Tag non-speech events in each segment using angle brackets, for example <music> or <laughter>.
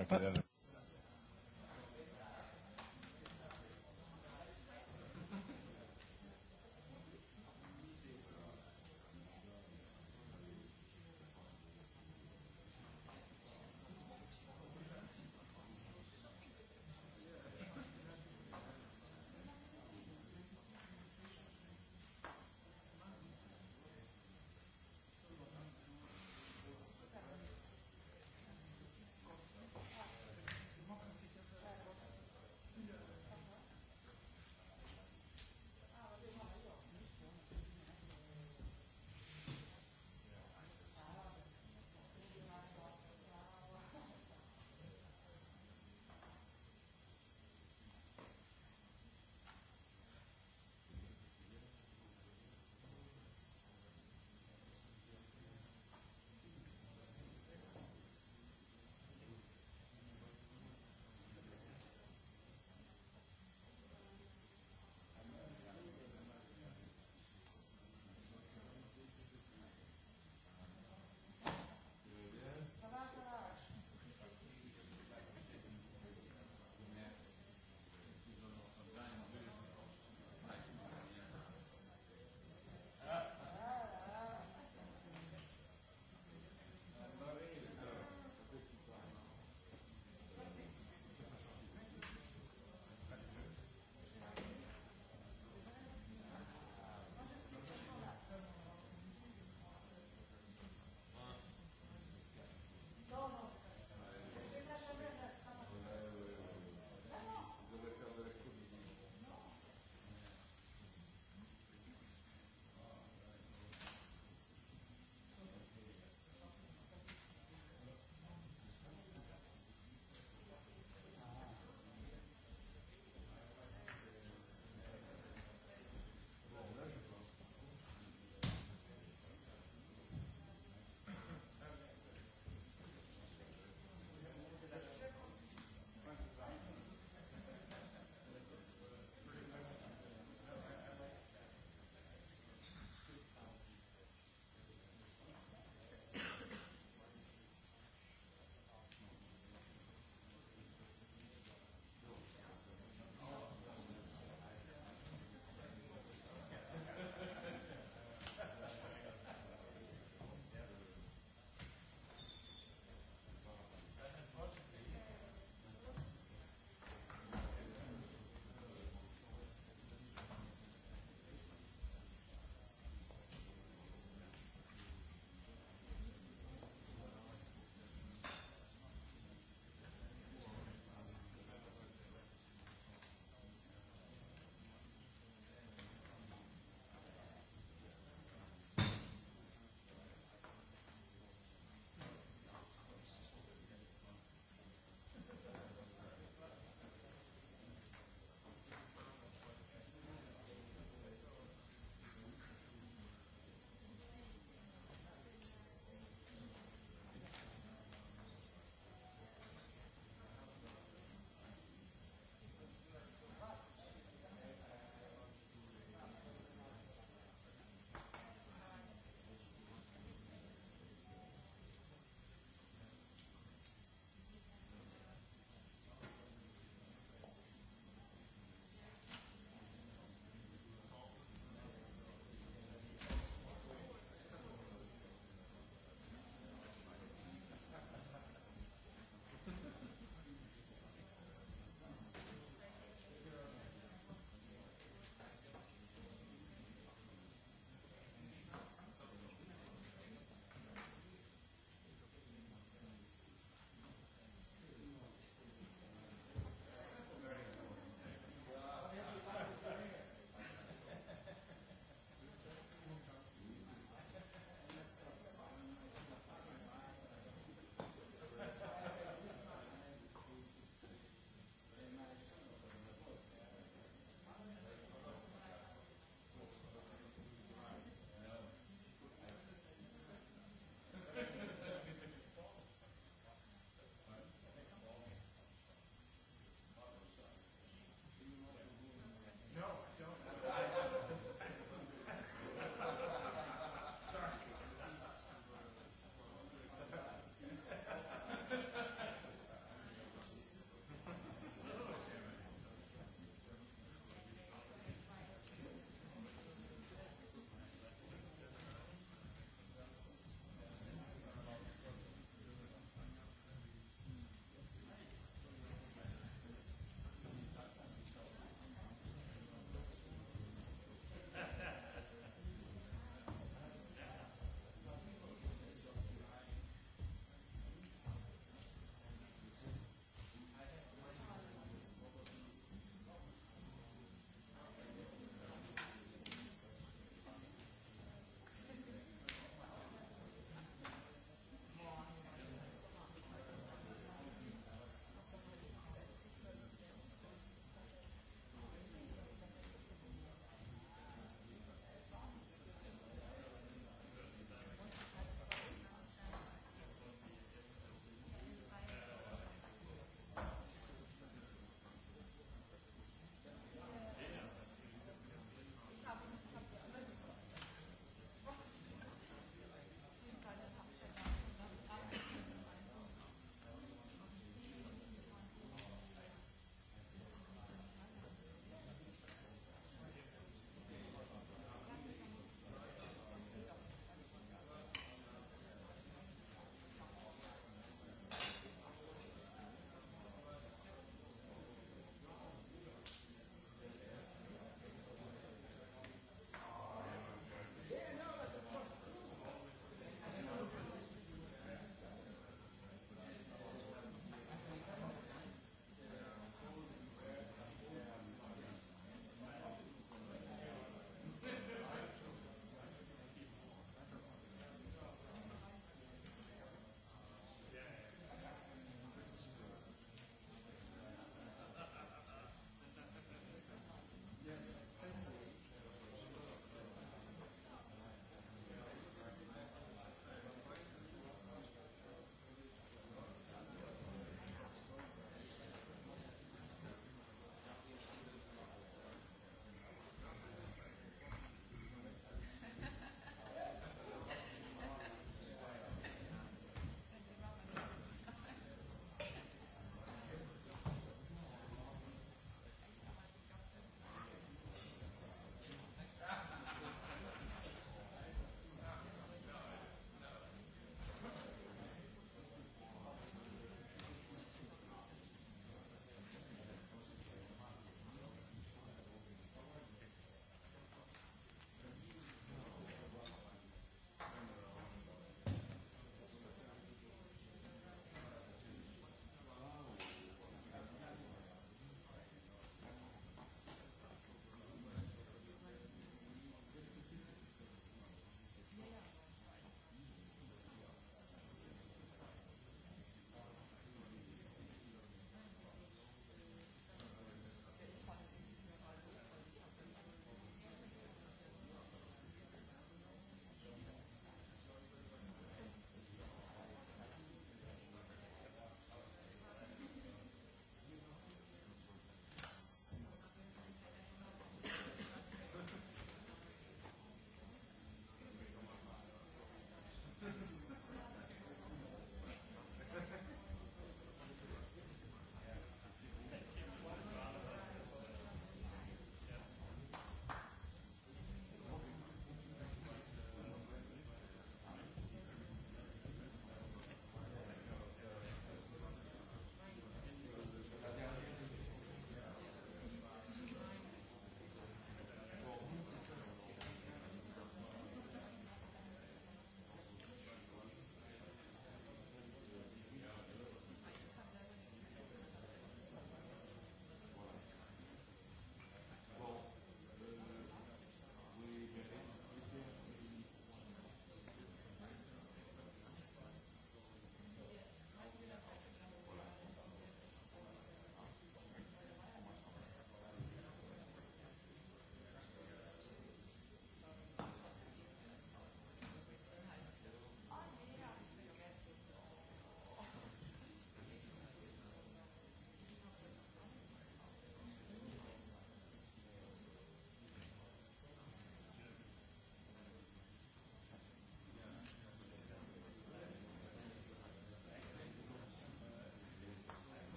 Okay,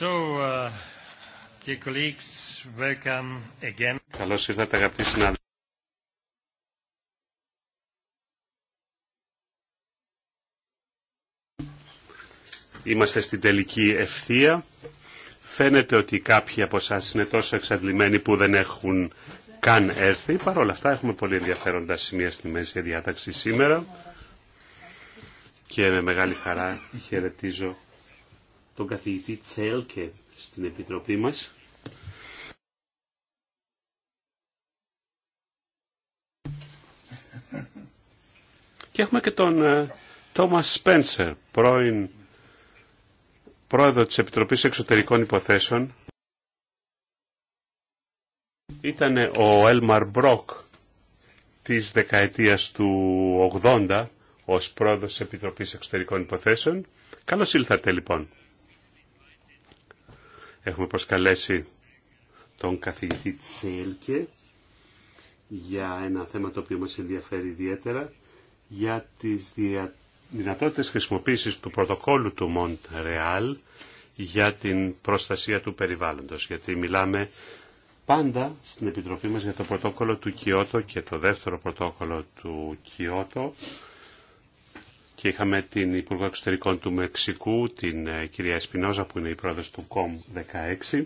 So, uh, Καλώς ήρθατε αγαπητοί συνάδελφοι. Είμαστε στην τελική ευθεία. Φαίνεται ότι κάποιοι από εσά είναι τόσο εξαντλημένοι που δεν έχουν καν έρθει. Παρ' όλα αυτά έχουμε πολύ ενδιαφέροντα σημεία στη μέση διάταξη σήμερα και με μεγάλη χαρά χαιρετίζω τον καθηγητή Τσέλκε στην Επιτροπή μας. Και έχουμε και τον Τόμας ε, Σπένσερ, πρώην πρόεδρο της Επιτροπής Εξωτερικών Υποθέσεων. Ήταν ο Έλμαρ Μπρόκ της δεκαετίας του 80 ως πρόεδρος της Επιτροπής Εξωτερικών Υποθέσεων. Καλώς ήλθατε λοιπόν. Έχουμε προσκαλέσει τον καθηγητή Τσέλκε για ένα θέμα το οποίο μας ενδιαφέρει ιδιαίτερα για τις δια... δυνατότητες χρησιμοποίησης του πρωτοκόλου του Μοντρεάλ για την προστασία του περιβάλλοντος. Γιατί μιλάμε πάντα στην Επιτροπή μας για το πρωτόκολλο του Κιώτο και το δεύτερο πρωτόκολλο του Κιώτο και είχαμε την Υπουργό Εξωτερικών του Μεξικού, την ε, κυρία Εσπινόζα που είναι η πρόεδρος του ΚΟΜ 16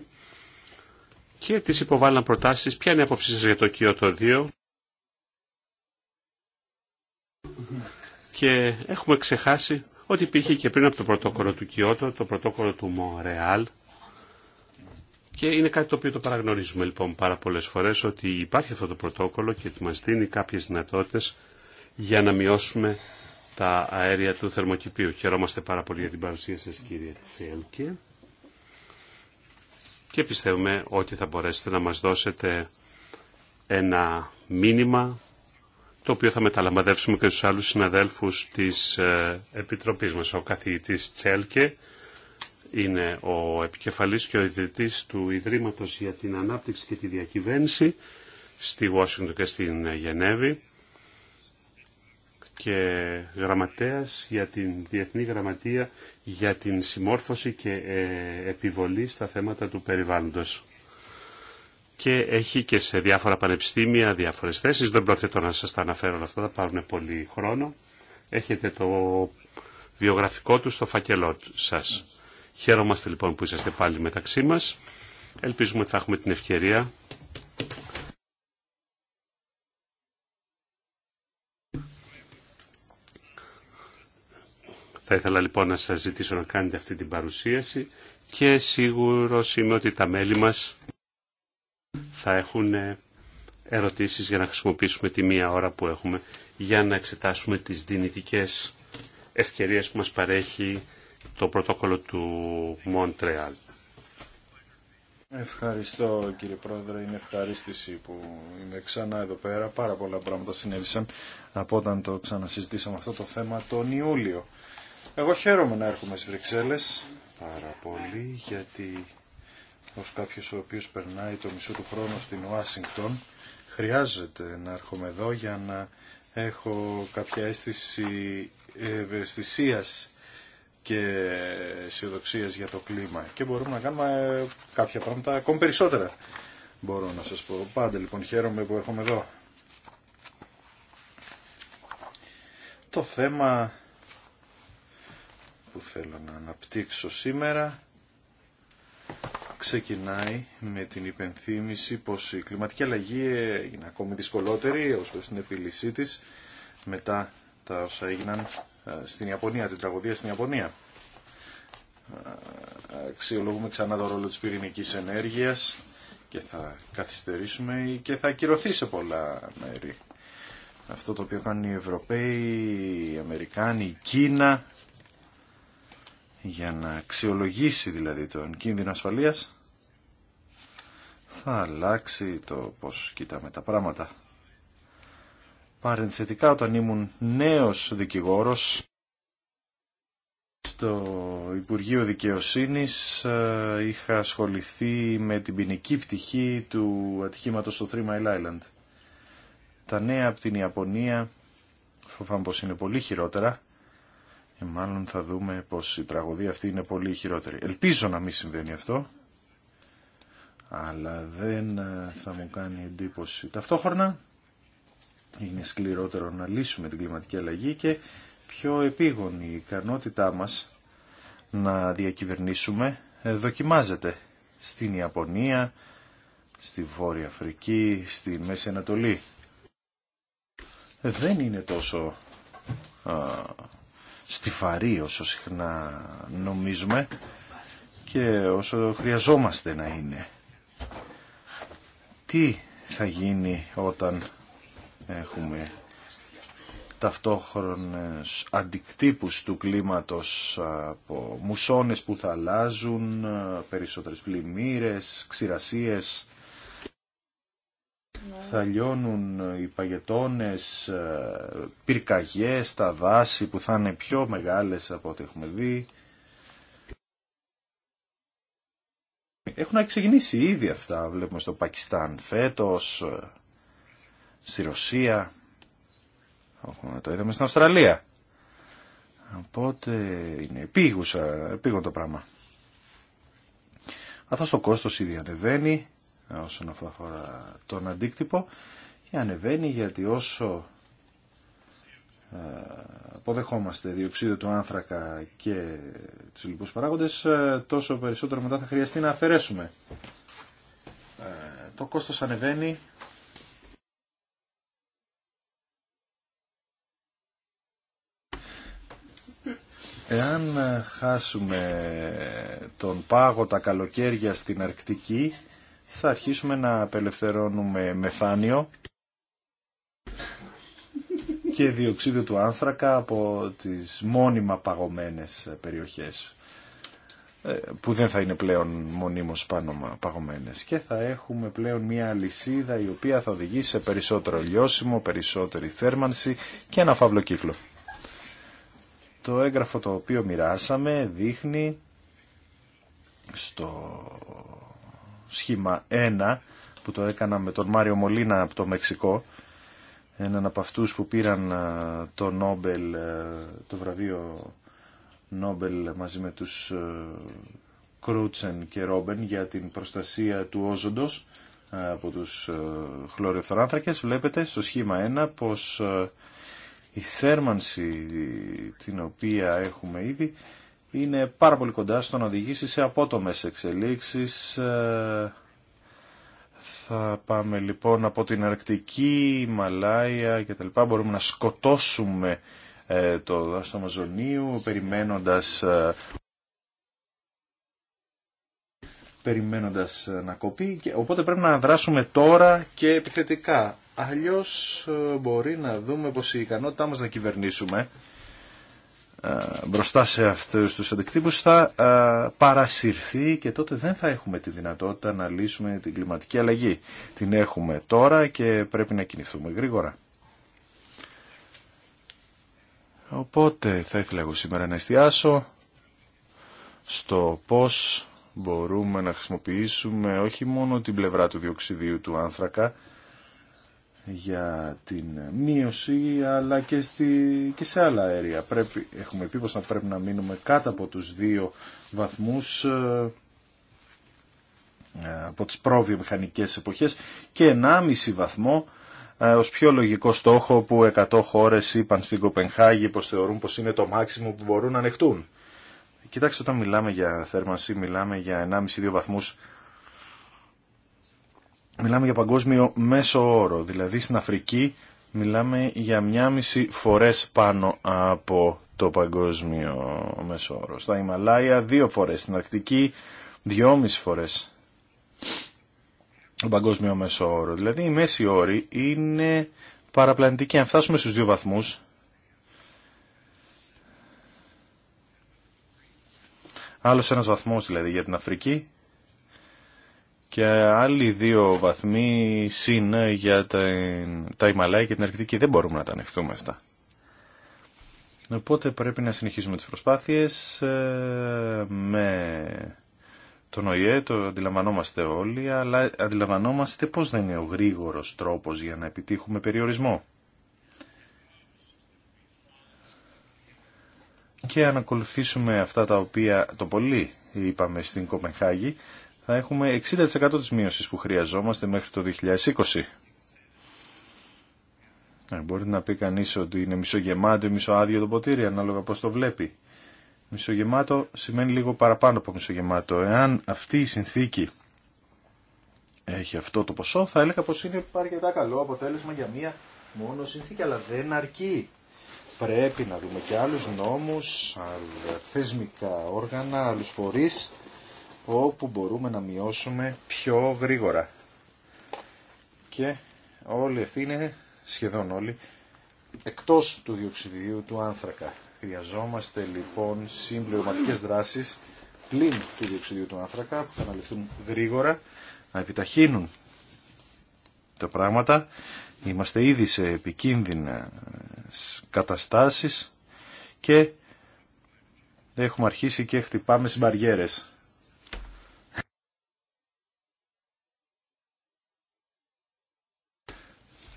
και τις υποβάλλαν προτάσεις. Ποια είναι η άποψή σας για το κιότο 2 και έχουμε ξεχάσει ότι υπήρχε και πριν από το πρωτόκολλο του ΚΙοτο, το πρωτόκολλο του Μορεάλ και είναι κάτι το οποίο το παραγνωρίζουμε λοιπόν πάρα πολλές φορές ότι υπάρχει αυτό το πρωτόκολλο και ότι μας δίνει κάποιες δυνατότητε για να μειώσουμε τα αέρια του θερμοκηπίου. Χαιρόμαστε πάρα πολύ για την παρουσία σας κύριε Τσέλκε και πιστεύουμε ότι θα μπορέσετε να μας δώσετε ένα μήνυμα το οποίο θα μεταλαμβαδεύσουμε και στους άλλους συναδέλφους της ε, Επιτροπής μας. Ο καθηγητής Τσέλκε είναι ο επικεφαλής και ο ιδρυτής του Ιδρύματος για την Ανάπτυξη και τη Διακυβέρνηση στη Washington και στην Γενέβη και γραμματέας για την Διεθνή Γραμματεία για την συμμόρφωση και ε, επιβολή στα θέματα του περιβάλλοντος. Και έχει και σε διάφορα πανεπιστήμια διάφορες θέσεις. Δεν πρόκειται να σας τα αναφέρω όλα αυτά, θα πάρουν πολύ χρόνο. Έχετε το βιογραφικό του στο φακελό σας. Χαίρομαστε λοιπόν που είσαστε πάλι μεταξύ μας. Ελπίζουμε ότι θα έχουμε την ευκαιρία Θα ήθελα λοιπόν να σας ζητήσω να κάνετε αυτή την παρουσίαση και σίγουρο είμαι ότι τα μέλη μας θα έχουν ε, ερωτήσεις για να χρησιμοποιήσουμε τη μία ώρα που έχουμε για να εξετάσουμε τις δυνητικές ευκαιρίες που μας παρέχει το πρωτόκολλο του Μοντρεάλ. Ευχαριστώ κύριε Πρόεδρε, είναι ευχαρίστηση που είμαι ξανά εδώ πέρα. Πάρα πολλά πράγματα συνέβησαν από όταν το ξανασυζητήσαμε αυτό το θέμα τον Ιούλιο. Εγώ χαίρομαι να έρχομαι στις Βρυξέλλες πάρα πολύ γιατί ως κάποιος ο οποίος περνάει το μισό του χρόνου στην Ουάσιγκτον χρειάζεται να έρχομαι εδώ για να έχω κάποια αίσθηση ευαισθησίας και αισιοδοξία για το κλίμα και μπορούμε να κάνουμε κάποια πράγματα ακόμη περισσότερα μπορώ να σας πω. Πάντα λοιπόν χαίρομαι που έρχομαι εδώ. Το θέμα που θέλω να αναπτύξω σήμερα ξεκινάει με την υπενθύμηση πως η κλιματική αλλαγή είναι ακόμη δυσκολότερη ως προς την επίλυσή της μετά τα όσα έγιναν ε, στην Ιαπωνία, την τραγωδία στην Ιαπωνία. Ε, αξιολογούμε ξανά το ρόλο της πυρηνικής ενέργειας και θα καθυστερήσουμε και θα ακυρωθεί σε πολλά μέρη. Αυτό το οποίο κάνουν οι Ευρωπαίοι, οι Αμερικάνοι, η Κίνα για να αξιολογήσει δηλαδή τον κίνδυνο ασφαλείας θα αλλάξει το πως κοιτάμε τα πράγματα. Παρενθετικά όταν ήμουν νέος δικηγόρος στο Υπουργείο Δικαιοσύνης ε, είχα ασχοληθεί με την ποινική πτυχή του ατυχήματος στο Three Mile Island. Τα νέα από την Ιαπωνία φοβάμαι πως είναι πολύ χειρότερα μάλλον θα δούμε πως η τραγωδία αυτή είναι πολύ χειρότερη. Ελπίζω να μην συμβαίνει αυτό, αλλά δεν ε, θα μου κάνει εντύπωση. Ταυτόχρονα είναι σκληρότερο να λύσουμε την κλιματική αλλαγή και πιο επίγονη η ικανότητά μας να διακυβερνήσουμε ε, δοκιμάζεται στην Ιαπωνία, στη Βόρεια Αφρική, στη Μέση Ανατολή. Ε, δεν είναι τόσο στιφαρή όσο συχνά νομίζουμε και όσο χρειαζόμαστε να είναι. Τι θα γίνει όταν έχουμε ταυτόχρονες αντικτύπους του κλίματος από μουσώνες που θα αλλάζουν, περισσότερες πλημμύρες, ξηρασίες, θα λιώνουν οι παγετώνες, ε, πυρκαγιές τα δάση που θα είναι πιο μεγάλες από ό,τι έχουμε δει. Έχουν ξεκινήσει ήδη αυτά, βλέπουμε στο Πακιστάν φέτος, ε, στη Ρωσία, το είδαμε στην Αυστραλία. Οπότε είναι επίγουσα, επίγον το πράγμα. Αυτό το κόστος ήδη ανεβαίνει όσον αφορά τον αντίκτυπο και ανεβαίνει γιατί όσο ε, αποδεχόμαστε διοξείδιο του άνθρακα και τους λοιπούς παράγοντες ε, τόσο περισσότερο μετά θα χρειαστεί να αφαιρέσουμε. Ε, το κόστος ανεβαίνει Εάν χάσουμε τον πάγο τα καλοκαίρια στην Αρκτική θα αρχίσουμε να απελευθερώνουμε μεθάνιο και διοξίδιο του άνθρακα από τις μόνιμα παγωμένες περιοχές ε, που δεν θα είναι πλέον μονίμως πάνω παγωμένες και θα έχουμε πλέον μια λυσίδα η οποία θα οδηγήσει σε περισσότερο λιώσιμο, περισσότερη θέρμανση και ένα φαύλο κύκλο. Το έγγραφο το οποίο μοιράσαμε δείχνει στο σχήμα 1 που το έκανα με τον Μάριο Μολίνα από το Μεξικό έναν από αυτούς που πήραν ε, το Νόμπελ, ε, το βραβείο Νόμπελ μαζί με τους ε, Κρούτσεν και Ρόμπεν για την προστασία του όζοντος από τους χλωριοθωράνθρακες. Βλέπετε στο σχήμα 1 πως η θέρμανση την οποία έχουμε ήδη είναι πάρα πολύ κοντά στο να οδηγήσει σε απότομες εξελίξεις. Ε, θα πάμε λοιπόν από την Αρκτική, Μαλάια λοιπά. Μπορούμε να σκοτώσουμε ε, το δάστο Αμαζονίου περιμένοντας ε, περιμένοντας να κοπεί. Οπότε πρέπει να δράσουμε τώρα και επιθετικά. Αλλιώς μπορεί να δούμε πως η ικανότητά μας να κυβερνήσουμε ε, μπροστά σε αυτούς τους αντικτύπους θα ε, παρασυρθεί και τότε δεν θα έχουμε τη δυνατότητα να λύσουμε την κλιματική αλλαγή. Την έχουμε τώρα και πρέπει να κινηθούμε γρήγορα. Οπότε θα ήθελα εγώ σήμερα να εστιάσω στο πώς μπορούμε να χρησιμοποιήσουμε όχι μόνο την πλευρά του διοξιδίου του άνθρακα, για την μείωση αλλά και, στη, και σε άλλα αέρια. Πρέπει, έχουμε πει πως θα πρέπει να μείνουμε κάτω από τους δύο βαθμούς ε, από τις προβιομηχανικές εποχές και 1,5 βαθμό ε, ως πιο λογικό στόχο που 100 χώρες είπαν στην Κοπενχάγη πως θεωρούν πως είναι το μάξιμο που μπορούν να ανεχτούν. Κοιτάξτε, όταν μιλάμε για θέρμανση, μιλάμε για 1,5-2 βαθμούς μιλάμε για παγκόσμιο μέσο όρο, δηλαδή στην Αφρική μιλάμε για μια μισή φορές πάνω από το παγκόσμιο μέσο όρο. Στα Ιμαλάια δύο φορές, στην Αρκτική δυόμιση φορές το παγκόσμιο μέσο όρο. Δηλαδή η μέση όρη είναι παραπλανητική. Αν φτάσουμε στους δύο βαθμούς, άλλος ένας βαθμός δηλαδή για την Αφρική, και άλλοι δύο βαθμοί συν για τα, τα και την Αρκτική δεν μπορούμε να τα ανεχθούμε αυτά. Οπότε πρέπει να συνεχίσουμε τις προσπάθειες ε, με τον ΟΗΕ, το αντιλαμβανόμαστε όλοι, αλλά αντιλαμβανόμαστε πώς δεν είναι ο γρήγορος τρόπος για να επιτύχουμε περιορισμό. Και αν ακολουθήσουμε αυτά τα οποία το πολύ είπαμε στην Κοπενχάγη, θα έχουμε 60% της μείωσης που χρειαζόμαστε μέχρι το 2020. Ε, μπορεί να πει κανείς ότι είναι μισογεμάτο ή μισοάδιο το ποτήρι, ανάλογα πώς το βλέπει. Μισογεμάτο σημαίνει λίγο παραπάνω από μισογεμάτο. Εάν αυτή η συνθήκη έχει αυτό το ποσό, θα έλεγα πως είναι αρκετά καλό αποτέλεσμα για μία μόνο συνθήκη, αλλά δεν αρκεί. Πρέπει να δούμε και άλλους νόμους, θεσμικά όργανα, άλλους φορείς όπου μπορούμε να μειώσουμε πιο γρήγορα. Και όλοι αυτοί είναι, σχεδόν όλοι, εκτός του διοξιδίου του άνθρακα. Χρειαζόμαστε λοιπόν συμπληρωματικές δράσεις πλην του διοξιδίου του άνθρακα που θα αναλυθούν γρήγορα, να επιταχύνουν τα πράγματα. Είμαστε ήδη σε επικίνδυνες καταστάσεις και έχουμε αρχίσει και χτυπάμε στις μπαριέρες.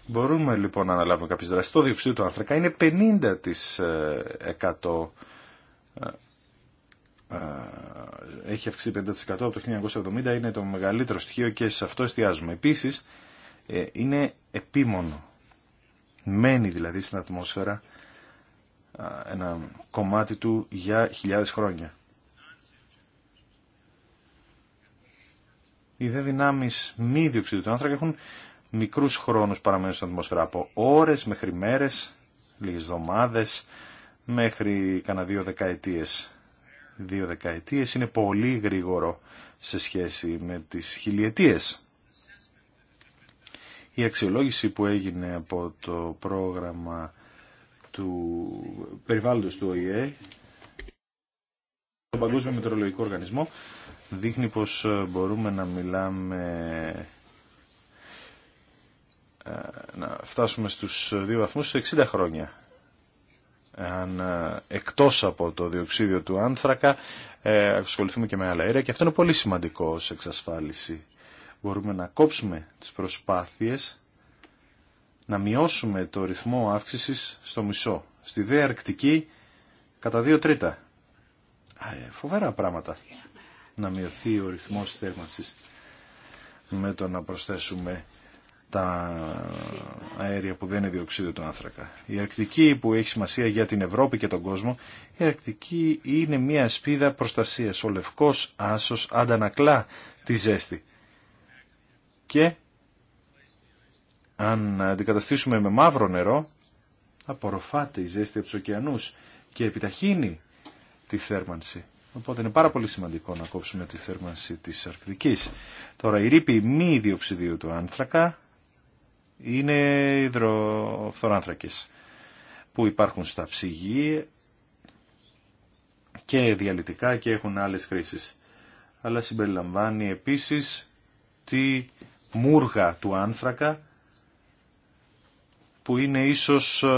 Μπορούμε λοιπόν να αναλάβουμε κάποιες δράσεις. Το διοξείδιο του άνθρακα είναι 50% ε, ε, έχει αυξηθεί 50% από το 1970, είναι το μεγαλύτερο στοιχείο και σε αυτό εστιάζουμε. Επίσης, ε, είναι επίμονο. Μένει δηλαδή στην ατμόσφαιρα ένα κομμάτι του για χιλιάδες χρόνια. Οι δε δυνάμεις μη διοξείδιου του άνθρακα έχουν μικρούς χρόνους παραμένουν στην ατμόσφαιρα από ώρες μέχρι μέρες, λίγες εβδομάδες, μέχρι κανένα δύο δεκαετίες. Δύο δεκαετίες είναι πολύ γρήγορο σε σχέση με τις χιλιετίες. Η αξιολόγηση που έγινε από το πρόγραμμα του περιβάλλοντος του ΟΗΕ, το Παγκόσμιο Μητρολογικό Οργανισμό, δείχνει πως μπορούμε να μιλάμε ε, να φτάσουμε στους δύο βαθμούς σε 60 χρόνια. Αν ε, εκτός από το διοξίδιο του άνθρακα ε, ασχοληθούμε και με άλλα αέρια και αυτό είναι πολύ σημαντικό ως εξασφάλιση. Μπορούμε να κόψουμε τις προσπάθειες να μειώσουμε το ρυθμό αύξησης στο μισό. Στη δε αρκτική κατά δύο τρίτα. Φοβερά πράγματα να μειωθεί ο ρυθμός θέρμανσης με το να προσθέσουμε τα αέρια που δεν είναι διοξείδιο του άνθρακα. Η Αρκτική που έχει σημασία για την Ευρώπη και τον κόσμο, η Αρκτική είναι μια σπίδα προστασίας. Ο λευκός άσος αντανακλά τη ζέστη. Και αν αντικαταστήσουμε με μαύρο νερό, απορροφάται η ζέστη από του ωκεανούς και επιταχύνει τη θέρμανση. Οπότε είναι πάρα πολύ σημαντικό να κόψουμε τη θέρμανση της Αρκτικής. Τώρα η ρήπη μη διοξιδίου του άνθρακα είναι υδροφθοράνθρακες που υπάρχουν στα ψυγή και διαλυτικά και έχουν άλλες χρήσεις. Αλλά συμπεριλαμβάνει επίσης τη μούργα του άνθρακα που είναι ίσως ε,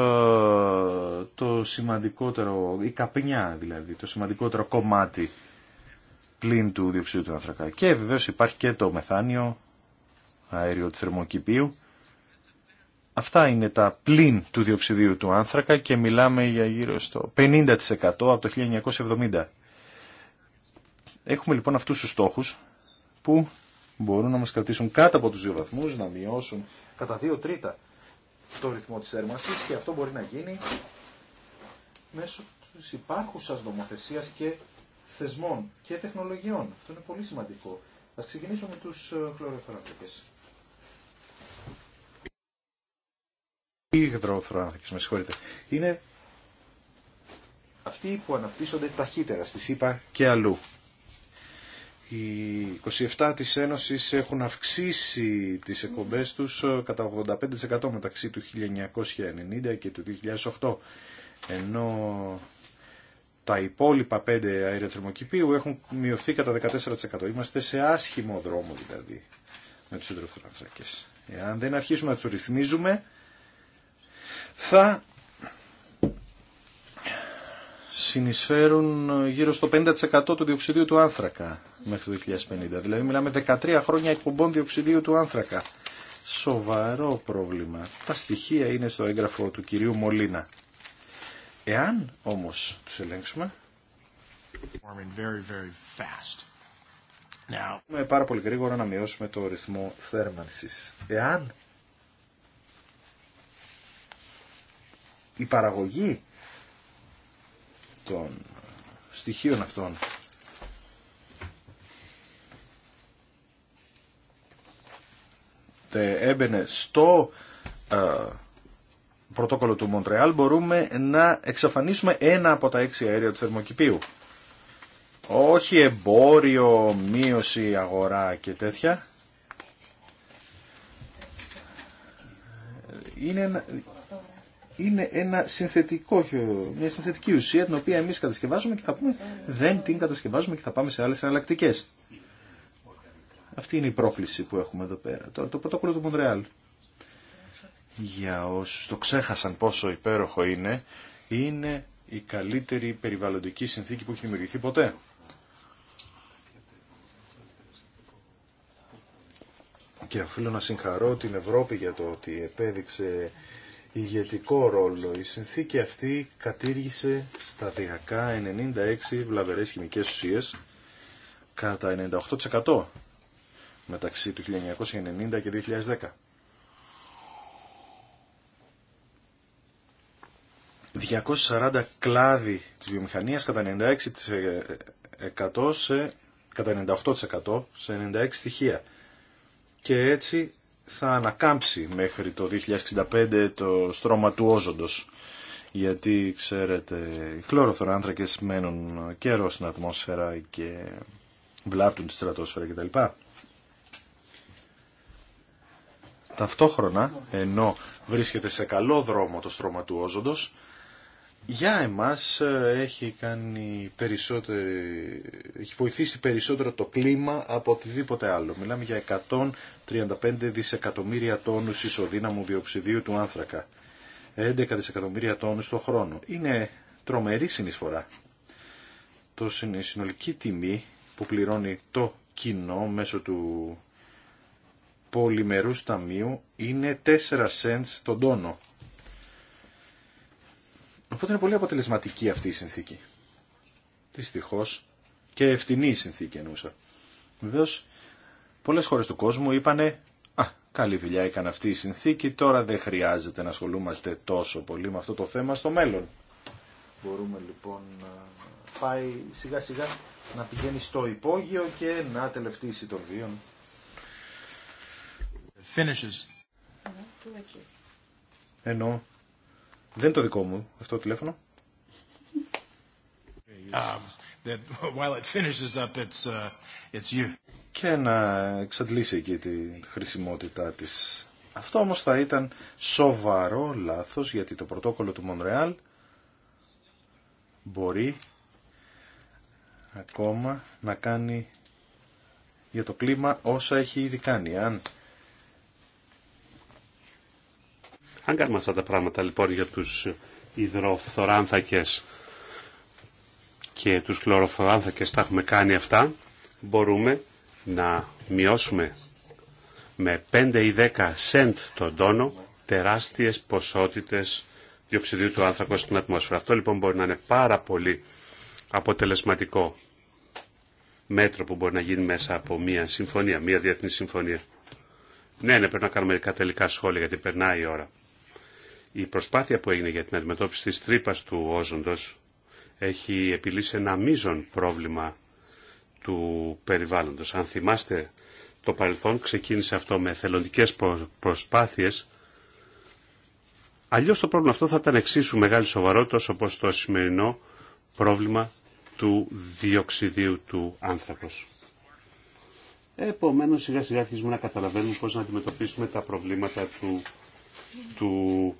το σημαντικότερο, η καπνιά δηλαδή, το σημαντικότερο κομμάτι πλην του διοξιδίου του άνθρακα. Και βεβαίως υπάρχει και το μεθάνιο αέριο του θερμοκηπίου Αυτά είναι τα πλήν του διοξιδίου του άνθρακα και μιλάμε για γύρω στο 50% από το 1970. Έχουμε λοιπόν αυτούς τους στόχους που μπορούν να μας κρατήσουν κάτω από τους δύο βαθμούς, να μειώσουν κατά δύο τρίτα το ρυθμό της θέρμανσης και αυτό μπορεί να γίνει μέσω της υπάρχουσας νομοθεσίας και θεσμών και τεχνολογιών. Αυτό είναι πολύ σημαντικό. Ας ξεκινήσουμε με τους ε, ή υδροφροναθρακής, με συγχωρείτε, είναι αυτοί που αναπτύσσονται ταχύτερα στη ΣΥΠΑ και αλλού. Οι 27 της Ένωσης έχουν αυξήσει τις εκπομπές τους ε, κατά 85% μεταξύ του 1990 και του 2008, ενώ τα υπόλοιπα 5 αεροθερμοκηπίου έχουν μειωθεί κατά 14%. Είμαστε σε άσχημο δρόμο δηλαδή με τους υδροφροναθρακές. Εάν δεν αρχίσουμε να τους ρυθμίζουμε, θα συνεισφέρουν γύρω στο 50% του διοξιδίου του άνθρακα μέχρι το 2050. Δηλαδή μιλάμε 13 χρόνια εκπομπών διοξιδίου του άνθρακα. Σοβαρό πρόβλημα. Τα στοιχεία είναι στο έγγραφο του κυρίου Μολίνα. Εάν όμως τους ελέγξουμε... Now. Πάρα πολύ γρήγορα να μειώσουμε το ρυθμό θέρμανσης. Εάν η παραγωγή των στοιχείων αυτών έμπαινε στο ε, πρωτόκολλο του Μοντρεάλ μπορούμε να εξαφανίσουμε ένα από τα έξι αέρια του θερμοκηπίου. Όχι εμπόριο, μείωση, αγορά και τέτοια. Είναι είναι ένα συνθετικό, μια συνθετική ουσία την οποία εμείς κατασκευάζουμε και θα πούμε δεν την κατασκευάζουμε και θα πάμε σε άλλες εναλλακτικέ. Αυτή είναι η πρόκληση που έχουμε εδώ πέρα. Τώρα το πρωτόκολλο του Μοντρεάλ. Για όσους το ξέχασαν πόσο υπέροχο είναι, είναι η καλύτερη περιβαλλοντική συνθήκη που έχει δημιουργηθεί ποτέ. Και οφείλω να συγχαρώ την Ευρώπη για το ότι επέδειξε ηγετικό ρόλο. Η συνθήκη αυτή κατήργησε σταδιακά 96 βλαβερές χημικές ουσίες κατά 98% μεταξύ του 1990 και 2010. 240 κλάδοι της βιομηχανίας κατά 96% κατά 98% σε 96 στοιχεία. Και έτσι θα ανακάμψει μέχρι το 2065 το στρώμα του όζοντος. Γιατί, ξέρετε, οι χλωροθωράνθρακες μένουν καιρό στην ατμόσφαιρα και βλάπτουν τη στρατόσφαιρα κτλ. Ταυτόχρονα, ενώ βρίσκεται σε καλό δρόμο το στρώμα του όζοντος, για εμάς ε, έχει, κάνει έχει βοηθήσει περισσότερο το κλίμα από οτιδήποτε άλλο. Μιλάμε για 135 δισεκατομμύρια τόνους ισοδύναμου διοξιδίου του άνθρακα. 11 δισεκατομμύρια τόνους το χρόνο. Είναι τρομερή συνεισφορά. Το συνολική τιμή που πληρώνει το κοινό μέσω του πολυμερούς ταμείου είναι 4 cents τον τόνο. Οπότε είναι πολύ αποτελεσματική αυτή η συνθήκη. Δυστυχώ και ευθυνή η συνθήκη εννοούσα. Βεβαίω, πολλέ χώρε του κόσμου είπανε Α, καλή δουλειά έκανε αυτή η συνθήκη, τώρα δεν χρειάζεται να ασχολούμαστε τόσο πολύ με αυτό το θέμα στο μέλλον. Μπορούμε λοιπόν να πάει σιγά σιγά να πηγαίνει στο υπόγειο και να τελευταίσει το βίων. Ενώ δεν είναι το δικό μου αυτό το τηλέφωνο. Και να εξαντλήσει εκεί τη χρησιμότητά της. Αυτό όμως θα ήταν σοβαρό λάθος γιατί το πρωτόκολλο του Μονρεάλ μπορεί ακόμα να κάνει για το κλίμα όσα έχει ήδη κάνει. Αν κάνουμε αυτά τα πράγματα λοιπόν για τους υδροφθοράνθακες και τους χλωροφθοράνθακες τα έχουμε κάνει αυτά, μπορούμε να μειώσουμε με 5 ή 10 σέντ τον τόνο τεράστιες ποσότητες διοξιδίου του άνθρακου στην ατμόσφαιρα. Αυτό λοιπόν μπορεί να είναι πάρα πολύ αποτελεσματικό μέτρο που μπορεί να γίνει μέσα από μια συμφωνία, μια διεθνή συμφωνία. Ναι, ναι, πρέπει να κάνουμε μερικά τελικά σχόλια γιατί περνάει η ώρα η προσπάθεια που έγινε για την αντιμετώπιση της τρύπα του όζοντος έχει επιλύσει ένα μείζον πρόβλημα του περιβάλλοντος. Αν θυμάστε το παρελθόν ξεκίνησε αυτό με θελοντικές προσπάθειες αλλιώς το πρόβλημα αυτό θα ήταν εξίσου μεγάλη σοβαρότητα όπως το σημερινό πρόβλημα του διοξιδίου του άνθρακος. Επομένως σιγά σιγά αρχίζουμε να καταλαβαίνουμε πώς να αντιμετωπίσουμε τα προβλήματα του, του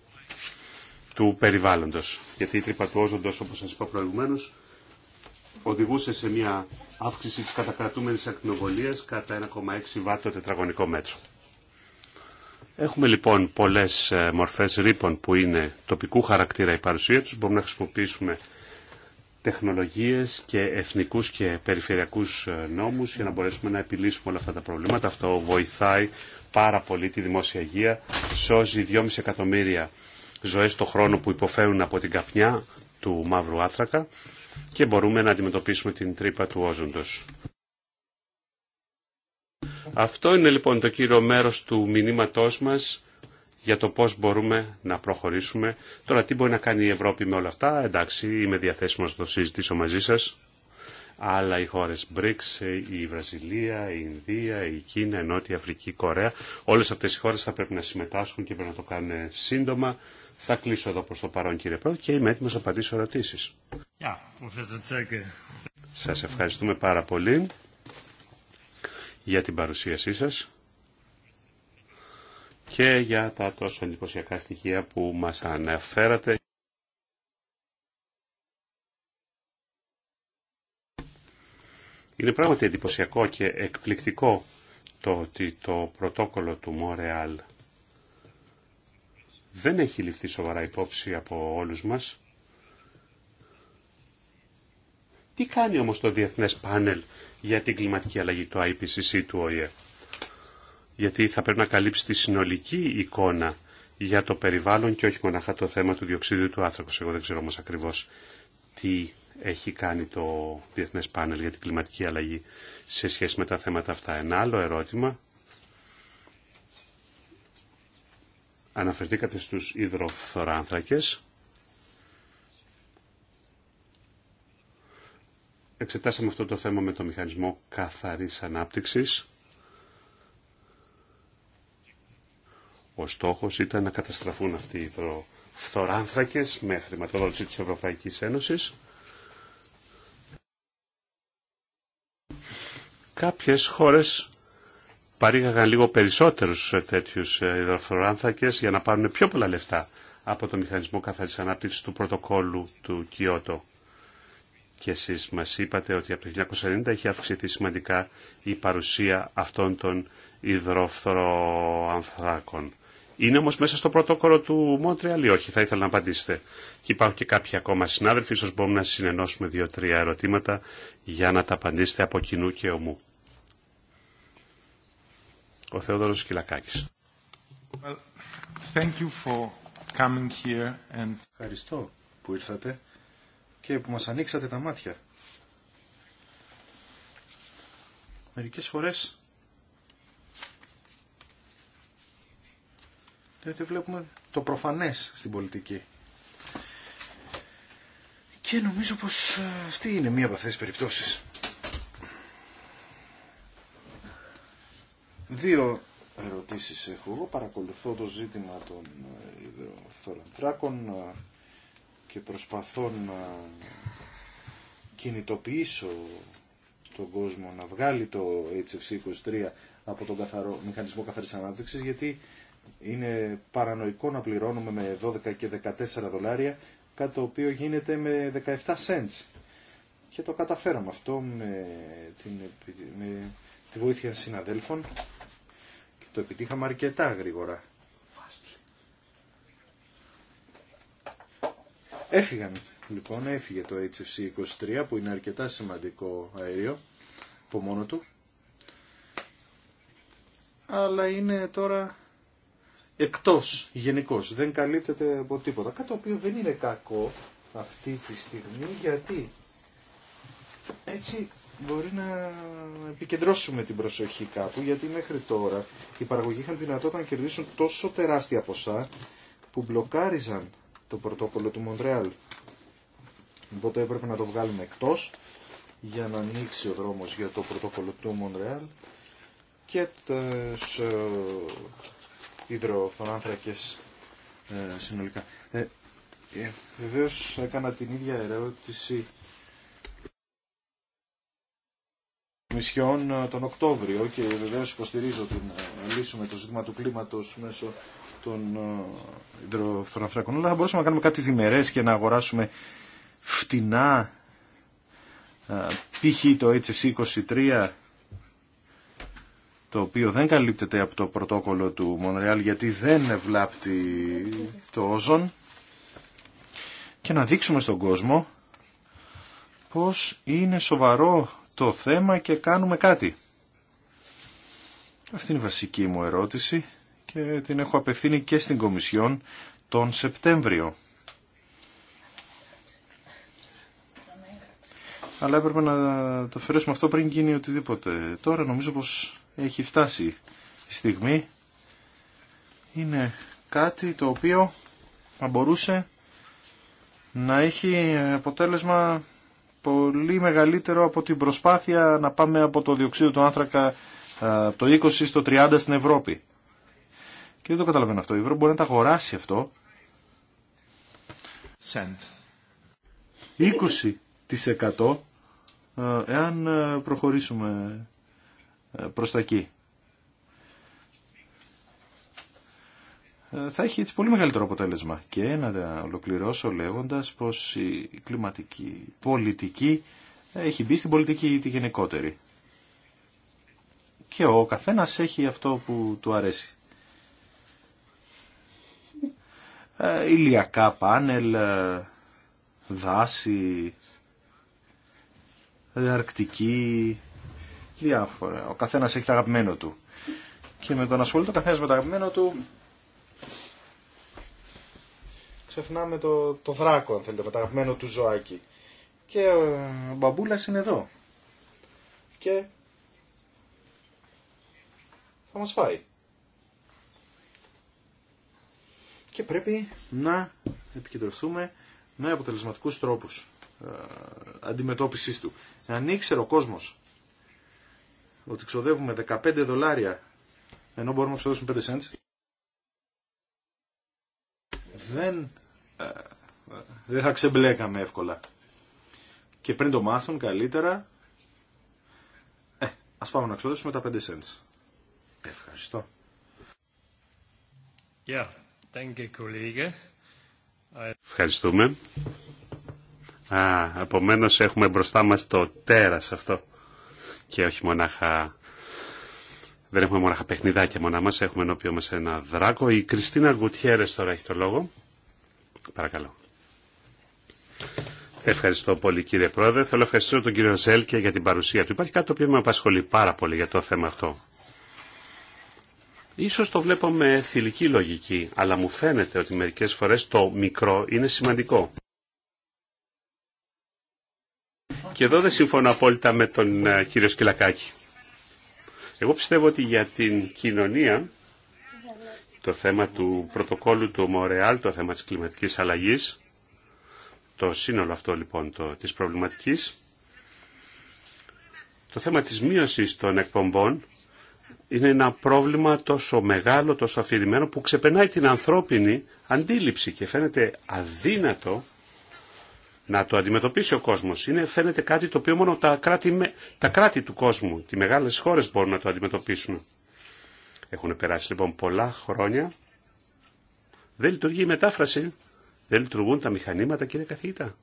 του περιβάλλοντος. Γιατί η τρύπα του όζοντος, όπως σας είπα προηγουμένως, οδηγούσε σε μια αύξηση της κατακρατούμενης ακτινοβολίας κατά 1,6 βάτο τετραγωνικό μέτρο. Έχουμε λοιπόν πολλές ε, μορφές ρήπων που είναι τοπικού χαρακτήρα η παρουσία τους. Μπορούμε να χρησιμοποιήσουμε τεχνολογίες και εθνικούς και περιφερειακούς ε, νόμους για να μπορέσουμε να επιλύσουμε όλα αυτά τα προβλήματα. Αυτό βοηθάει πάρα πολύ τη δημόσια υγεία, σώζει 2,5 εκατομμύρια ζωές στον χρόνο που υποφέρουν από την καπνιά του μαύρου άνθρακα και μπορούμε να αντιμετωπίσουμε την τρύπα του όζοντος. Αυτό είναι λοιπόν το κύριο μέρος του μηνύματός μας για το πώς μπορούμε να προχωρήσουμε. Τώρα τι μπορεί να κάνει η Ευρώπη με όλα αυτά. Εντάξει, είμαι διαθέσιμος να το συζητήσω μαζί σας. Αλλά οι χώρες BRICS, η Βραζιλία, η Ινδία, η Κίνα, η Νότια Αφρική, η Κορέα, όλες αυτές οι χώρες θα πρέπει να συμμετάσχουν και πρέπει να το κάνουν σύντομα θα κλείσω εδώ προς το παρόν κύριε Πρόεδρε και είμαι έτοιμος να απαντήσω ερωτήσεις. Yeah, σας ευχαριστούμε πάρα πολύ για την παρουσίασή σας και για τα τόσο εντυπωσιακά στοιχεία που μας αναφέρατε. Είναι πράγματι εντυπωσιακό και εκπληκτικό το ότι το πρωτόκολλο του Μορεάλ δεν έχει ληφθεί σοβαρά υπόψη από όλους μας. Τι κάνει όμως το Διεθνές Πάνελ για την κλιματική αλλαγή, το IPCC του ΟΗΕ. Γιατί θα πρέπει να καλύψει τη συνολική εικόνα για το περιβάλλον και όχι μοναχά το θέμα του διοξίδιου του άνθρακος. Εγώ δεν ξέρω όμως ακριβώς τι έχει κάνει το Διεθνές Πάνελ για την κλιματική αλλαγή σε σχέση με τα θέματα αυτά. Ένα άλλο ερώτημα Αναφερθήκατε στους υδροφθοράνθρακες. Εξετάσαμε αυτό το θέμα με το μηχανισμό καθαρής ανάπτυξης. Ο στόχος ήταν να καταστραφούν αυτοί οι υδροφθοράνθρακες με χρηματοδότηση της Ευρωπαϊκής Ένωσης. Κάποιες χώρες παρήγαγαν λίγο περισσότερους τέτοιους ε, υδροφθοράνθρακες για να πάρουν πιο πολλά λεφτά από το μηχανισμό καθαρής ανάπτυξης του πρωτοκόλλου του Κιώτο. Και εσείς μας είπατε ότι από το 1990 έχει αυξηθεί σημαντικά η παρουσία αυτών των υδροφθοροανθράκων. Είναι όμως μέσα στο πρωτόκολλο του Μόντρεαλ ή όχι, θα ήθελα να απαντήσετε. Και υπάρχουν και κάποιοι ακόμα συνάδελφοι, ίσως μπορούμε να συνενώσουμε δύο-τρία ερωτήματα για να τα απαντήσετε από κοινού και ομού ο Θεόδωρος Σκυλακάκης. thank you for coming here and... Ευχαριστώ που ήρθατε και που μας ανοίξατε τα μάτια. Μερικές φορές δεν βλέπουμε το προφανές στην πολιτική. Και νομίζω πως ε, αυτή είναι μία από αυτές τις περιπτώσεις. Δύο ερωτήσεις έχω. Εγώ παρακολουθώ το ζήτημα των ε, υδροφθορανθράκων ε, και προσπαθώ να κινητοποιήσω τον κόσμο να βγάλει το HFC-23 από τον καθαρό, μηχανισμό καθαρής ανάπτυξης γιατί είναι παρανοϊκό να πληρώνουμε με 12 και 14 δολάρια κάτι το οποίο γίνεται με 17 cents. Και το καταφέραμε αυτό με, την, με τη βοήθεια συναδέλφων το επιτύχαμε αρκετά γρήγορα. Έφυγαν λοιπόν, έφυγε το HFC 23 που είναι αρκετά σημαντικό αέριο από μόνο του. Αλλά είναι τώρα εκτός γενικώ, δεν καλύπτεται από τίποτα. Κάτι το οποίο δεν είναι κακό αυτή τη στιγμή γιατί έτσι μπορεί να επικεντρώσουμε την προσοχή κάπου, γιατί μέχρι τώρα οι παραγωγοί είχαν δυνατότητα να κερδίσουν τόσο τεράστια ποσά που μπλοκάριζαν το πρωτόκολλο του Μοντρεάλ. Οπότε έπρεπε να το βγάλουμε εκτός για να ανοίξει ο δρόμος για το πρωτόκολλο του Μοντρεάλ και τους ε, υδροθονάνθρακες ε, συνολικά. Ε, ε, βεβαίως έκανα την ίδια ερώτηση νησιών ε, τον Οκτώβριο και βεβαίω υποστηρίζω ε, να λύσουμε το ζήτημα του κλίματος μέσω των ε, υδροφθοναφρακών. Αλλά θα μπορούσαμε να κάνουμε κάτι διμερέ και να αγοράσουμε φτηνά π.χ. το HFC 23 το οποίο δεν καλύπτεται από το πρωτόκολλο του Μονρεάλ γιατί δεν ευλάπτει το όζον και να δείξουμε στον κόσμο πως είναι σοβαρό το θέμα και κάνουμε κάτι. Αυτή είναι η βασική μου ερώτηση και την έχω απευθύνει και στην Κομισιόν τον Σεπτέμβριο. Αλλά έπρεπε να το αφαιρέσουμε αυτό πριν γίνει οτιδήποτε. Τώρα νομίζω πως έχει φτάσει η στιγμή. Είναι κάτι το οποίο θα μπορούσε να έχει αποτέλεσμα πολύ μεγαλύτερο από την προσπάθεια να πάμε από το διοξείδιο του άνθρακα το 20 στο 30 στην Ευρώπη. Και δεν το καταλαβαίνω αυτό. Η Ευρώπη μπορεί να τα αγοράσει αυτό. 20% εάν ε, προχωρήσουμε ε, προς τα εκεί. θα έχει έτσι πολύ μεγαλύτερο αποτέλεσμα. Και να ολοκληρώσω λέγοντας πως η κλιματική πολιτική έχει μπει στην πολιτική τη γενικότερη. Και ο καθένας έχει αυτό που του αρέσει. Ε, ηλιακά πάνελ, ε, δάση, αρκτική, διάφορα. Ο καθένας έχει το αγαπημένο του. Και με τον ασχολείο το καθένας με το αγαπημένο του ξεχνάμε το, το βράκο αν θέλετε, με το αγαπημένο του ζωάκι. Και ο μπαμπούλα είναι εδώ. Και θα μας φάει. Και πρέπει να επικεντρωθούμε με αποτελεσματικούς τρόπους ε, αντιμετώπισης του. Αν ήξερε ο κόσμος ότι ξοδεύουμε 15 δολάρια ενώ μπορούμε να ξοδεύσουμε 5 cents δεν ε, δεν θα ξεμπλέκαμε εύκολα. Και πριν το μάθουν καλύτερα, ε, ας πάμε να ξοδέψουμε τα 5 cents. Ευχαριστώ. Yeah, thank you, Ευχαριστούμε. Α, επομένως έχουμε μπροστά μας το τέρας αυτό. Και όχι μονάχα... Δεν έχουμε μονάχα παιχνιδάκια μόνα μας, έχουμε ενώπιό μας ένα δράκο. Η Κριστίνα Γκουτιέρες τώρα έχει το λόγο. Ευχαριστώ πολύ κύριε Πρόεδρε. Θέλω να ευχαριστήσω τον κύριο Ζέλκε για την παρουσία του. Υπάρχει κάτι το οποίο με απασχολεί πάρα πολύ για το θέμα αυτό. Ίσως το βλέπω με θηλυκή λογική, αλλά μου φαίνεται ότι μερικές φορές το μικρό είναι σημαντικό. Και εδώ δεν συμφωνώ απόλυτα με τον ε, κύριο Σκυλακάκη. Εγώ πιστεύω ότι για την κοινωνία το θέμα του πρωτοκόλλου του Μορεάλ, το θέμα της κλιματικής αλλαγής, το σύνολο αυτό λοιπόν το, της προβληματικής. Το θέμα της μείωσης των εκπομπών είναι ένα πρόβλημα τόσο μεγάλο, τόσο αφηρημένο που ξεπερνάει την ανθρώπινη αντίληψη και φαίνεται αδύνατο να το αντιμετωπίσει ο κόσμος. Είναι, φαίνεται κάτι το οποίο μόνο τα κράτη, τα κράτη του κόσμου, οι μεγάλες χώρες μπορούν να το αντιμετωπίσουν. Έχουν περάσει λοιπόν πολλά χρόνια. Δεν λειτουργεί η μετάφραση. Δεν λειτουργούν τα μηχανήματα, κύριε καθηγητά.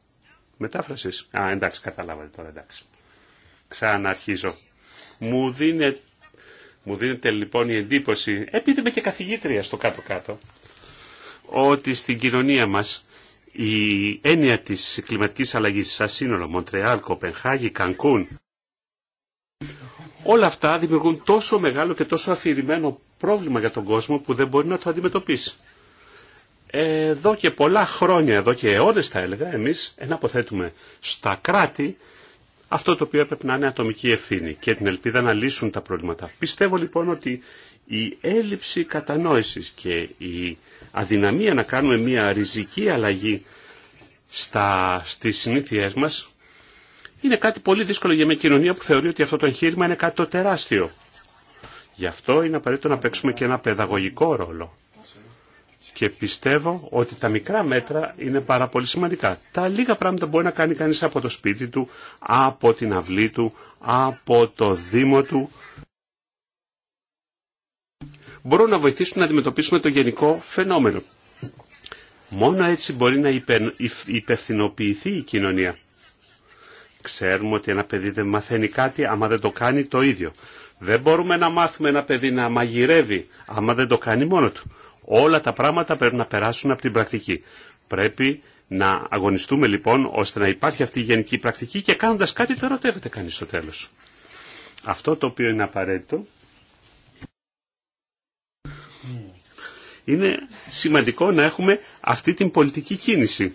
Μετάφραση. Α, εντάξει, καταλάβατε τώρα, εντάξει. Ξαναρχίζω. Μου δίνεται, μου δίνεται λοιπόν η εντύπωση, επειδή είμαι και καθηγήτρια στο κάτω-κάτω, ότι στην κοινωνία μας η έννοια της κλιματικής αλλαγής σαν σύνολο, Μοντρεάλ, Κοπενχάγη, Κανκούν, Όλα αυτά δημιουργούν τόσο μεγάλο και τόσο αφηρημένο πρόβλημα για τον κόσμο που δεν μπορεί να το αντιμετωπίσει. Εδώ και πολλά χρόνια, εδώ και αιώνες θα έλεγα, εμείς εναποθέτουμε στα κράτη αυτό το οποίο έπρεπε να είναι ατομική ευθύνη και την ελπίδα να λύσουν τα προβλήματα. Πιστεύω λοιπόν ότι η έλλειψη κατανόησης και η αδυναμία να κάνουμε μια ριζική αλλαγή στα, στις συνήθειές μας είναι κάτι πολύ δύσκολο για μια κοινωνία που θεωρεί ότι αυτό το εγχείρημα είναι κάτι το τεράστιο. Γι' αυτό είναι απαραίτητο να παίξουμε και ένα παιδαγωγικό ρόλο. Και πιστεύω ότι τα μικρά μέτρα είναι πάρα πολύ σημαντικά. Τα λίγα πράγματα μπορεί να κάνει κανείς από το σπίτι του, από την αυλή του, από το δήμο του. Μπορούν να βοηθήσουν να αντιμετωπίσουμε το γενικό φαινόμενο. Μόνο έτσι μπορεί να υπε... υπευθυνοποιηθεί η κοινωνία. Ξέρουμε ότι ένα παιδί δεν μαθαίνει κάτι άμα δεν το κάνει το ίδιο. Δεν μπορούμε να μάθουμε ένα παιδί να μαγειρεύει άμα δεν το κάνει μόνο του. Όλα τα πράγματα πρέπει να περάσουν από την πρακτική. Πρέπει να αγωνιστούμε λοιπόν ώστε να υπάρχει αυτή η γενική πρακτική και κάνοντας κάτι το ερωτεύεται κανείς στο τέλος. Αυτό το οποίο είναι απαραίτητο είναι σημαντικό να έχουμε αυτή την πολιτική κίνηση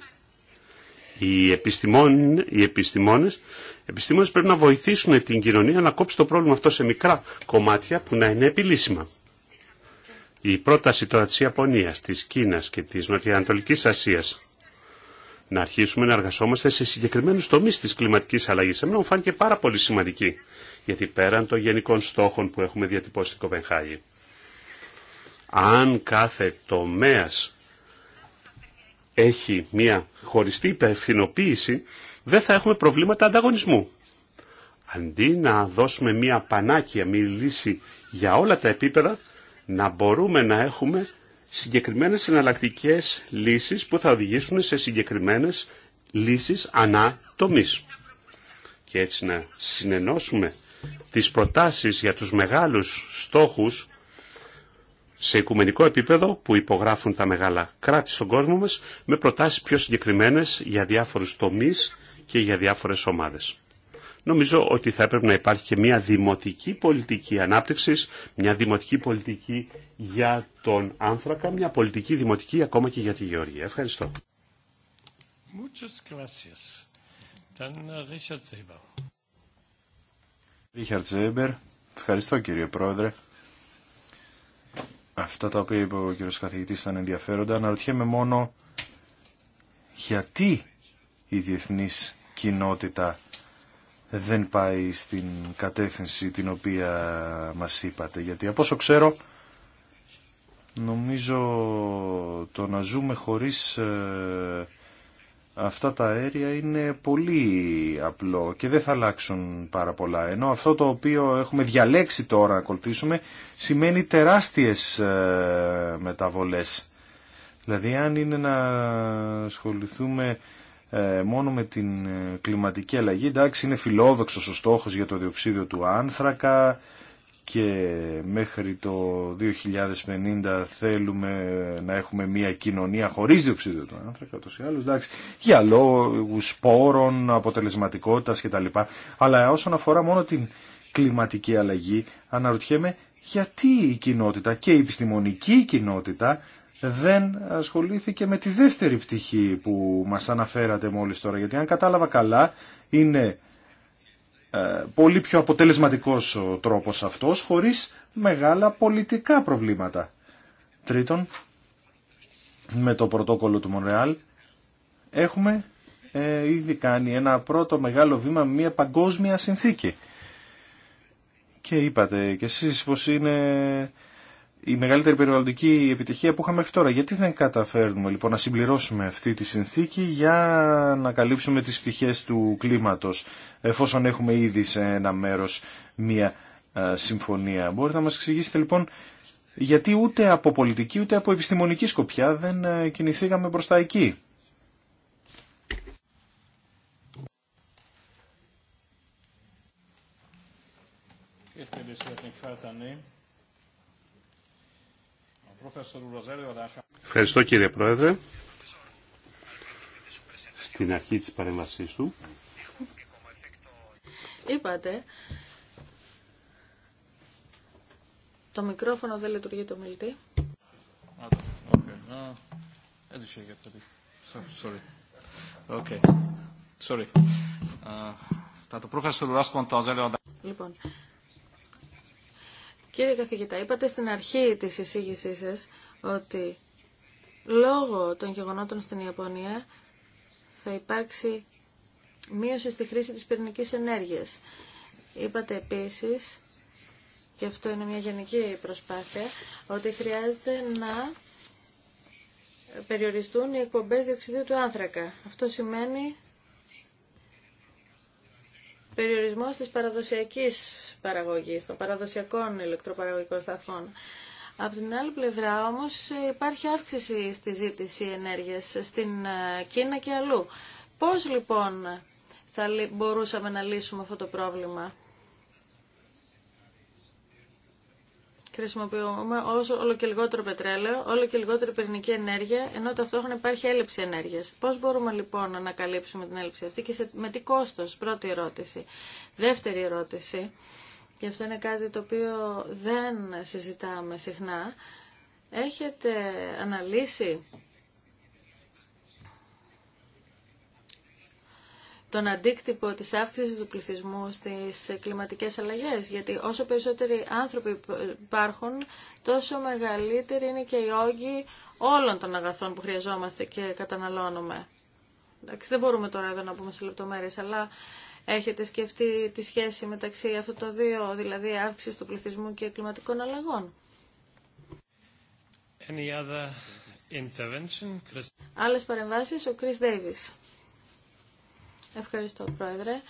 οι, επιστημόν, οι επιστημόνες, επιστήμονες πρέπει να βοηθήσουν την κοινωνία να κόψει το πρόβλημα αυτό σε μικρά κομμάτια που να είναι επιλύσιμα. Η πρόταση τώρα της Ιαπωνίας, της Κίνας και της Νοτιοανατολικής Ασίας να αρχίσουμε να εργασόμαστε σε συγκεκριμένους τομείς της κλιματικής αλλαγής. Εμένα μου φάνηκε πάρα πολύ σημαντική, γιατί πέραν των γενικών στόχων που έχουμε διατυπώσει στην Κοπενχάγη. Αν κάθε τομέας έχει μια χωριστή υπευθυνοποίηση, δεν θα έχουμε προβλήματα ανταγωνισμού. Αντί να δώσουμε μια πανάκια, μια λύση για όλα τα επίπεδα, να μπορούμε να έχουμε συγκεκριμένες εναλλακτικέ λύσεις που θα οδηγήσουν σε συγκεκριμένες λύσεις ανά τομής. Και έτσι να συνενώσουμε τις προτάσεις για τους μεγάλους στόχους σε οικουμενικό επίπεδο που υπογράφουν τα μεγάλα κράτη στον κόσμο μας με προτάσεις πιο συγκεκριμένες για διάφορους τομείς και για διάφορες ομάδες. Νομίζω ότι θα έπρεπε να υπάρχει και μια δημοτική πολιτική ανάπτυξης, μια δημοτική πολιτική για τον άνθρακα, μια πολιτική δημοτική ακόμα και για τη Γεωργία. Ευχαριστώ. Uh, Ευχαριστώ κύριε Πρόεδρε αυτά τα οποία είπε ο κύριος καθηγητής ήταν ενδιαφέροντα. Αναρωτιέμαι μόνο γιατί η διεθνής κοινότητα δεν πάει στην κατεύθυνση την οποία μας είπατε. Γιατί από όσο ξέρω νομίζω το να ζούμε χωρίς ε, αυτά τα αέρια είναι πολύ απλό και δεν θα αλλάξουν πάρα πολλά. Ενώ αυτό το οποίο έχουμε διαλέξει τώρα να ακολουθήσουμε σημαίνει τεράστιες ε, μεταβολές. Δηλαδή αν είναι να ασχοληθούμε ε, μόνο με την ε, κλιματική αλλαγή, εντάξει είναι φιλόδοξος ο στόχος για το διοξίδιο του άνθρακα, και μέχρι το 2050 θέλουμε να έχουμε μια κοινωνία χωρίς διοξείδιο του άνθρακα, ούτως ή άλλως, εντάξει, για λόγους σπόρων, αποτελεσματικότητας κτλ. Αλλά όσον αφορά μόνο την κλιματική αλλαγή, αναρωτιέμαι γιατί η ενταξει για λογους σπορων αποτελεσματικοτητας κτλ αλλα οσον αφορα μονο την κλιματικη αλλαγη αναρωτιεμαι γιατι η κοινοτητα και η επιστημονική κοινότητα δεν ασχολήθηκε με τη δεύτερη πτυχή που μας αναφέρατε μόλις τώρα, γιατί αν κατάλαβα καλά είναι ε, πολύ πιο αποτελεσματικός τρόπος αυτός, χωρίς μεγάλα πολιτικά προβλήματα. Τρίτον, με το πρωτόκολλο του Μονρεάλ, έχουμε ε, ήδη κάνει ένα πρώτο μεγάλο βήμα με μια παγκόσμια συνθήκη. Και είπατε και εσείς πως είναι η μεγαλύτερη περιβαλλοντική επιτυχία που είχαμε μέχρι τώρα. Γιατί δεν καταφέρνουμε λοιπόν να συμπληρώσουμε αυτή τη συνθήκη για να καλύψουμε τις πτυχές του κλίματος εφόσον έχουμε ήδη σε ένα μέρος μία συμφωνία. Μπορείτε να μας εξηγήσετε λοιπόν γιατί ούτε από πολιτική ούτε από επιστημονική σκοπιά δεν ε, κινηθήκαμε προς τα εκεί. Ευχαριστώ. Ευχαριστώ κύριε Πρόεδρε. Στην αρχή της παρέμβασής του. Είπατε, το μικρόφωνο δεν λειτουργεί το μιλτή. Λοιπόν, Κύριε καθηγητά, είπατε στην αρχή της εισήγησής σας ότι λόγω των γεγονότων στην Ιαπωνία θα υπάρξει μείωση στη χρήση της πυρηνικής ενέργειας. Είπατε επίσης, και αυτό είναι μια γενική προσπάθεια, ότι χρειάζεται να περιοριστούν οι εκπομπές διοξιδίου του άνθρακα. Αυτό σημαίνει περιορισμός της παραδοσιακής παραγωγής, των παραδοσιακών ηλεκτροπαραγωγικών σταθμών. Από την άλλη πλευρά όμως υπάρχει αύξηση στη ζήτηση ενέργειας στην ε, Κίνα και αλλού. Πώς λοιπόν θα μπορούσαμε να λύσουμε αυτό το πρόβλημα. χρησιμοποιούμε όσο, όλο και λιγότερο πετρέλαιο, όλο και λιγότερη πυρηνική ενέργεια, ενώ ταυτόχρονα υπάρχει έλλειψη ενέργεια. Πώ μπορούμε λοιπόν να ανακαλύψουμε την έλλειψη αυτή και με τι κόστο. πρώτη ερώτηση. Δεύτερη ερώτηση, και αυτό είναι κάτι το οποίο δεν συζητάμε συχνά, έχετε αναλύσει τον αντίκτυπο της αύξησης του πληθυσμού στις κλιματικές αλλαγές. Γιατί όσο περισσότεροι άνθρωποι υπάρχουν, τόσο μεγαλύτερη είναι και η όγκη όλων των αγαθών που χρειαζόμαστε και καταναλώνουμε. Εντάξει, δεν μπορούμε τώρα εδώ να πούμε σε λεπτομέρειες, αλλά έχετε σκεφτεί τη σχέση μεταξύ αυτών των δύο, δηλαδή αύξηση του πληθυσμού και κλιματικών αλλαγών. Any other Άλλες παρεμβάσεις, ο Chris Davis. Ευχαριστώ, Πρόεδρε.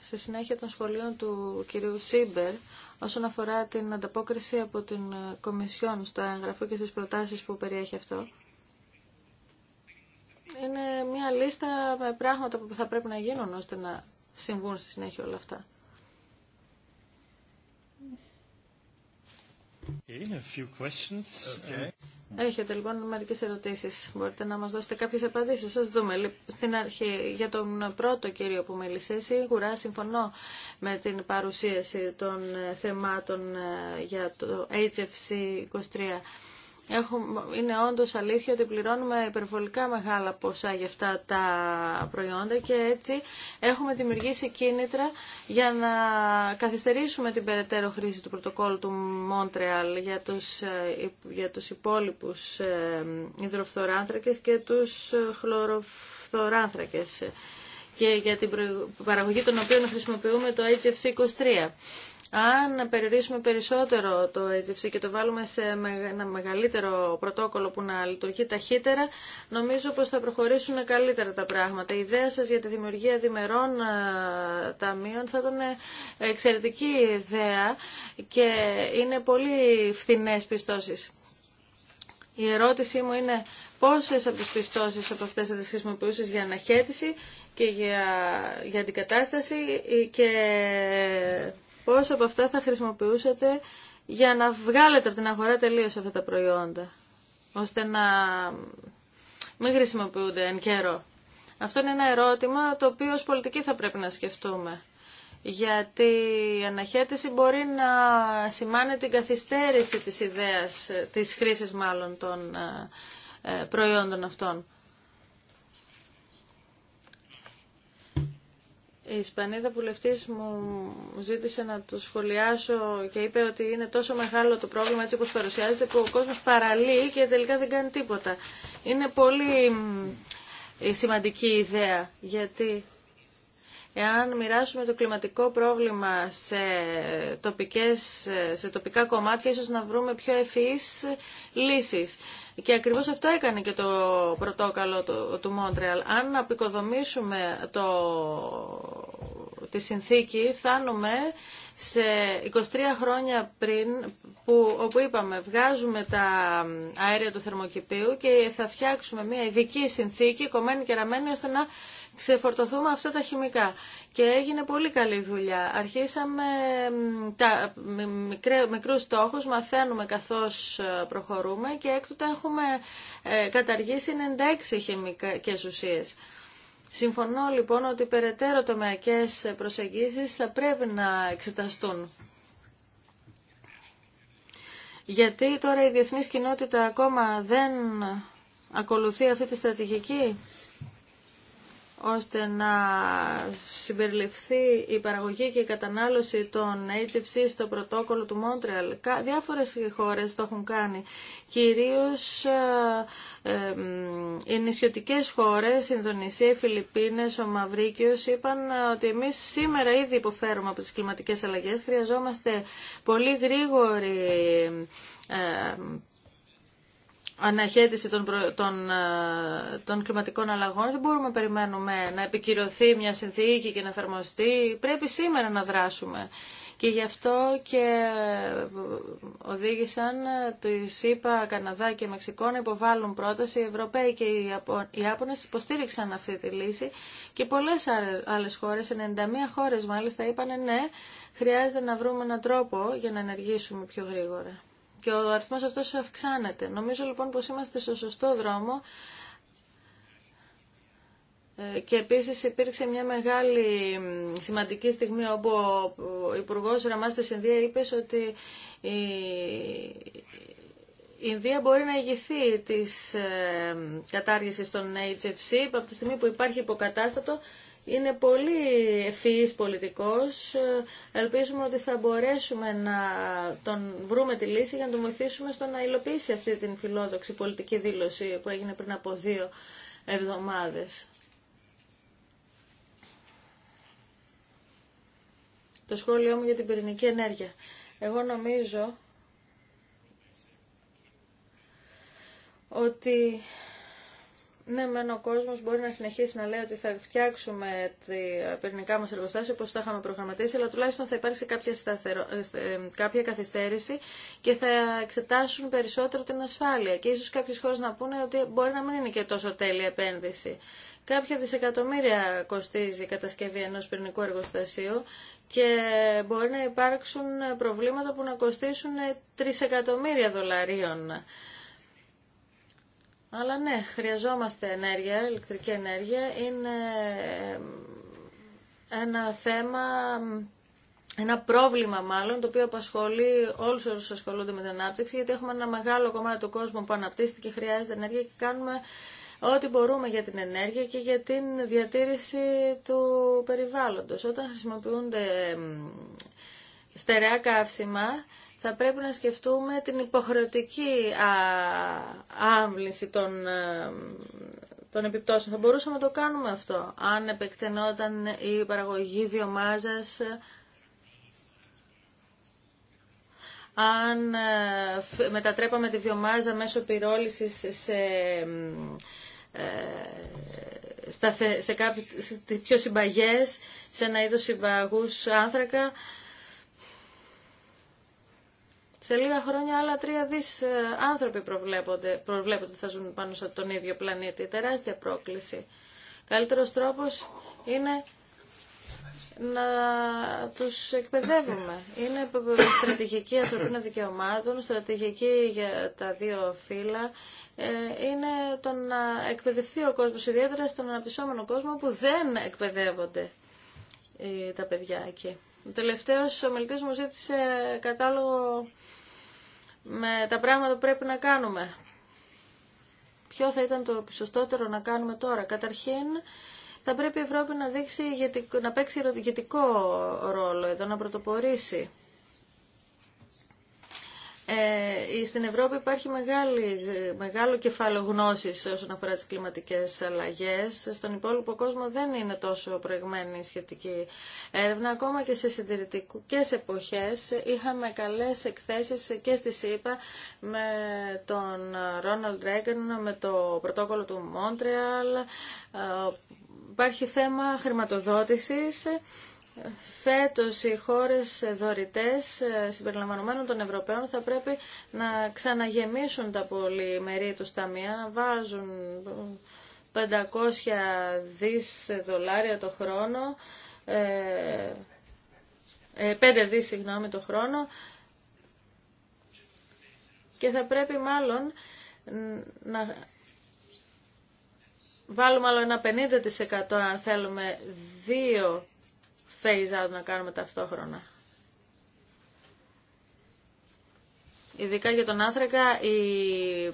Στη συνέχεια των σχολείων του κυρίου Σίμπερ, όσον αφορά την ανταπόκριση από την Κομισιόν στο έγγραφο και στις προτάσεις που περιέχει αυτό, είναι μια λίστα με πράγματα που θα πρέπει να γίνουν ώστε να συμβούν στη συνέχεια όλα αυτά. a few questions. Okay. Έχετε λοιπόν μερικέ ερωτήσει. Μπορείτε να μας δώσετε κάποιες απαντήσει, σα δούμε. Στην αρχή, για τον πρώτο κύριο που μίλησε, σίγουρα συμφωνώ με την παρουσίαση των ε, θεμάτων ε, για το HFC 23. Έχουμε, είναι όντω αλήθεια ότι πληρώνουμε υπερβολικά μεγάλα ποσά για αυτά τα προϊόντα και έτσι έχουμε δημιουργήσει κίνητρα για να καθυστερήσουμε την περαιτέρω χρήση του πρωτοκόλλου του Μόντρεαλ για τους, ε, για τους υπόλοιπους ε, υδροφθοράνθρακες και τους χλωροφθοράνθρακες και για την παραγωγή των οποίων χρησιμοποιούμε το HFC 23. Αν περιορίσουμε περισσότερο το HFC και το βάλουμε σε ένα μεγαλύτερο πρωτόκολλο που να λειτουργεί ταχύτερα, νομίζω πως θα προχωρήσουν καλύτερα τα πράγματα. Η ιδέα σας για τη δημιουργία διμερών ε, ταμείων θα ήταν εξαιρετική ιδέα και είναι πολύ φθηνές πιστώσεις. Η ερώτησή μου είναι πόσες από τις πιστώσεις από αυτές θα τις χρησιμοποιούσες για αναχέτηση και για, για αντικατάσταση και πώς από αυτά θα χρησιμοποιούσατε για να βγάλετε από την αγορά τελείως αυτά τα προϊόντα, ώστε να μην χρησιμοποιούνται εν καιρό. Αυτό είναι ένα ερώτημα το οποίο ως πολιτική θα πρέπει να σκεφτούμε. Γιατί η αναχέτηση μπορεί να σημάνει την καθυστέρηση της ιδέας, της χρήσης μάλλον των ε, προϊόντων αυτών. η Ισπανίδα βουλευτής μου ζήτησε να το σχολιάσω και είπε ότι είναι τόσο μεγάλο το πρόβλημα έτσι όπω παρουσιάζεται που ο κόσμος παραλύει και τελικά δεν κάνει τίποτα. Είναι πολύ σημαντική ιδέα γιατί Εάν μοιράσουμε το κλιματικό πρόβλημα σε, τοπικές, σε τοπικά κομμάτια, ίσως να βρούμε πιο ευφυείς λύσεις. Και ακριβώς αυτό έκανε και το πρωτόκαλο του, Μόντρεαλ. Αν απεικοδομήσουμε το, τη συνθήκη, φτάνουμε σε 23 χρόνια πριν, που, όπου είπαμε βγάζουμε τα αέρια του θερμοκηπίου και θα φτιάξουμε μια ειδική συνθήκη, κομμένη και ραμμένη, ώστε να ξεφορτωθούμε αυτά τα χημικά. Και έγινε πολύ καλή δουλειά. Αρχίσαμε τα, με μικρούς στόχους, μαθαίνουμε καθώς ε, προχωρούμε και έκτοτε έχουμε ε, καταργήσει 96 χημικές ουσίες. Συμφωνώ λοιπόν ότι περαιτέρω τομεακές προσεγγίσεις θα πρέπει να εξεταστούν. Γιατί τώρα η διεθνής κοινότητα ακόμα δεν ακολουθεί αυτή τη στρατηγική ώστε να συμπεριληφθεί η παραγωγή και η κατανάλωση των HFC στο πρωτόκολλο του Μόντρεαλ. Διάφορες χώρες το έχουν κάνει, κυρίως ε, οι νησιωτικές χώρες, Ινδονησία, οι Φιλιππίνες, ο Μαυρίκιος, είπαν ε, ότι εμείς σήμερα ήδη υποφέρουμε από τις κλιματικές αλλαγές, χρειαζόμαστε πολύ γρήγορη ε, αναχέτηση ε, των, κλιματικών αλλαγών. Δεν μπορούμε να περιμένουμε να επικυρωθεί μια συνθήκη και να εφαρμοστεί. Πρέπει σήμερα να δράσουμε. Και γι' αυτό και ε, οδήγησαν ε, το ΣΥΠΑ, Καναδά και Μεξικό να υποβάλουν πρόταση. Οι Ευρωπαίοι και οι Ιάπωνες υποστήριξαν αυτή τη λύση και πολλές άλλες χώρες, 91 χώρες μάλιστα, είπαν ναι, χρειάζεται να βρούμε έναν τρόπο για να ενεργήσουμε πιο γρήγορα και ο αριθμός αυτός αυξάνεται. Νομίζω λοιπόν πως είμαστε στο σωστό δρόμο ε, και επίσης υπήρξε μια μεγάλη σημαντική στιγμή όπου ο Υπουργός Ραμάστης Ινδία είπε ότι η... Η Ινδία μπορεί να ηγηθεί της ε, κατάργησης των HFC από τη στιγμή που υπάρχει υποκατάστατο είναι πολύ ευφυής πολιτικός. Ελπίζουμε ότι θα μπορέσουμε να τον βρούμε τη λύση για να τον βοηθήσουμε στο να υλοποιήσει αυτή την φιλόδοξη πολιτική δήλωση που έγινε πριν από δύο εβδομάδες. Το σχόλιο μου για την πυρηνική ενέργεια. Εγώ νομίζω ότι ναι, μεν ο κόσμο μπορεί να συνεχίσει να λέει ότι θα φτιάξουμε τα πυρηνικά μα εργοστάσια όπω τα είχαμε προγραμματίσει, αλλά τουλάχιστον θα υπάρξει κάποια, σταθερο... Ε, ε, κάποια καθυστέρηση και θα εξετάσουν περισσότερο την ασφάλεια. Και ίσω κάποιε χώρε να πούνε ότι μπορεί να μην είναι και τόσο τέλεια επένδυση. Κάποια δισεκατομμύρια κοστίζει η κατασκευή ενό πυρηνικού εργοστασίου και μπορεί να υπάρξουν προβλήματα που να κοστίσουν τρισεκατομμύρια δολαρίων. Αλλά ναι, χρειαζόμαστε ενέργεια, ηλεκτρική ενέργεια. Είναι ε, ένα θέμα, ένα πρόβλημα μάλλον, το οποίο απασχολεί όλους όσους ασχολούνται με την ανάπτυξη, γιατί έχουμε ένα μεγάλο κομμάτι του κόσμου που αναπτύσσεται και χρειάζεται ενέργεια και κάνουμε ό,τι μπορούμε για την ενέργεια και για την διατήρηση του περιβάλλοντος. Όταν χρησιμοποιούνται στερεά καύσιμα, θα πρέπει να σκεφτούμε την υποχρεωτική άμβληση των, ε, των επιπτώσεων. Θα μπορούσαμε να το κάνουμε αυτό, αν επεκτενόταν η παραγωγή βιομάζας, αν ε, μετατρέπαμε τη βιομάζα μέσω πυρόλησης σε ε, σε κάποιες πιο συμπαγές, σε ένα είδος συμπαγούς άνθρακα. Σε λίγα χρόνια άλλα τρία δις ε, άνθρωποι προβλέπονται, προβλέπονται ότι θα ζουν πάνω στον τον ίδιο πλανήτη. Τεράστια πρόκληση. Καλύτερος τρόπος είναι να τους εκπαιδεύουμε. Είναι στρατηγική ανθρωπίνα δικαιωμάτων, στρατηγική για τα δύο φύλλα. Ε, είναι το να εκπαιδευτεί ο κόσμος, ιδιαίτερα στον αναπτυσσόμενο κόσμο που δεν εκπαιδεύονται ε, τα παιδιά εκεί. Ο τελευταίο ομιλητή μου ζήτησε κατάλογο με τα πράγματα που πρέπει να κάνουμε. Ποιο θα ήταν το σωστότερο να κάνουμε τώρα. Καταρχήν, θα πρέπει η Ευρώπη να, δείξει, να παίξει ηγετικό ρόλο εδώ, να πρωτοπορήσει. Ε, στην Ευρώπη υπάρχει μεγάλη, μεγάλο κεφάλαιο γνώση όσον αφορά τι κλιματικές αλλαγέ. Στον υπόλοιπο κόσμο δεν είναι τόσο προηγμένη η σχετική έρευνα. Ακόμα και σε συντηρητικέ εποχές είχαμε καλές εκθέσεις και στη ΣΥΠΑ με τον Ρόναλντ Ρέγκεν, με το πρωτόκολλο του Μόντρεαλ. Ε, υπάρχει θέμα χρηματοδότησης Φέτος οι χώρες δωρητές ε, συμπεριλαμβανομένων των Ευρωπαίων θα πρέπει να ξαναγεμίσουν τα πολυμερή τους ταμεία, να βάζουν 500 δις δολάρια το χρόνο, 5 ε, ε, δις συγγνώμη το χρόνο και θα πρέπει μάλλον να βάλουμε άλλο ένα 50% αν θέλουμε δύο phase out να κάνουμε ταυτόχρονα. Ειδικά για τον άνθρακα η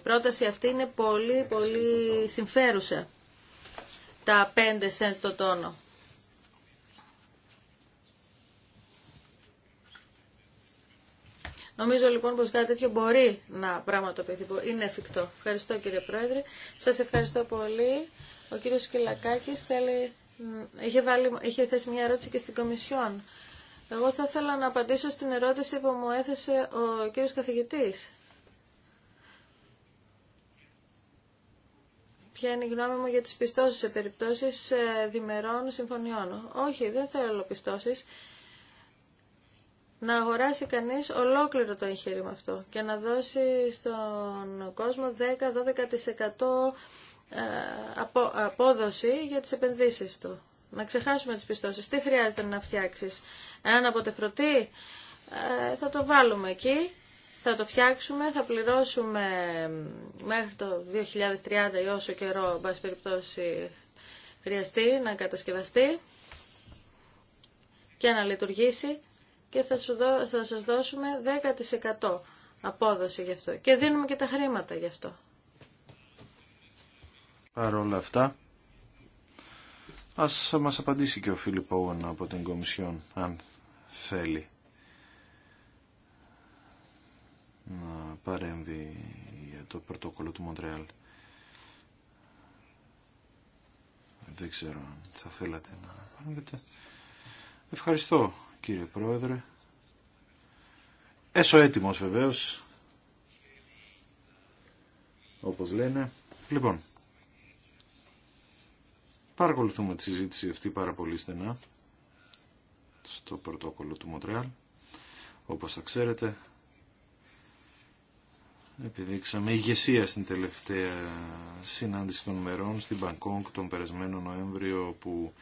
πρόταση αυτή είναι πολύ πολύ συμφέρουσα. Τα 5 cents το τόνο. Νομίζω λοιπόν πως κάτι τέτοιο μπορεί να πραγματοποιηθεί. Είναι εφικτό. Ευχαριστώ κύριε Πρόεδρε. Σας ευχαριστώ πολύ. Ο κύριος Κυλακάκης θέλει είχε, βάλει, είχε θέσει μια ερώτηση και στην Κομισιόν. Εγώ θα ήθελα να απαντήσω στην ερώτηση που μου έθεσε ο κύριος καθηγητής. Ποια είναι η γνώμη μου για τις πιστώσεις σε περιπτώσεις ε, διμερών συμφωνιών. Όχι, δεν θέλω πιστώσεις. Να αγοράσει κανείς ολόκληρο το εγχείρημα αυτό και να δώσει στον κόσμο 10-12% ε, απόδοση για τις επενδύσεις του. Να ξεχάσουμε τις πιστώσεις. Τι χρειάζεται να φτιάξεις. Έναν αποτεφρωτή ε, θα το βάλουμε εκεί, θα το φτιάξουμε, θα πληρώσουμε μέχρι το 2030 ή όσο καιρό, εν χρειαστεί να κατασκευαστεί και να λειτουργήσει και θα, σου σας δώσουμε 10% απόδοση γι' αυτό. Και δίνουμε και τα χρήματα γι' αυτό όλα αυτά. Ας μας απαντήσει και ο Φίλιπ από την Κομισιόν, αν θέλει να παρέμβει για το πρωτόκολλο του Μοντρεάλ. Δεν ξέρω αν θα θέλατε να παρέμβετε. Ευχαριστώ κύριε Πρόεδρε. Έσω έτοιμος βεβαίως, όπως λένε. Λοιπόν, Παρακολουθούμε τη συζήτηση αυτή πάρα πολύ στενά στο πρωτόκολλο του Μοντρεάλ. Όπως θα ξέρετε, επιδείξαμε ηγεσία στην τελευταία συνάντηση των μερών στην Μπαγκόγκ τον περασμένο Νοέμβριο που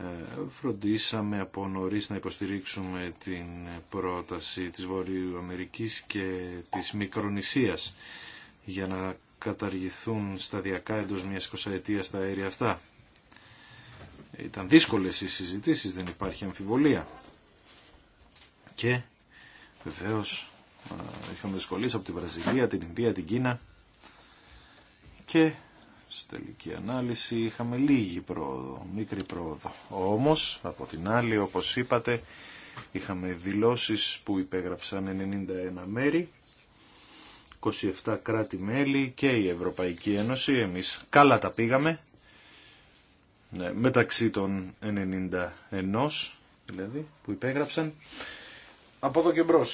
ε, φροντίσαμε από νωρίς να υποστηρίξουμε την πρόταση της Βορείου Αμερικής και της Μικρονησίας για να καταργηθούν σταδιακά εντός μιας 20 τα αέρια αυτά. Ήταν δύσκολες οι συζητήσεις, δεν υπάρχει αμφιβολία. Και βεβαίως είχαμε δυσκολίες από τη Βραζιλία, την Ινδία, την Κίνα και στη τελική ανάλυση είχαμε λίγη πρόοδο, μικρή πρόοδο. Όμως, από την άλλη, όπως είπατε, είχαμε δηλώσεις που υπέγραψαν 91 μέρη, 27 κράτη-μέλη και η Ευρωπαϊκή Ένωση. Εμείς καλά τα πήγαμε ναι, μεταξύ των 91 δηλαδή που υπέγραψαν από εδώ και μπρο.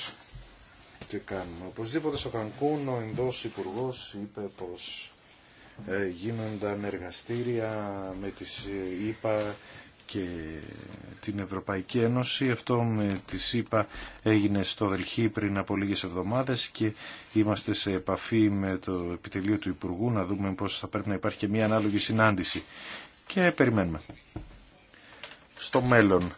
τι κάνουμε. Οπωσδήποτε στο Κανκούν ο Ινδό υπουργό είπε πω ε, γίνονταν εργαστήρια με τι ΗΠΑ ε, και την Ευρωπαϊκή Ένωση. Αυτό με τις ΗΠΑ έγινε στο Δελχή πριν από λίγες εβδομάδες και είμαστε σε επαφή με το επιτελείο του Υπουργού να δούμε πώς θα πρέπει να υπάρχει και μια ανάλογη συνάντηση και περιμένουμε. Στο μέλλον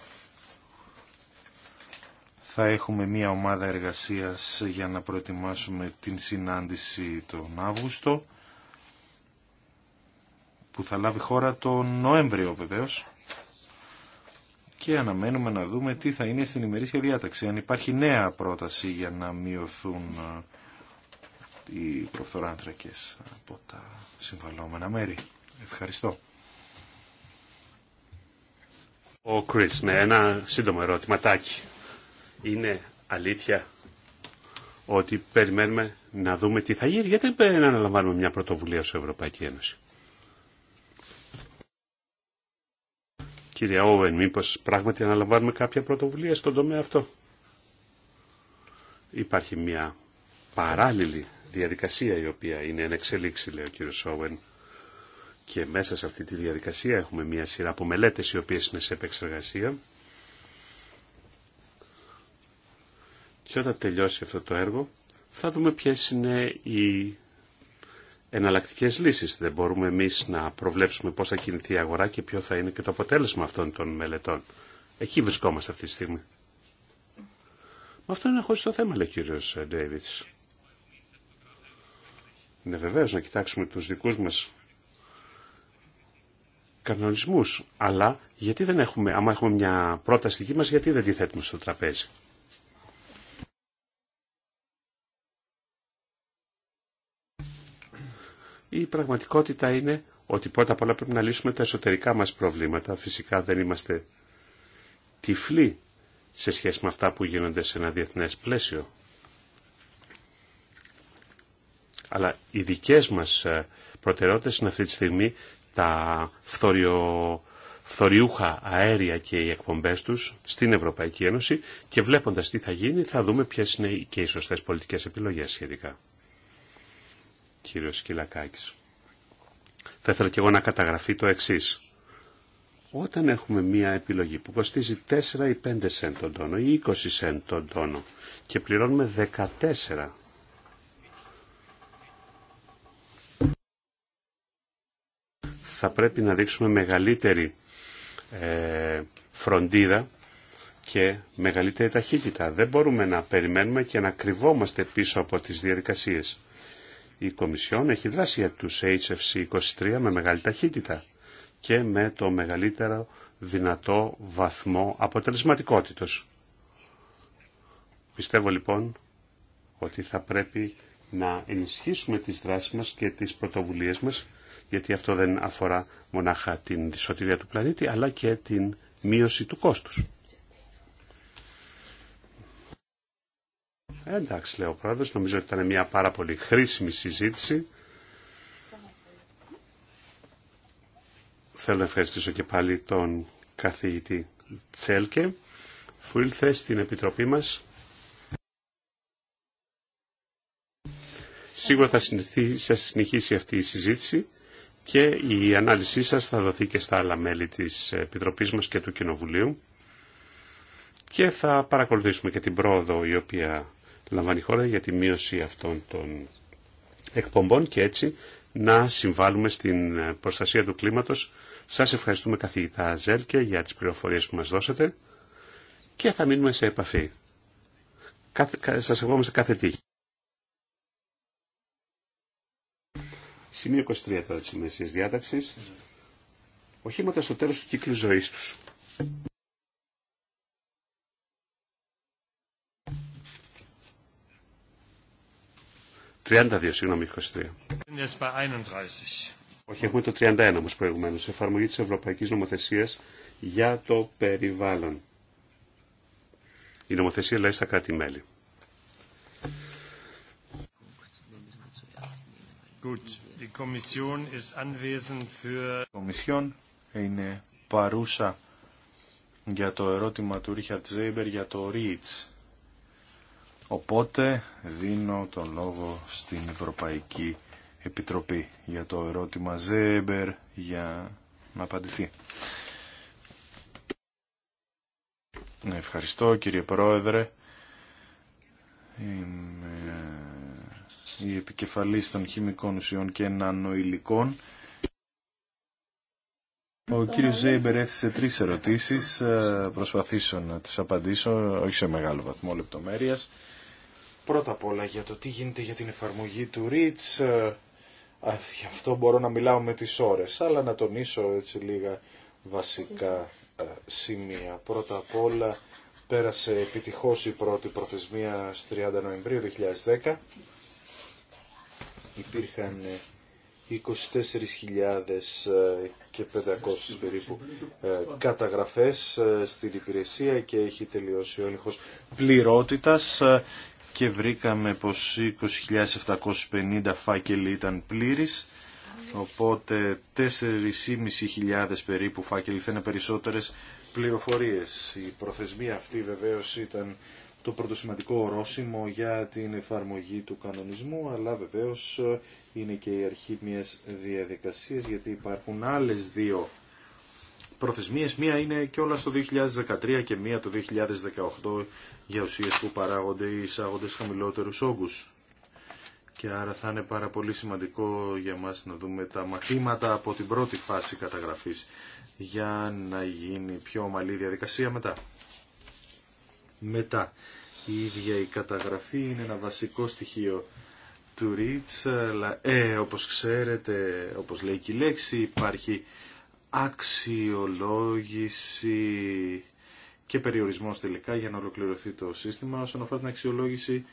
θα έχουμε μία ομάδα εργασίας για να προετοιμάσουμε την συνάντηση τον Αύγουστο που θα λάβει χώρα τον Νοέμβριο βεβαίως και αναμένουμε να δούμε τι θα είναι στην ημερήσια διάταξη. Αν υπάρχει νέα πρόταση για να μειωθούν ε, οι προφθοράνθρακες από τα συμβαλόμενα μέρη. Ευχαριστώ. Ο Κρίς, ναι, ένα σύντομο ερωτηματάκι. Είναι αλήθεια ότι περιμένουμε να δούμε τι θα γίνει. Γιατί δεν αναλαμβάνουμε μια πρωτοβουλία στην Ευρωπαϊκή Ένωση. Κύριε Όβεν, μήπως πράγματι αναλαμβάνουμε κάποια πρωτοβουλία στον τομέα αυτό. Υπάρχει μια παράλληλη διαδικασία η οποία είναι εν εξελίξη, λέει ο κύριος Όβεν. Και μέσα σε αυτή τη διαδικασία έχουμε μια σειρά από μελέτες οι οποίες είναι σε επεξεργασία. Και όταν τελειώσει αυτό το έργο θα δούμε ποιες είναι οι εναλλακτικές λύσεις. Δεν μπορούμε εμείς να προβλέψουμε πώς θα κινηθεί η αγορά και ποιο θα είναι και το αποτέλεσμα αυτών των μελετών. Εκεί βρισκόμαστε αυτή τη στιγμή. αυτό είναι χωρίς το θέμα, λέει ο κύριος Ντέιβιτς. Είναι βεβαίως, να κοιτάξουμε τους δικούς μας αλλά γιατί δεν έχουμε, άμα έχουμε μια πρόταση δική μας, γιατί δεν τη θέτουμε στο τραπέζι. Η πραγματικότητα είναι ότι πρώτα απ' όλα πρέπει να λύσουμε τα εσωτερικά μας προβλήματα. Φυσικά δεν είμαστε τυφλοί σε σχέση με αυτά που γίνονται σε ένα διεθνές πλαίσιο. Αλλά οι δικές μας ε, προτεραιότητες είναι αυτή τη στιγμή τα φθοριο, φθοριούχα αέρια και οι εκπομπές τους στην Ευρωπαϊκή Ένωση και βλέποντας τι θα γίνει θα δούμε ποιες είναι και οι σωστές πολιτικές επιλογές σχετικά. Κύριο Σκυλακάκης. Θα ήθελα και εγώ να καταγραφεί το εξή: Όταν έχουμε μία επιλογή που κοστίζει 4 ή 5 σεντ τον τόνο ή 20 σεντ τον τόνο και πληρώνουμε 14 θα πρέπει να δείξουμε μεγαλύτερη ε, φροντίδα και μεγαλύτερη ταχύτητα. Δεν μπορούμε να περιμένουμε και να κρυβόμαστε πίσω από τις διαδικασίες. Η Κομισιόν έχει δράσει για τους HFC-23 με μεγάλη ταχύτητα και με το μεγαλύτερο δυνατό βαθμό αποτελεσματικότητος. Πιστεύω λοιπόν ότι θα πρέπει να ενισχύσουμε τις δράσεις μας και τις πρωτοβουλίες μας γιατί αυτό δεν αφορά μονάχα την σωτηρία του πλανήτη, αλλά και την μείωση του κόστους. Ε, εντάξει, λέω ο πρόεδρος, νομίζω ότι ήταν μια πάρα πολύ χρήσιμη συζήτηση. Θέλω να ευχαριστήσω και πάλι τον καθηγητή Τσέλκε που ήλθε στην Επιτροπή μας. Σίγουρα θα συνεχίσει αυτή η συζήτηση και η ανάλυση σας θα δοθεί και στα άλλα μέλη της Επιτροπής μας και του Κοινοβουλίου και θα παρακολουθήσουμε και την πρόοδο η οποία λαμβάνει η χώρα για τη μείωση αυτών των εκπομπών και έτσι να συμβάλλουμε στην προστασία του κλίματος. Σας ευχαριστούμε καθηγητά Ζέλκε για τις πληροφορίες που μας δώσατε και θα μείνουμε σε επαφή. Σας ευχόμαστε κάθε τύχη. Σημείο 23 τώρα της Μεσσίας διάταξης. Οχήματα στο τέλος του κύκλου ζωής τους. συγγνώμη, 23. Όχι, έχουμε το 31 όμως προηγουμένως. Εφαρμογή της Ευρωπαϊκής Νομοθεσίας για το περιβάλλον. Η νομοθεσία λέει στα κράτη-μέλη. Η Κομισιόν είναι παρούσα για το ερώτημα του Ρίχαρτ Ζέιμπερ για το ΡΙΤΣ. Οπότε δίνω τον λόγο στην Ευρωπαϊκή Επιτροπή για το ερώτημα Ζέιμπερ για να απαντηθεί. Ευχαριστώ κύριε Πρόεδρε. Είμαι η επικεφαλής των χημικών ουσιών και νανοηλικών. Ο κύριος Ζέιμπερ έθεσε τρεις ερωτήσεις, ε, προσπαθήσω να τις απαντήσω, όχι σε μεγάλο βαθμό λεπτομέρειας. Πρώτα απ' όλα για το τι γίνεται για την εφαρμογή του REACH, ε, γι' αυτό μπορώ να μιλάω με τις ώρες, αλλά να τονίσω έτσι λίγα βασικά ε, σημεία. Πρώτα απ' όλα πέρασε επιτυχώς η πρώτη προθεσμία στις 30 Νοεμβρίου 2010 υπήρχαν 24.500 ε, ε, και 500 περίπου ε, καταγραφές στην υπηρεσία και έχει τελειώσει ο έλεγχος πληρότητας και βρήκαμε πως 20.750 φάκελοι ήταν πλήρης οπότε 4.500 περίπου φάκελοι θα είναι περισσότερες πληροφορίες. Η προθεσμία αυτή βεβαίως ήταν το σημαντικό ορόσημο για την εφαρμογή του κανονισμού, αλλά βεβαίως ε, είναι και η αρχή μιας διαδικασίας, γιατί υπάρχουν άλλες δύο προθεσμίες. Μία είναι και όλα στο 2013 και μία το 2018 για ουσίες που παράγονται ή εισάγονται χαμηλότερους όγκους. Και άρα θα είναι πάρα πολύ σημαντικό για μας να δούμε τα μαθήματα από την πρώτη φάση καταγραφής για να γίνει πιο ομαλή διαδικασία μετά. Μετά, η ίδια η καταγραφή είναι ένα βασικό στοιχείο του Ρίτς, αλλά ε, όπως ξέρετε, όπως λέει και η λέξη, υπάρχει αξιολόγηση και περιορισμός τελικά για να ολοκληρωθεί το σύστημα. Όσον αφορά την αξιολόγηση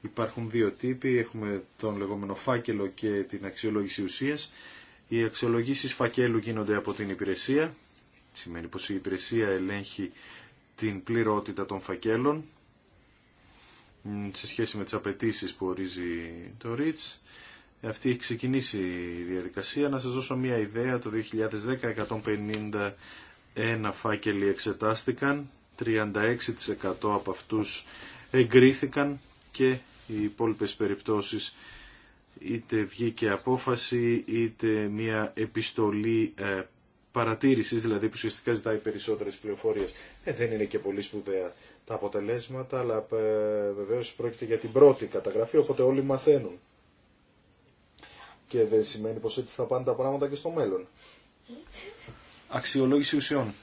υπάρχουν δύο τύποι, έχουμε τον λεγόμενο φάκελο και την αξιολόγηση ουσίας. Οι αξιολογήσει φακέλου γίνονται από την υπηρεσία, σημαίνει πως η υπηρεσία ελέγχει την πληρότητα των φακέλων σε σχέση με τις απαιτήσει που ορίζει το REACH. Αυτή έχει ξεκινήσει η διαδικασία. Να σας δώσω μια ιδέα. Το 2010 151 φάκελοι εξετάστηκαν, 36% από αυτούς εγκρίθηκαν και οι υπόλοιπες περιπτώσεις είτε βγήκε απόφαση είτε μια επιστολή ε, παρατήρησης, δηλαδή που ουσιαστικά ζητάει περισσότερες πληροφορίες. Ε, δεν είναι και πολύ σπουδαία τα αποτελέσματα, αλλά ε, βεβαίως πρόκειται για την πρώτη καταγραφή, οπότε όλοι μαθαίνουν. Και δεν σημαίνει πως έτσι θα πάνε τα πράγματα και στο μέλλον. Αξιολόγηση ουσιών.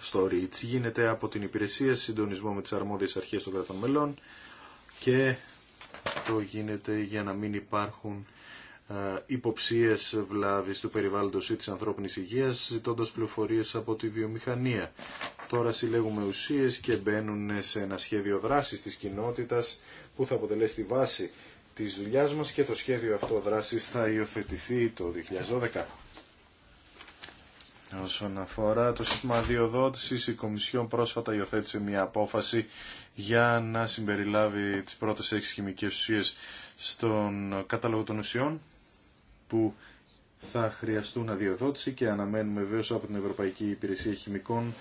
Στο ρίτσι γίνεται από την υπηρεσία συντονισμό με τις αρμόδιες αρχές των κρατών μελών και το γίνεται για να μην υπάρχουν υποψίες βλάβη του περιβάλλοντος ή της ανθρώπινης υγείας ζητώντα πληροφορίε από τη βιομηχανία. Τώρα συλλέγουμε ουσίε και μπαίνουν σε ένα σχέδιο δράσης τη κοινότητα που θα αποτελέσει τη βάση της δουλειά μα και το σχέδιο αυτό δράσης θα υιοθετηθεί το 2012. Όσον αφορά το σύστημα διοδότησης, η Κομισιόν πρόσφατα υιοθέτησε μια απόφαση για να συμπεριλάβει τι πρώτε έξι χημικέ ουσίε στον κατάλογο των ουσιών που θα χρειαστούν αδειοδότηση και αναμένουμε βέβαια από την Ευρωπαϊκή Υπηρεσία Χημικών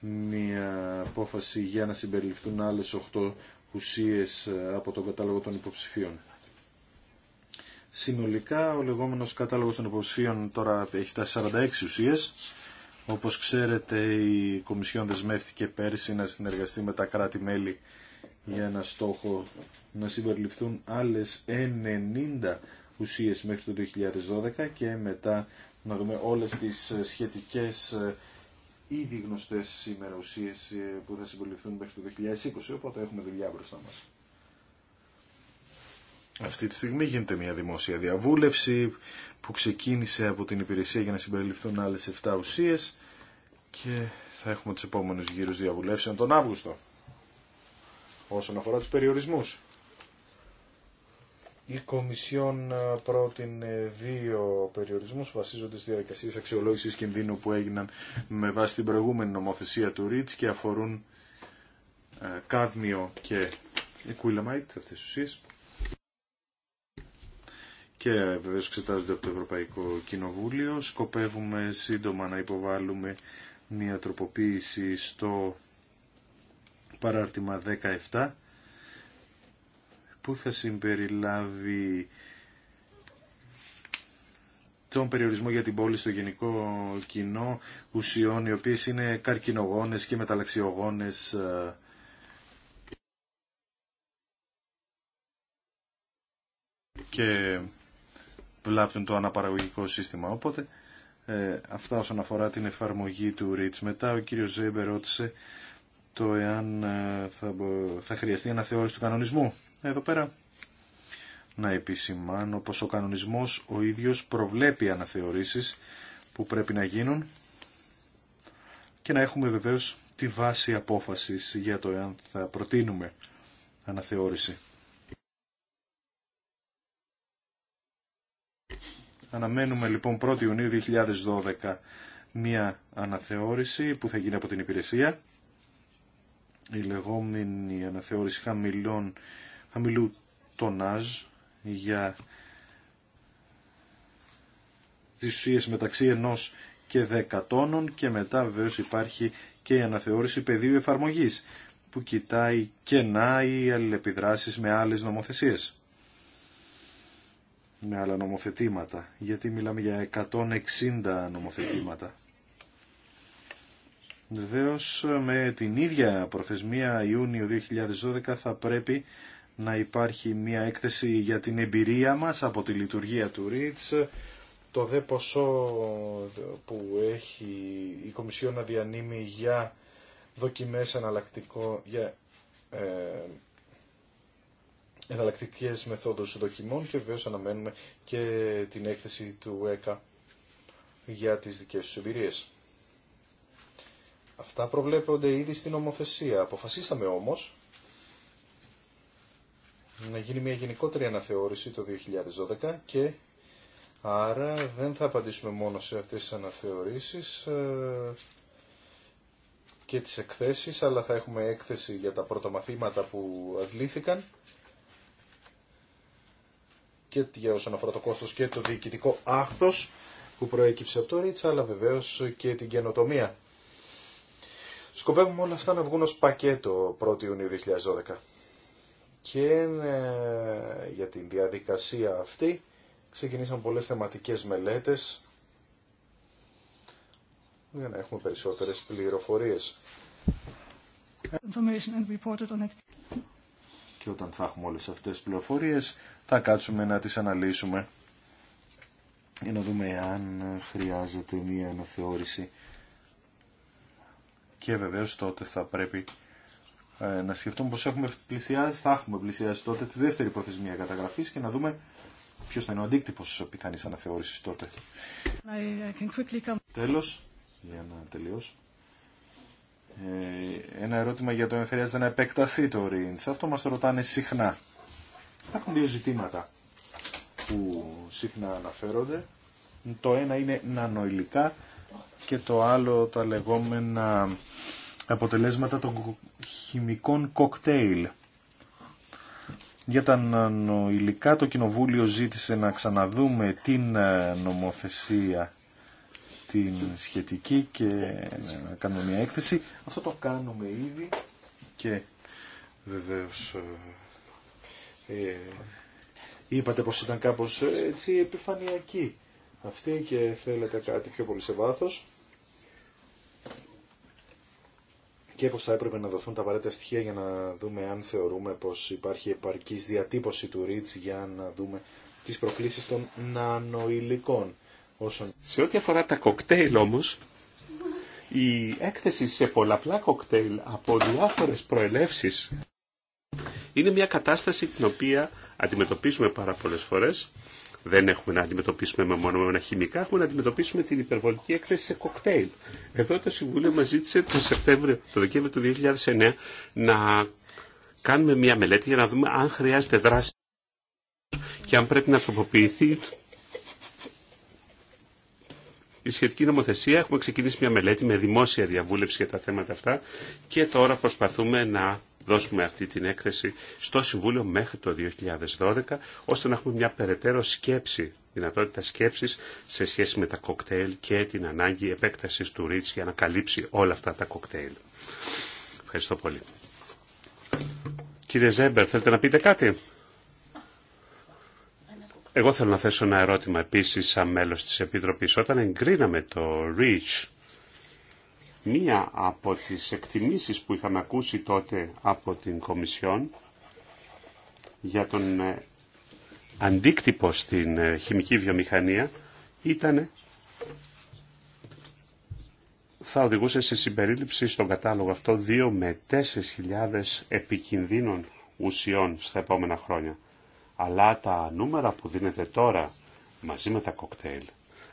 μια απόφαση για να συμπεριληφθούν άλλες 8 ουσίες ε, από τον κατάλογο των υποψηφίων. Συνολικά ο λεγόμενος κατάλογος των υποψηφίων τώρα έχει τα 46 ουσίες. Όπως ξέρετε η Κομισιόν δεσμεύτηκε πέρσι να συνεργαστεί με τα κράτη-μέλη για ένα στόχο να συμπεριληφθούν άλλες 90 ουσίες μέχρι το 2012 και μετά να δούμε όλες τις ε, σχετικές ε, ήδη γνωστές σήμερα ουσίες ε, που θα συμπεριληφθούν μέχρι το 2020, οπότε έχουμε δουλειά μπροστά μας. Αυτή τη στιγμή γίνεται μια δημόσια διαβούλευση που ξεκίνησε από την υπηρεσία για να συμπεριληφθούν άλλες 7 ουσίες και θα έχουμε τους επόμενους γύρους διαβουλεύσεων τον Αύγουστο όσον αφορά τους περιορισμούς. Η Κομισιόν ε, πρότεινε δύο περιορισμούς βασίζονται στις διαδικασίες αξιολόγηση κινδύνου που έγιναν με βάση την προηγούμενη νομοθεσία του ΡΙΤΣ και αφορούν ε, κάδμιο και κουιλαμάιτ αυτέ τι ουσίε. και βεβαίω εξετάζονται από το Ευρωπαϊκό Κοινοβούλιο. Σκοπεύουμε σύντομα να υποβάλουμε μια τροποποίηση στο παράρτημα 17 που θα συμπεριλάβει τον περιορισμό για την πόλη στο γενικό κοινό ουσιών οι οποίες είναι καρκινογόνες και μεταλλαξιογόνες ε. και βλάπτουν το αναπαραγωγικό σύστημα. Οπότε ε, αυτά όσον αφορά την εφαρμογή του ρίτς. Μετά ο κύριος Ζέμπερ ρώτησε το εάν ε, θα, θα χρειαστεί αναθεώρηση του κανονισμού εδώ πέρα να επισημάνω πως ο κανονισμός ο ίδιος προβλέπει αναθεωρήσεις που πρέπει να γίνουν και να έχουμε βεβαίως τη βάση απόφασης για το εάν θα προτείνουμε αναθεώρηση. Αναμένουμε λοιπόν 1η Ιουνίου 2012 μία αναθεώρηση που θα γίνει από την υπηρεσία. Η λεγόμενη αναθεώρηση χαμηλών χαμηλού τονάζ για τις ουσίες μεταξύ ενός και 10 και μετά βεβαίως υπάρχει και η αναθεώρηση πεδίου εφαρμογής που κοιτάει κενά ή αλληλεπιδράσεις με άλλες νομοθεσίες με άλλα νομοθετήματα γιατί μιλάμε για 160 νομοθετήματα Βεβαίω με την ίδια προθεσμία Ιούνιο 2012 θα πρέπει να υπάρχει μια έκθεση για την εμπειρία μας από τη λειτουργία του ΡΙΤΣ, το δε ποσό που έχει η Κομισιόν να διανύμει για δοκιμές εναλλακτικό, για ε, εναλλακτικές μεθόδους δοκιμών και βεβαίως αναμένουμε και την έκθεση του ΕΚΑ για τις δικές τους εμπειρίες. Αυτά προβλέπονται ήδη στην ομοθεσία. Αποφασίσαμε όμως να γίνει μια γενικότερη αναθεώρηση το 2012 και άρα δεν θα απαντήσουμε μόνο σε αυτές τις αναθεωρήσεις ε, και τις εκθέσεις, αλλά θα έχουμε έκθεση για τα πρώτα μαθήματα που αντλήθηκαν και για όσον αφορά το κόστος και το διοικητικό άκτος που προέκυψε από το Ρίτς, αλλά βεβαίως και την καινοτομία. Σκοπεύουμε όλα αυτά να βγουν ως πακέτο 1η Ιουνίου 2012 και ε, για την διαδικασία αυτή ξεκινήσαμε πολλές θεματικές μελέτες για να έχουμε περισσότερες πληροφορίες. Και όταν θα έχουμε όλες αυτές τις πληροφορίες θα κάτσουμε να τις αναλύσουμε για να δούμε αν χρειάζεται μία αναθεώρηση και βεβαίως τότε θα πρέπει ε, να σκεφτούμε πως έχουμε πλησιάσει, θα έχουμε πλησιάσει τότε τη δεύτερη προθεσμία καταγραφής και να δούμε ποιος θα είναι ο αντίκτυπος πιθανής αναθεώρησης τότε. Τέλος, για να τελειώσω. Ε, ένα ερώτημα για το αν χρειάζεται να επεκταθεί το Ρίντ. Αυτό μας το ρωτάνε συχνά. Υπάρχουν δύο ζητήματα που συχνά αναφέρονται. Το ένα είναι νανοηλικά και το άλλο τα λεγόμενα αποτελέσματα των χημικών κοκτέιλ. Για τα νοηλικά το Κοινοβούλιο ζήτησε να ξαναδούμε την ε, νομοθεσία την σχετική και ε, να κάνουμε μια έκθεση. Αυτό το κάνουμε ήδη και βεβαίως ε, ε είπατε πως ήταν κάπως έτσι επιφανειακή αυτή και θέλετε κάτι πιο πολύ σε βάθος. και πως θα έπρεπε να δοθούν τα απαραίτητα στοιχεία για να δούμε αν θεωρούμε πως υπάρχει επαρκής διατύπωση του ρίτς για να δούμε τις προκλήσεις των νανοηλικών. Όσον... Σε ό,τι αφορά τα κοκτέιλ όμως, η έκθεση σε πολλαπλά κοκτέιλ από διάφορες προελεύσεις είναι μια κατάσταση την οποία αντιμετωπίζουμε πάρα πολλές φορές δεν έχουμε να αντιμετωπίσουμε με μόνο με χημικά, έχουμε να αντιμετωπίσουμε την υπερβολική έκθεση σε κοκτέιλ. Εδώ το Συμβούλιο μας ζήτησε το, Σεπτέμβριο, το Δεκέμβριο του 2009 να κάνουμε μια μελέτη για να δούμε αν χρειάζεται δράση και αν πρέπει να τροποποιηθεί η σχετική νομοθεσία. Έχουμε ξεκινήσει μια μελέτη με δημόσια διαβούλευση για τα θέματα αυτά και τώρα προσπαθούμε να δώσουμε αυτή την έκθεση στο Συμβούλιο μέχρι το 2012, ώστε να έχουμε μια περαιτέρω σκέψη, δυνατότητα σκέψης σε σχέση με τα κοκτέιλ και την ανάγκη επέκτασης του ρίτς για να καλύψει όλα αυτά τα κοκτέιλ. Ευχαριστώ πολύ. Κύριε Ζέμπερ, θέλετε να πείτε κάτι. Εγώ θέλω να θέσω ένα ερώτημα επίσης σαν μέλος της Επιτροπής. Όταν εγκρίναμε το REACH, μία από τις εκτιμήσεις που είχαμε ακούσει τότε από την Κομισιόν για τον ε, αντίκτυπο στην ε, χημική βιομηχανία ήταν θα οδηγούσε σε συμπερίληψη στον κατάλογο αυτό 2 με 4.000 επικινδύνων ουσιών στα επόμενα χρόνια. Αλλά τα νούμερα που δίνεται τώρα μαζί με τα κοκτέιλ,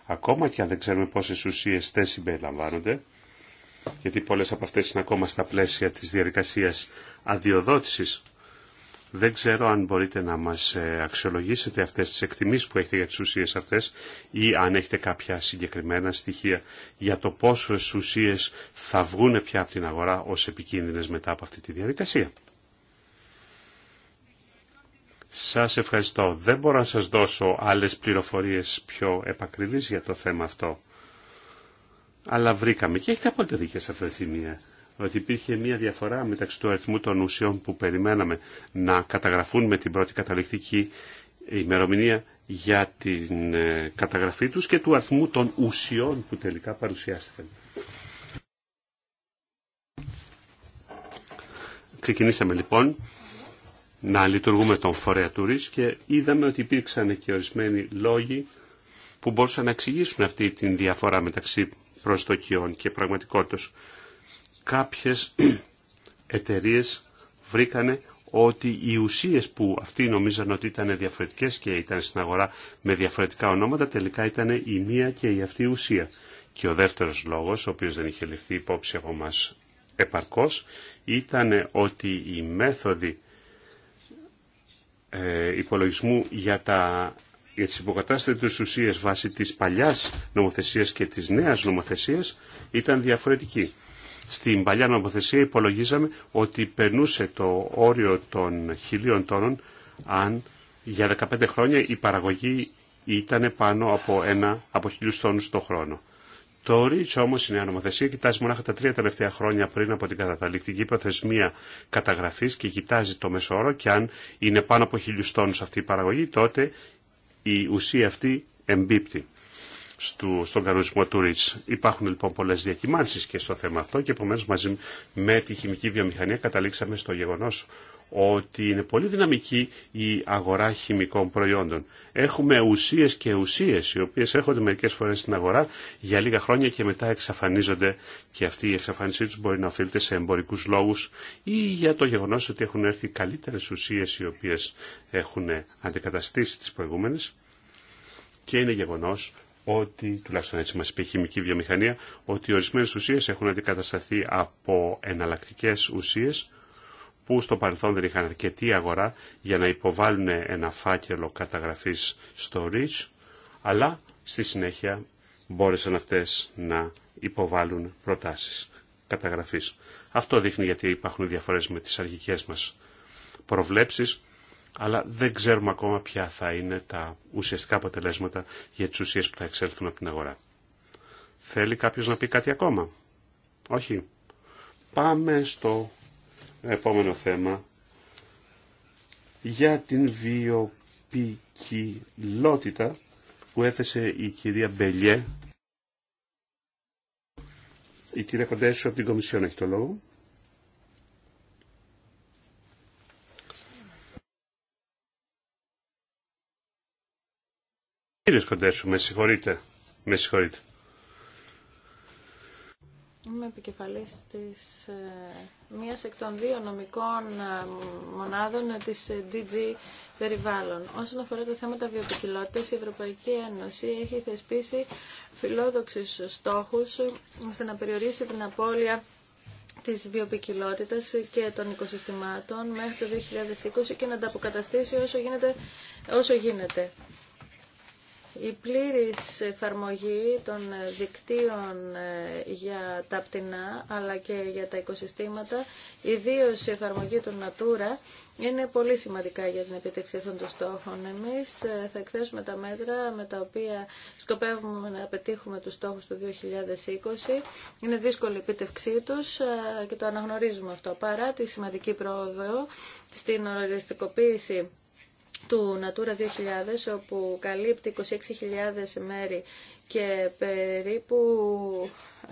ακόμα και αν δεν ξέρουμε πόσες ουσίες δεν συμπεριλαμβάνονται, γιατί πολλές από αυτές είναι ακόμα στα πλαίσια της διαδικασίας αδειοδότησης, δεν ξέρω αν μπορείτε να μας ε, αξιολογήσετε αυτές τις εκτιμήσεις που έχετε για τις ουσίες αυτές ή αν έχετε κάποια συγκεκριμένα στοιχεία για το πόσες ουσίες θα βγουν πια από την αγορά ως επικίνδυνες μετά από αυτή τη διαδικασία. Σας ευχαριστώ. Δεν μπορώ να σας δώσω άλλες πληροφορίες πιο επακριβείς για το θέμα αυτό. Αλλά βρήκαμε και έχετε απόλυτα δίκαια σε αυτά τα σημεία ότι υπήρχε μια διαφορά μεταξύ του αριθμού των ουσιών που περιμέναμε να καταγραφούν με την πρώτη καταληκτική ημερομηνία για την ε, καταγραφή τους και του αριθμού των ουσιών που τελικά παρουσιάστηκαν. Ξεκινήσαμε λοιπόν να λειτουργούμε τον φορέα του και είδαμε ότι υπήρξαν και ορισμένοι λόγοι που μπορούσαν να εξηγήσουν αυτή τη διαφορά μεταξύ προσδοκιών και πραγματικότητας. Κάποιες <clears throat> εταιρείε βρήκανε ότι οι ουσίες που αυτοί νομίζαν ότι ήταν διαφορετικές και ήταν στην αγορά με διαφορετικά ονόματα τελικά ήταν η μία και η αυτή ουσία. Και ο δεύτερος λόγος, ο οποίος δεν είχε ληφθεί υπόψη από μας επαρκώς, ήταν ότι οι μέθοδοι ε, υπολογισμού για, τα, για τις υποκατάστατες ουσίες βάσει της παλιάς νομοθεσίας και της νέας νομοθεσίας ήταν διαφορετική. Στην παλιά νομοθεσία υπολογίζαμε ότι περνούσε το όριο των χιλίων τόνων αν για 15 χρόνια η παραγωγή ήταν πάνω από, ένα, από χιλιούς τόνους το χρόνο. Το REACH όμως είναι νομοθεσία, κοιτάζει μονάχα τα τρία τελευταία χρόνια πριν από την καταταληκτική προθεσμία καταγραφή και κοιτάζει το μεσόωρο και αν είναι πάνω από χίλιου τόνους αυτή η παραγωγή, τότε η ουσία αυτή εμπίπτει στον κανονισμό του ΡΙΤΣ. Υπάρχουν λοιπόν πολλέ διακυμάνσει και στο θέμα αυτό και επομένω μαζί με τη χημική βιομηχανία καταλήξαμε στο γεγονό ότι είναι πολύ δυναμική η αγορά χημικών προϊόντων. Έχουμε ουσίες και ουσίες οι οποίες έρχονται μερικές φορές στην αγορά για λίγα χρόνια και μετά εξαφανίζονται και αυτή η εξαφάνισή τους μπορεί να οφείλεται σε εμπορικούς λόγους ή για το γεγονός ότι έχουν έρθει καλύτερες ουσίες οι οποίες έχουν αντικαταστήσει τις προηγούμενες και είναι γεγονός ότι, τουλάχιστον έτσι μας είπε η χημική βιομηχανία, ότι ορισμένες ουσίες έχουν αντικατασταθεί από εναλλακτικές ουσίες που στο παρελθόν δεν είχαν αρκετή αγορά για να υποβάλουν ένα φάκελο καταγραφής στο REACH, αλλά στη συνέχεια μπόρεσαν αυτές να υποβάλουν προτάσεις καταγραφής. Αυτό δείχνει γιατί υπάρχουν διαφορές με τις αρχικές μας προβλέψεις, αλλά δεν ξέρουμε ακόμα ποια θα είναι τα ουσιαστικά αποτελέσματα για τις ουσίες που θα εξέλθουν από την αγορά. Θέλει κάποιος να πει κάτι ακόμα. Όχι. Πάμε στο επόμενο θέμα για την βιοπικιλότητα που έθεσε η κυρία Μπελιέ. Η κυρία Κοντέσου από την Κομισιόν έχει το λόγο. Κύριε Κοντέσου, με συγχωρείτε. Με συγχωρείτε. Είμαι επικεφαλής της ε, μίας εκ των δύο νομικών ε, μονάδων της ε, DG Περιβάλλον. Όσον αφορά τα θέματα βιοποικιλότητας, η Ευρωπαϊκή Ένωση έχει θεσπίσει φιλόδοξους στόχους ώστε να περιορίσει την απώλεια της βιοποικιλότητας και των οικοσυστημάτων μέχρι το 2020 και να τα αποκαταστήσει όσο Όσο γίνεται η πλήρης εφαρμογή των δικτύων ε, για τα πτηνά αλλά και για τα οικοσυστήματα, ιδίως η εφαρμογή του Natura, είναι πολύ σημαντικά για την επίτευξη αυτών των στόχων. Εμείς ε, θα εκθέσουμε τα μέτρα με τα οποία σκοπεύουμε να πετύχουμε τους στόχους του 2020. Είναι δύσκολη η επίτευξή τους ε, και το αναγνωρίζουμε αυτό. Παρά τη σημαντική πρόοδο στην οριστικοποίηση του Natura 2000 όπου καλύπτει 26.000 μέρη και περίπου 60%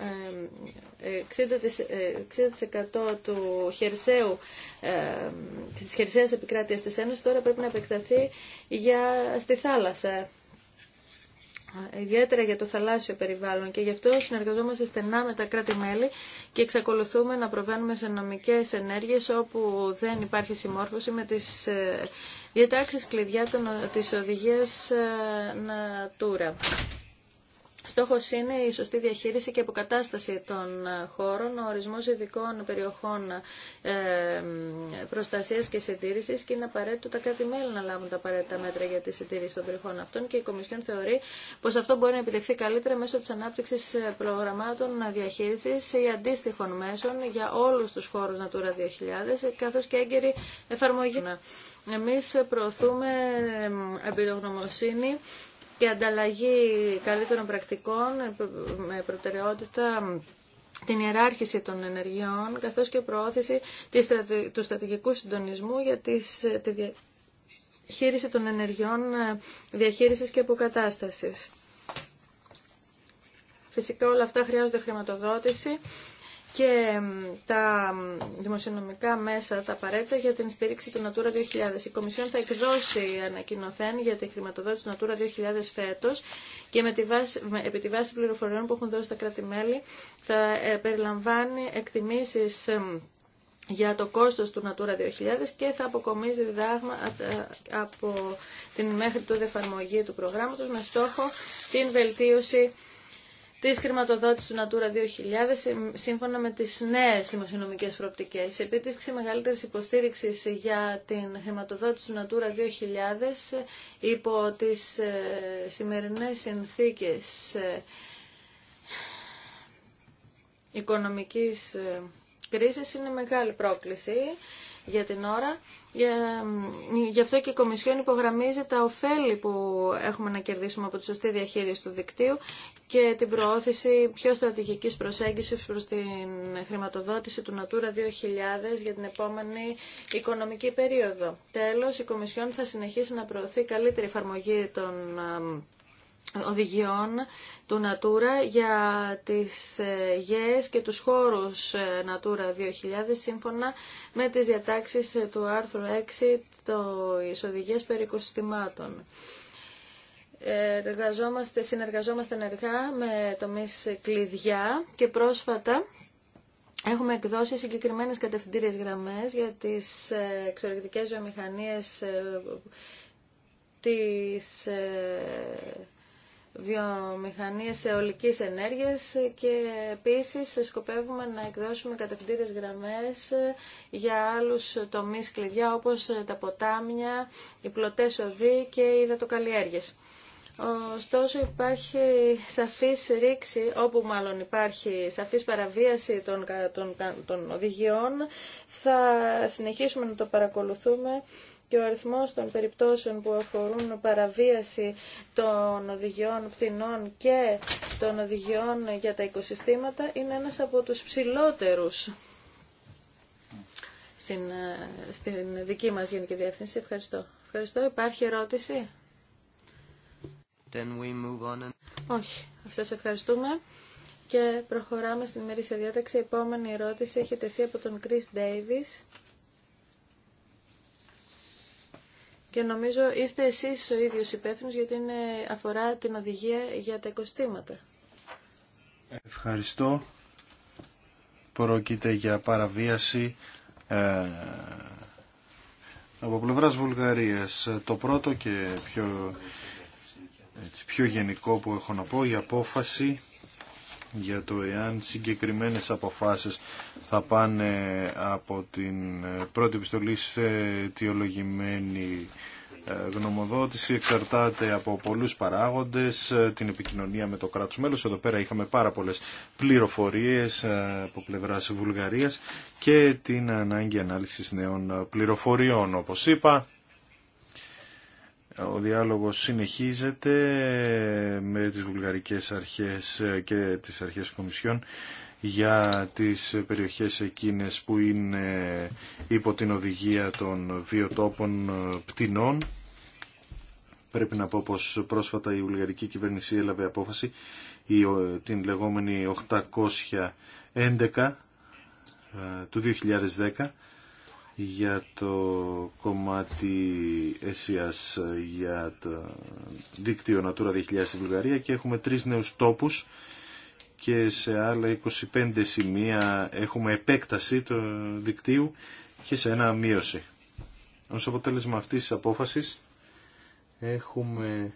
ε, ε, του χερσαίου, της χερσαίας επικράτειας της Ένωσης τώρα πρέπει να επεκταθεί για, στη θάλασσα ιδιαίτερα για το θαλάσσιο περιβάλλον και γι' αυτό συνεργαζόμαστε στενά με τα κράτη-μέλη και εξακολουθούμε να προβαίνουμε σε νομικές ενέργειες όπου δεν υπάρχει συμμόρφωση με τις ε, διατάξεις κλειδιά της οδηγίας ε, Natura. Στόχο είναι η σωστή διαχείριση και αποκατάσταση των ε, χώρων, ο ορισμό ειδικών περιοχών ε, προστασία και συντήρηση και είναι απαραίτητο τα κράτη-μέλη να λάβουν τα απαραίτητα μέτρα για τη συντήρηση των περιοχών αυτών και η Κομισιόν θεωρεί πω αυτό μπορεί να επιτευχθεί καλύτερα μέσω τη ανάπτυξη ε, προγραμμάτων διαχείριση ή αντίστοιχων μέσων για όλου του χώρου Natura 2000 καθώ και έγκαιρη εφαρμογή. Εμεί προωθούμε εμπειρογνωμοσύνη και ανταλλαγή καλύτερων πρακτικών με προτεραιότητα την ιεράρχηση των ενεργειών, καθώς και προώθηση του στρατηγικού συντονισμού για τις, τη διαχείριση των ενεργειών διαχείρισης και αποκατάστασης. Φυσικά όλα αυτά χρειάζονται χρηματοδότηση και τα δημοσιονομικά μέσα τα απαραίτητα για την στήριξη του Natura 2000. Η Κομισιόν θα εκδώσει ανακοινωθέν για τη χρηματοδότηση του Natura 2000 φέτος και με τη βάση, επί τη βάση πληροφοριών που έχουν δώσει τα κράτη-μέλη θα ε, περιλαμβάνει εκτιμήσεις ε, για το κόστος του Natura 2000 και θα αποκομίζει διδάγμα ε, από την μέχρι το δεφαρμογή του προγράμματος με στόχο την βελτίωση Τη χρηματοδότηση του Natura 2000 σύμφωνα με τις νέες δημοσιονομικές προοπτικέ. Η επίτευξη μεγαλύτερη υποστήριξη για την χρηματοδότηση του Natura 2000 υπό τις ε, σημερινές συνθήκες ε, οικονομικής ε, κρίσης είναι μεγάλη πρόκληση για την ώρα. Γι' αυτό και η Κομισιόν υπογραμμίζει τα ωφέλη που έχουμε να κερδίσουμε από τη σωστή διαχείριση του δικτύου και την προώθηση πιο στρατηγικής προσέγγισης προς την χρηματοδότηση του Natura 2000 για την επόμενη οικονομική περίοδο. Τέλος, η Κομισιόν θα συνεχίσει να προωθεί καλύτερη εφαρμογή των οδηγιών του Natura για τις ε, γέες και τους χώρους ε, Natura 2000 σύμφωνα με τις διατάξεις ε, του άρθρου 6 το οδηγίας περί οικοσυστημάτων. Εργαζόμαστε, συνεργαζόμαστε ενεργά με τομείς κλειδιά και πρόσφατα Έχουμε εκδώσει συγκεκριμένες κατευθυντήριες γραμμές για τις εξορρυκτικές βιομηχανίες της βιομηχανίες αιωλικής ενέργειας και επίσης σκοπεύουμε να εκδώσουμε κατευθύντες γραμμές για άλλους τομείς κλειδιά όπως τα ποτάμια, οι πλωτές οδοί και οι δατοκαλλιέργειες. Ωστόσο υπάρχει σαφής ρήξη, όπου μάλλον υπάρχει σαφής παραβίαση των, των, των οδηγιών, θα συνεχίσουμε να το παρακολουθούμε και ο αριθμός των περιπτώσεων που αφορούν παραβίαση των οδηγιών πτηνών και των οδηγιών για τα οικοσυστήματα είναι ένας από τους ψηλότερους στην, ε, δική μας Γενική Διεύθυνση. Ευχαριστώ. Ευχαριστώ. Υπάρχει ερώτηση? Then we move on Όχι. Αυτές ευχαριστούμε. Και προχωράμε στην ημερήσια διάταξη. Η επόμενη ερώτηση έχει τεθεί από τον Chris Davis και νομίζω είστε εσείς ο ίδιος υπεύθυνο γιατί είναι, αφορά την οδηγία για τα οικοστήματα. Ευχαριστώ. Πρόκειται για παραβίαση ε, από πλευράς Βουλγαρίας. Το πρώτο και πιο, έτσι, πιο γενικό που έχω να πω, η απόφαση για το εάν συγκεκριμένες αποφάσεις θα πάνε από την ε, πρώτη επιστολή σε αιτιολογημένη ε, γνωμοδότηση εξαρτάται από πολλούς παράγοντες, ε, την επικοινωνία με το κράτος μέλος. Εδώ πέρα είχαμε πάρα πολλές πληροφορίες από πλευράς Βουλγαρίας και την ανάγκη ανάλυσης νέων πληροφοριών. Όπως είπα, ο διάλογος συνεχίζεται με τις βουλγαρικές αρχές και τις αρχές κομισιών για τις περιοχές εκείνες που είναι υπό την οδηγία των βιοτόπων πτηνών. Πρέπει να πω πως πρόσφατα η βουλγαρική κυβέρνηση έλαβε απόφαση την λεγόμενη 811 ε, του 2010 για το κομμάτι Εσίας για το δίκτυο Natura 2000 στη Βουλγαρία και έχουμε τρεις νέους τόπους και σε άλλα 25 σημεία έχουμε επέκταση του δικτύου και σε ένα μείωση. Ως αποτέλεσμα αυτής της απόφασης έχουμε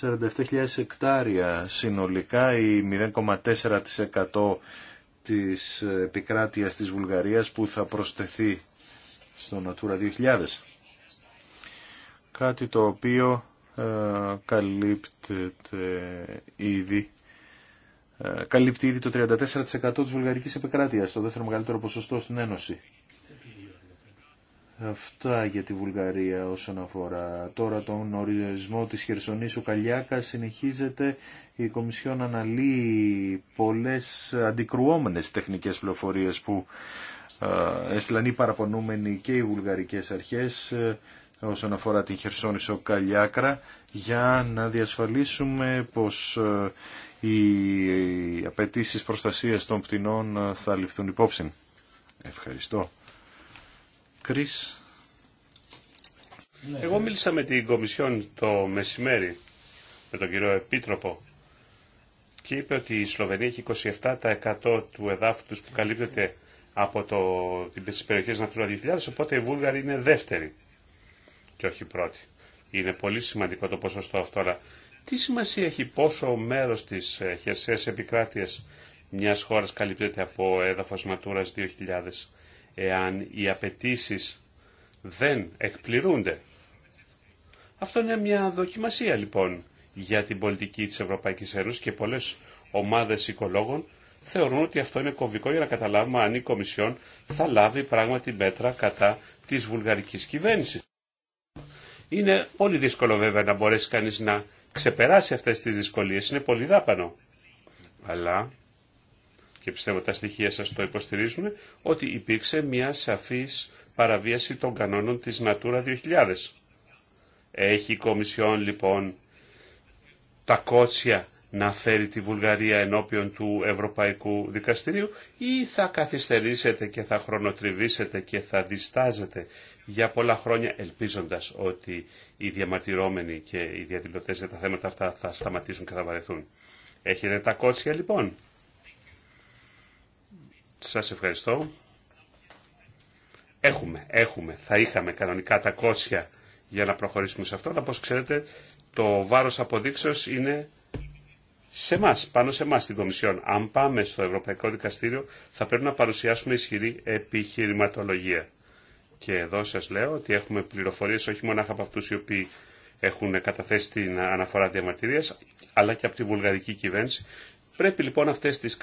47.000 εκτάρια συνολικά ή 0,4% της επικράτειας της Βουλγαρίας που θα προσθεθεί στο Natura 2000. Κάτι το οποίο ε, καλύπτεται ήδη ε, καλύπτει ήδη το 34% της βουλγαρικής επικράτειας, το δεύτερο μεγαλύτερο ποσοστό στην Ένωση. Αυτά για τη Βουλγαρία όσον αφορά τώρα τον ορισμό της Χερσονήσου Καλιάκα συνεχίζεται η Κομισιόν αναλύει πολλές αντικρουόμενες τεχνικές πληροφορίες που έστειλαν οι παραπονούμενοι και οι βουλγαρικές αρχές ε, όσον αφορά την Χερσόνησο Καλιάκρα για να διασφαλίσουμε πως ε, οι απαιτήσει προστασίας των πτηνών ε, θα ληφθούν υπόψη. Ευχαριστώ. Ναι. Εγώ μίλησα με την Κομισιόν το μεσημέρι, με τον κύριο Επίτροπο, και είπε ότι η Σλοβενία έχει 27% του εδάφους που καλύπτεται από το, τις περιοχές Natura 2000, οπότε η Βούλγαροι είναι δεύτερη και όχι πρώτη. Είναι πολύ σημαντικό το ποσοστό αυτό, αλλά τι σημασία έχει πόσο μέρος της ε, χερσαίας επικράτειας μιας χώρας καλύπτεται από έδαφος Natura 2000 εάν οι απαιτήσει δεν εκπληρούνται. Αυτό είναι μια δοκιμασία λοιπόν για την πολιτική της Ευρωπαϊκής Ένωσης και πολλές ομάδες οικολόγων θεωρούν ότι αυτό είναι κομβικό για να καταλάβουμε αν η Κομισιόν θα λάβει πράγματι μέτρα κατά της βουλγαρικής κυβέρνησης. Είναι πολύ δύσκολο βέβαια να μπορέσει κανείς να ξεπεράσει αυτές τις δυσκολίες, είναι πολύ δάπανο. Αλλά και πιστεύω τα στοιχεία σας το υποστηρίζουν, ότι υπήρξε μια σαφής παραβίαση των κανόνων της Natura 2000. Έχει η Κομισιόν λοιπόν τα κότσια να φέρει τη Βουλγαρία ενώπιον του Ευρωπαϊκού Δικαστηρίου ή θα καθυστερήσετε και θα χρονοτριβήσετε και θα διστάζετε για πολλά χρόνια ελπίζοντας ότι οι διαμαρτυρώμενοι και οι διαδηλωτές για τα θέματα αυτά θα σταματήσουν και θα βαρεθούν. Έχετε τα κότσια λοιπόν. Σας ευχαριστώ. Έχουμε, έχουμε, θα είχαμε κανονικά τα κόσια για να προχωρήσουμε σε αυτό, αλλά όπως ξέρετε το βάρος αποδείξεως είναι σε εμά, πάνω σε εμά την Κομισιόν. Αν πάμε στο Ευρωπαϊκό Δικαστήριο θα πρέπει να παρουσιάσουμε ισχυρή επιχειρηματολογία. Και εδώ σας λέω ότι έχουμε πληροφορίες όχι μόνο από αυτούς οι οποίοι έχουν καταθέσει την αναφορά διαμαρτυρίας, αλλά και από τη βουλγαρική κυβέρνηση. Πρέπει λοιπόν αυτές τις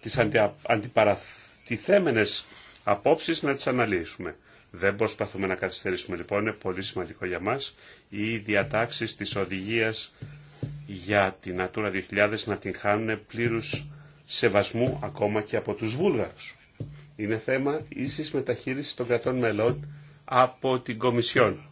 τις αντιπαραθυθέμενες απόψεις να τις αναλύσουμε. Δεν προσπαθούμε να καθυστερήσουμε λοιπόν, είναι πολύ σημαντικό για μας οι διατάξεις της οδηγίας για την Natura 2000 να την χάνουν πλήρους σεβασμού ακόμα και από τους Βούλγαρους. Είναι θέμα ίσης μεταχείρισης των κρατών μελών από την Κομισιόν.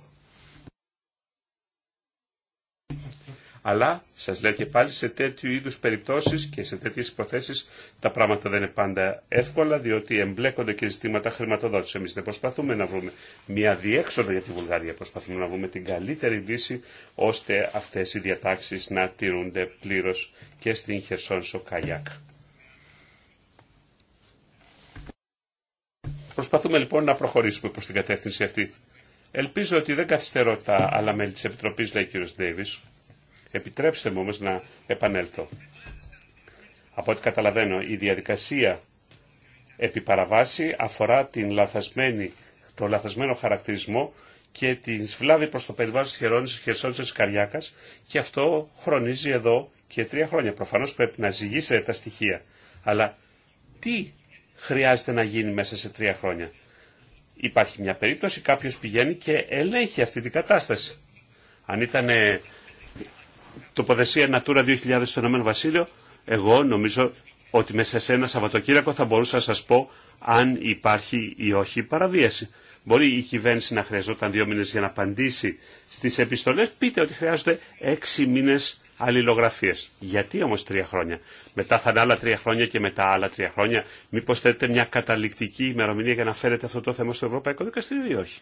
Αλλά σα λέω και πάλι σε τέτοιου είδου περιπτώσει και σε τέτοιε υποθέσει τα πράγματα δεν είναι πάντα εύκολα διότι εμπλέκονται και ζητήματα χρηματοδότηση. Εμεί δεν προσπαθούμε να βρούμε μια διέξοδο για τη Βουλγαρία, προσπαθούμε να βρούμε την καλύτερη λύση ώστε αυτέ οι διατάξει να τηρούνται πλήρω και στην Χερσόνησο Καλιάκ. Προσπαθούμε λοιπόν να προχωρήσουμε προ την κατεύθυνση αυτή. Ελπίζω ότι δεν καθυστερώ τα άλλα μέλη τη επιτροπή λέει ο κ. Ντέιβι. Επιτρέψτε μου όμως να επανέλθω. Από ό,τι καταλαβαίνω, η διαδικασία επί παραβάση αφορά την λαθασμένη, το λαθασμένο χαρακτηρισμό και τη βλάβη προς το περιβάλλον της χερσόνησης της Καριάκας και αυτό χρονίζει εδώ και τρία χρόνια. Προφανώς πρέπει να ζυγίσετε τα στοιχεία. Αλλά τι χρειάζεται να γίνει μέσα σε τρία χρόνια. Υπάρχει μια περίπτωση, κάποιος πηγαίνει και ελέγχει αυτή την κατάσταση. Αν ήταν τοποθεσία Natura 2000 στο Ηνωμένο Βασίλειο, εγώ νομίζω ότι μέσα σε ένα Σαββατοκύριακο θα μπορούσα να σας πω αν υπάρχει ή όχι παραβίαση. Μπορεί η κυβέρνηση να χρειαζόταν δύο μήνες για να απαντήσει στις επιστολές. Πείτε ότι χρειάζονται έξι μήνες αλληλογραφίες. Γιατί όμως τρία χρόνια. Μετά θα είναι άλλα τρία χρόνια και μετά άλλα τρία χρόνια. Μήπως θέλετε μια καταληκτική ημερομηνία για να φέρετε αυτό το θέμα στο Ευρωπαϊκό Δικαστήριο ή όχι.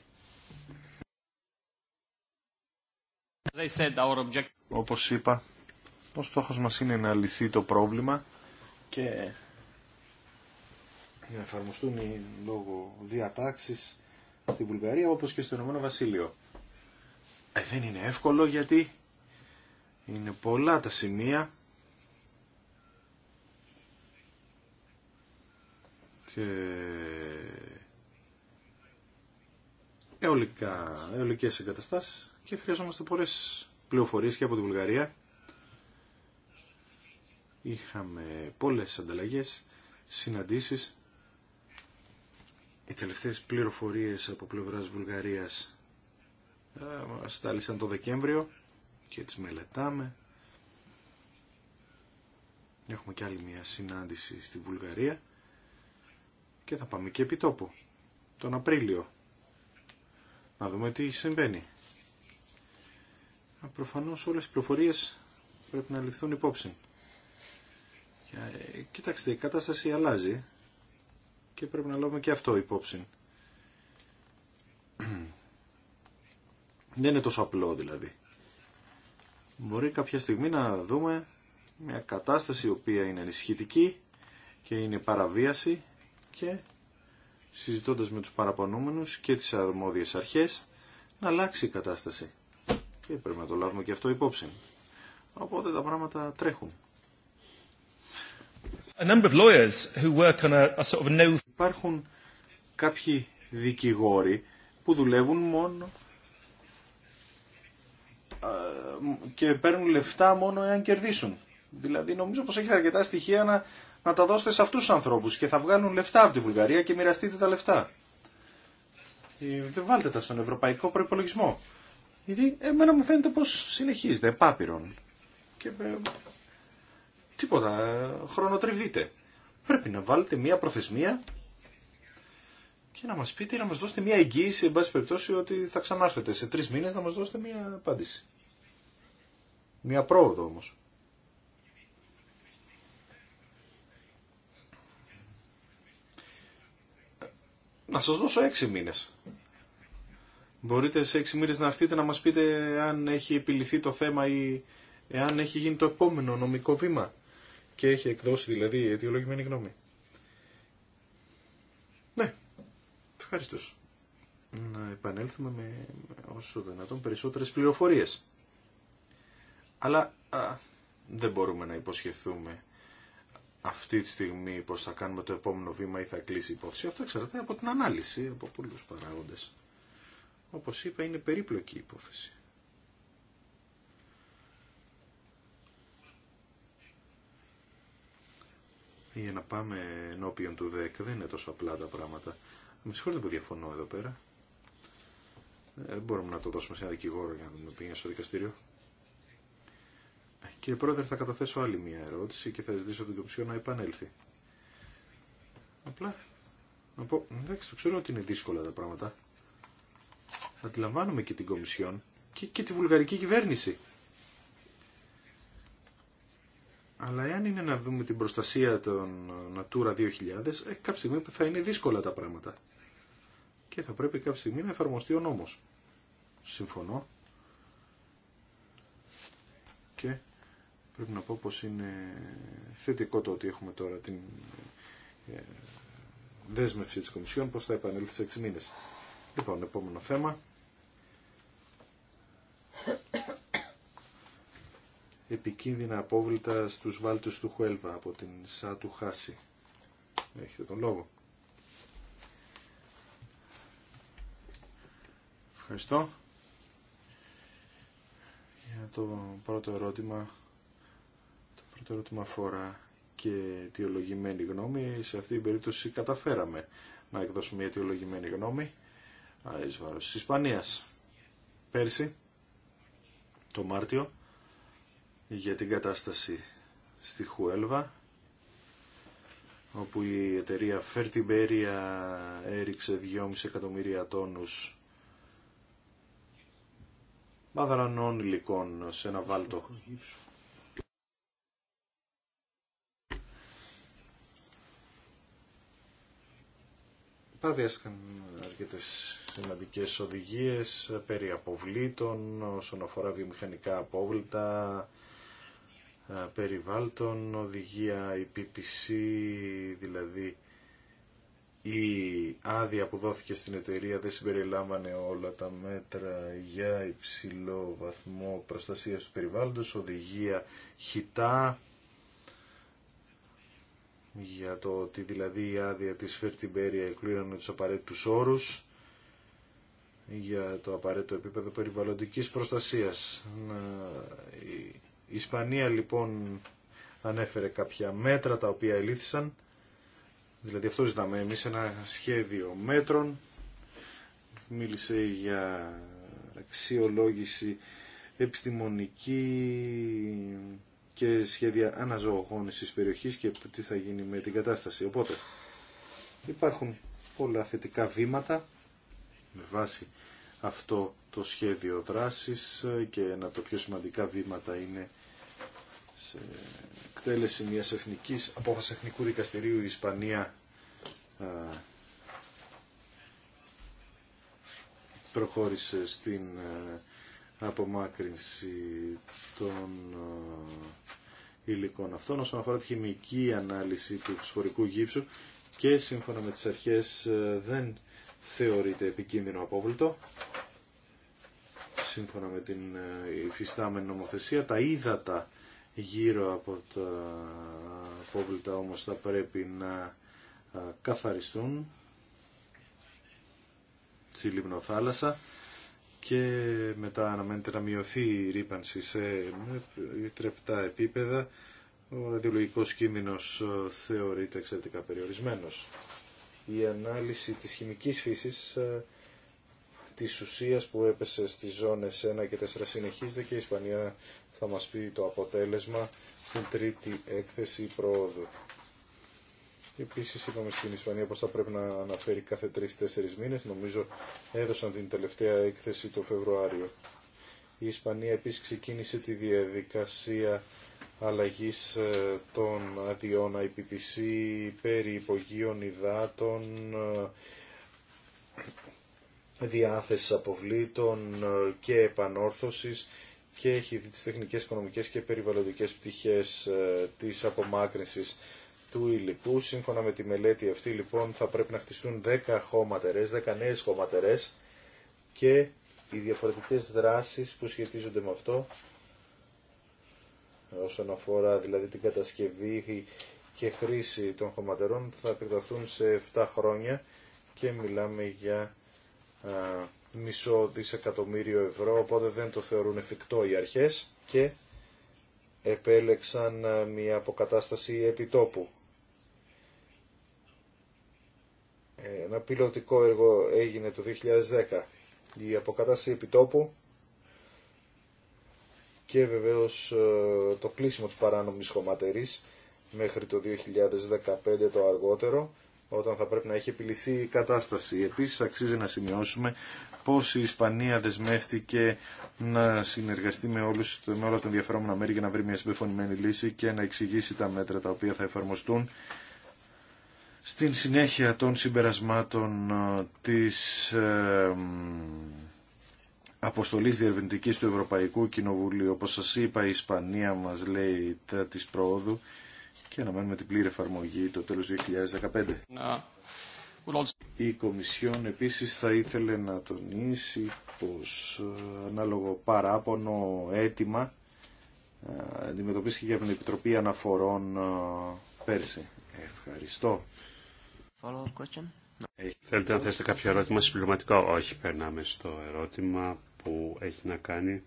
Όπως είπα, ο στόχος μας είναι να λυθεί το πρόβλημα και να εφαρμοστούν οι λόγω διατάξεις στη Βουλγαρία όπως και στο Ηνωμένο Βασίλειο. Ε, δεν είναι εύκολο γιατί είναι πολλά τα σημεία και αιωλικές εγκαταστάσεις και χρειαζόμαστε πολλές πληροφορίες και από τη Βουλγαρία. Είχαμε πολλές ανταλλαγές, συναντήσεις. Οι τελευταίες πληροφορίες από πλευράς Βουλγαρίας ε, μας τάλησαν το Δεκέμβριο και τις μελετάμε. Έχουμε και άλλη μια συνάντηση στη Βουλγαρία και θα πάμε και επί τόπου, τον Απρίλιο, να δούμε τι συμβαίνει προφανώς όλες οι πληροφορίες πρέπει να ληφθούν υπόψη. Ε, Κοιτάξτε, η κατάσταση αλλάζει και πρέπει να λάβουμε και αυτό υπόψη. Δεν είναι τόσο απλό δηλαδή. Μπορεί κάποια στιγμή να δούμε μια κατάσταση η οποία είναι ενισχυτική και είναι παραβίαση και συζητώντας με τους παραπονούμενους και τις αρμόδιες αρχές να αλλάξει η κατάσταση και πρέπει να το λάβουμε και αυτό υπόψη. Οπότε τα πράγματα τρέχουν. Υπάρχουν κάποιοι δικηγόροι που δουλεύουν μόνο και παίρνουν λεφτά μόνο εάν κερδίσουν. Δηλαδή νομίζω πως έχει αρκετά στοιχεία να, να τα δώσετε σε αυτούς τους ανθρώπους και θα βγάλουν λεφτά από τη Βουλγαρία και μοιραστείτε τα λεφτά. Ε, δεν βάλτε τα στον ευρωπαϊκό προϋπολογισμό. Γιατί εμένα μου φαίνεται πως συνεχίζεται, πάπυρον Και ε, τίποτα, ε, χρονοτριβείτε. Πρέπει να βάλετε μία προθεσμία και να μας πείτε, να μας δώσετε μία εγγύηση, εν πάση περιπτώσει, ότι θα ξανάρθετε σε τρεις μήνες να μας δώσετε μία απάντηση. Μία πρόοδο όμως. Να σας δώσω έξι μήνες. Μπορείτε σε έξι μήνες να έρθετε να μας πείτε αν έχει επιληθεί το θέμα ή αν έχει γίνει το επόμενο νομικό βήμα και έχει εκδώσει δηλαδή αιτιολογημένη γνώμη. Ναι, ευχαριστώ. Να επανέλθουμε με όσο δυνατόν περισσότερες πληροφορίες. Αλλά δεν μπορούμε να υποσχεθούμε αυτή τη στιγμή πως θα κάνουμε το επόμενο βήμα ή θα κλείσει η υπόθεση. Αυτό εξαρτάται από την ανάλυση, από πολλούς παράγοντες. Όπως είπα είναι περίπλοκη η υπόθεση. Για να πάμε ενώπιον του ΔΕΚ δεν είναι τόσο απλά τα πράγματα. Με συγχωρείτε που διαφωνώ εδώ πέρα. Δεν μπορούμε να το δώσουμε σε ένα δικηγόρο για να πηγαίνει στο δικαστήριο. Ε, κύριε Πρόεδρε, θα καταθέσω άλλη μία ερώτηση και θα ζητήσω την Κομισιό να επανέλθει. Απλά να πω, εντάξει, το ξέρω ότι είναι δύσκολα τα πράγματα, αντιλαμβάνομαι και την Κομισιόν και, και τη βουλγαρική κυβέρνηση. Αλλά εάν είναι να δούμε την προστασία των ε, Natura 2000, ε, κάποια στιγμή θα είναι δύσκολα τα πράγματα. Και θα πρέπει κάποια στιγμή να εφαρμοστεί ο νόμος. Συμφωνώ. Και πρέπει να πω πως είναι θετικό το ότι έχουμε τώρα την ε, ε, δέσμευση της Κομισιόν πως θα επανέλθει σε 6 μήνες. Λοιπόν, επόμενο θέμα επικίνδυνα απόβλητα στους βάλτους του Χουέλβα από την Σάτου Χάση. Έχετε τον λόγο. Ευχαριστώ. Για το πρώτο ερώτημα, το πρώτο ερώτημα αφορά και αιτιολογημένη γνώμη. Σε αυτή την περίπτωση καταφέραμε να εκδώσουμε μια αιτιολογημένη γνώμη εις βάρο της Ισπανίας. Πέρσι, το Μάρτιο για την κατάσταση στη Χουέλβα όπου η εταιρεία Φερτιμπέρια έριξε 2,5 εκατομμύρια τόνους μαδρανών υλικών σε ένα βάλτο. Παραβιάστηκαν αρκετές σημαντικές οδηγίες ε, περί αποβλήτων, όσον αφορά βιομηχανικά απόβλητα, ε, περιβάλτων, οδηγία IPPC δηλαδή η άδεια που δόθηκε στην εταιρεία δεν συμπεριλάμβανε όλα τα μέτρα για υψηλό βαθμό προστασίας του περιβάλλοντος, οδηγία χιτά, για το ότι δηλαδή η άδεια της Φερτιμπέρια εκλήρωνε τους απαραίτητους όρους για το απαραίτητο επίπεδο περιβαλλοντικής προστασίας. Η Ισπανία λοιπόν ανέφερε κάποια μέτρα τα οποία ελήθησαν. Δηλαδή αυτό ζητάμε εμείς ένα σχέδιο μέτρων. Μίλησε για αξιολόγηση επιστημονική και σχέδια αναζωογόνησης περιοχής και τι θα γίνει με την κατάσταση. Οπότε υπάρχουν πολλά θετικά βήματα με βάση αυτό το σχέδιο δράσης ε, και ένα από τα πιο σημαντικά βήματα είναι σε εκτέλεση μιας εθνικής απόφασης εθνικού δικαστηρίου η Ισπανία ε, προχώρησε στην ε, απομάκρυνση των υλικών αυτών όσον αφορά τη χημική ανάλυση του φωσφορικού γύψου και σύμφωνα με τις αρχές δεν θεωρείται επικίνδυνο απόβλητο σύμφωνα με την ε, υφιστάμενη νομοθεσία. Τα ύδατα γύρω από τα απόβλητα όμως θα πρέπει να ε, καθαριστούν στη Λιμνοθάλασσα και μετά αναμένεται να μειωθεί η ρήπανση σε ε, τρεπτά επίπεδα. Ο ραδιολογικός κίνδυνος θεωρείται εξαιρετικά περιορισμένος η ανάλυση της χημικής φύσης ε, της ουσίας που έπεσε στις ζώνες 1 και 4 συνεχίζεται και η Ισπανία θα μας πει το αποτέλεσμα στην τρίτη έκθεση πρόοδου. Επίσης είπαμε στην Ισπανία πως θα πρέπει να αναφέρει κάθε 3-4 μήνες. Νομίζω έδωσαν την τελευταία έκθεση το Φεβρουάριο. Η Ισπανία επίσης ξεκίνησε τη διαδικασία αλλαγής ε, των αδειών IPPC περί υπογείων υδάτων, ε, διάθεσης αποβλήτων ε, και επανόρθωσης και έχει δει τις τεχνικές, οικονομικές και περιβαλλοντικές πτυχές της απομάκρυνσης του υλικού. Σύμφωνα με τη μελέτη αυτή λοιπόν θα πρέπει να χτιστούν 10 χώματερες, 10 νέες χώματερες και οι διαφορετικές δράσεις που σχετίζονται με αυτό όσον αφορά δηλαδή την κατασκευή και χρήση των χωματερών θα επεκταθούν σε 7 χρόνια και μιλάμε για α, μισό δισεκατομμύριο ευρώ, οπότε δεν το θεωρούν εφικτό οι αρχές και επέλεξαν μια αποκατάσταση επιτόπου. Ε, ένα πιλωτικό έργο έγινε το 2010. Η αποκατάσταση επιτόπου και βεβαίως ε, το κλείσιμο της παράνομης χωματερής μέχρι το 2015 το αργότερο όταν θα πρέπει να έχει επιληθεί η κατάσταση. Επίσης αξίζει να σημειώσουμε πώς η Ισπανία δεσμεύτηκε να συνεργαστεί με, όλους, με όλα τα ενδιαφερόμενα μέρη για να βρει μια συμπεφωνημένη λύση και να εξηγήσει τα μέτρα τα οποία θα εφαρμοστούν στην συνέχεια των συμπερασμάτων ε, της ε, αποστολής διερευνητική του Ευρωπαϊκού Κοινοβουλίου. Όπως σα είπα, η Ισπανία μας λέει τα της προόδου και αναμένουμε την πλήρη εφαρμογή το τέλος του 2015. Η Κομισιόν επίσης θα ήθελε να τονίσει πως ε, ανάλογο παράπονο έτοιμα ε, αντιμετωπίστηκε για την Επιτροπή Αναφορών ε, πέρσι. Ε, θέλετε να θέσετε κάποιο ερώτημα συμπληρωματικό. Όχι, περνάμε στο ερώτημα που έχει να κάνει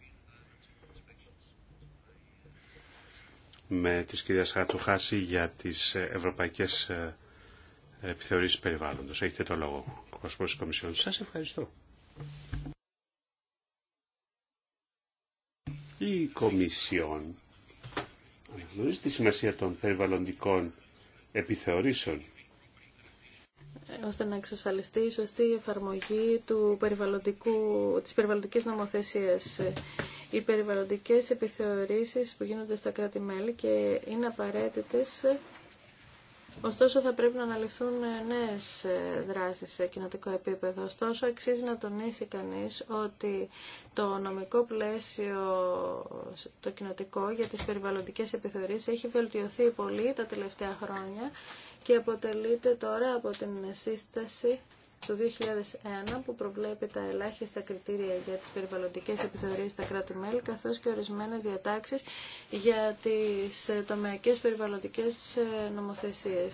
με τις κυρίας Χατουχάση για τις ε, ευρωπαϊκές ε, επιθεωρήσεις περιβάλλοντος. Έχετε το λόγο, Κοσμός της Κομισιόν. Σας ευχαριστώ. Η Κομισιόν αναγνωρίζει τη σημασία των περιβαλλοντικών επιθεωρήσεων ώστε να εξασφαλιστεί η σωστή εφαρμογή του περιβαλλοντικού, της περιβαλλοντικής νομοθεσίας. Οι περιβαλλοντικές επιθεωρήσεις που γίνονται στα κράτη-μέλη και είναι απαραίτητες, ωστόσο θα πρέπει να αναλυθούν νέες δράσεις σε κοινοτικό επίπεδο. Ωστόσο, αξίζει να τονίσει κανείς ότι το νομικό πλαίσιο, το κοινοτικό για τις περιβαλλοντικές επιθεωρήσεις έχει βελτιωθεί πολύ τα τελευταία χρόνια και αποτελείται τώρα από την σύσταση του 2001 που προβλέπει τα ελάχιστα κριτήρια για τις περιβαλλοντικές επιθεωρίες στα κράτη-μέλη καθώς και ορισμένες διατάξεις για τις τομεακές περιβαλλοντικές ε, νομοθεσίες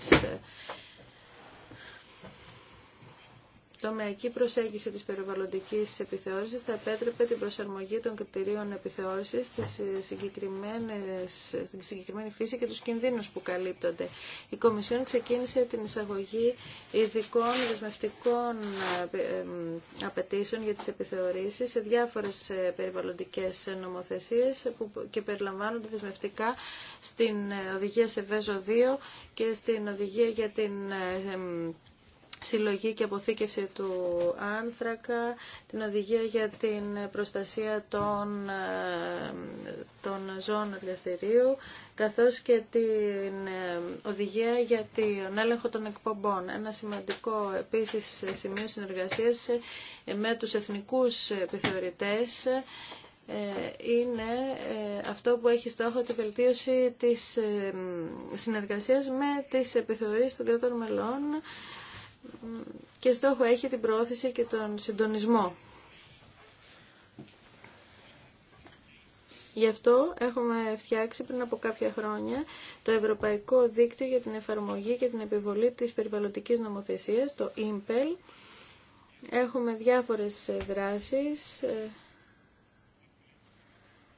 τομεακή προσέγγιση της περιβαλλοντικής επιθεώρησης θα επέτρεπε την προσαρμογή των κριτηρίων επιθεώρησης ε, στην συγκεκριμένη φύση και τους κινδύνους που καλύπτονται. Η Κομισιόν ξεκίνησε την εισαγωγή ειδικών δεσμευτικών ε, ε, απαιτήσεων για τις επιθεωρήσεις σε διάφορες περιβαλλοντικές νομοθεσίες και περιλαμβάνονται δεσμευτικά στην Οδηγία σε ΒΕΖΟ 2 και στην Οδηγία για την συλλογή και αποθήκευση του άνθρακα, την οδηγία για την προστασία των, ε, των ζώων εργαστηρίου, καθώς και την ε, οδηγία για τον έλεγχο των εκπομπών. Ένα σημαντικό επίσης σημείο συνεργασίας ε, με τους εθνικούς επιθεωρητές είναι αυτό που έχει στόχο τη βελτίωση της συνεργασίας με τις επιθεωρήσεις των κρατών μελών και στόχο έχει την προώθηση και τον συντονισμό. Γι' αυτό έχουμε φτιάξει πριν από κάποια χρόνια το Ευρωπαϊκό Δίκτυο για την Εφαρμογή και την Επιβολή της Περιβαλλοντικής Νομοθεσίας, το ΙΜΠΕΛ. Έχουμε διάφορες δράσεις.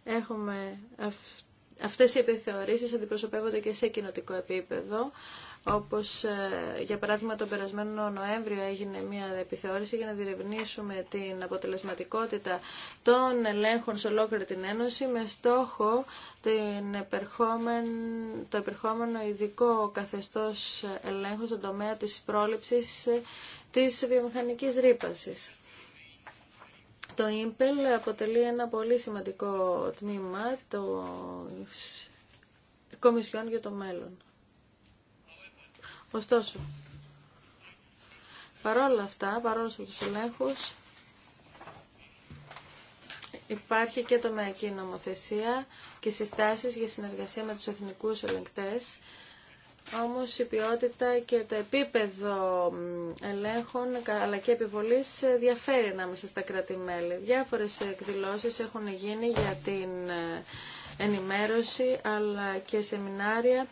Έχουμε αυτές οι επιθεωρήσεις αντιπροσωπεύονται και σε κοινοτικό επίπεδο όπως ε, για παράδειγμα τον περασμένο Νοέμβριο έγινε μια επιθεώρηση για να διερευνήσουμε την αποτελεσματικότητα των ελέγχων σε ολόκληρη την Ένωση με στόχο την το επερχόμενο ειδικό καθεστώς ελέγχου στον τομέα της πρόληψης ε, της βιομηχανικής ρήπασης. Το ΙΜΠΕΛ αποτελεί ένα πολύ σημαντικό τμήμα των Κομισιόν για το μέλλον. Ωστόσο, παρόλα αυτά, παρόλα από τους ελέγχους, υπάρχει και τομεακή νομοθεσία και συστάσεις για συνεργασία με τους εθνικούς ελεγκτές, όμως η ποιότητα και το επίπεδο ελέγχων αλλά και επιβολής διαφέρει ανάμεσα στα κράτη-μέλη. Διάφορες εκδηλώσεις έχουν γίνει για την ε, ενημέρωση αλλά και σεμινάρια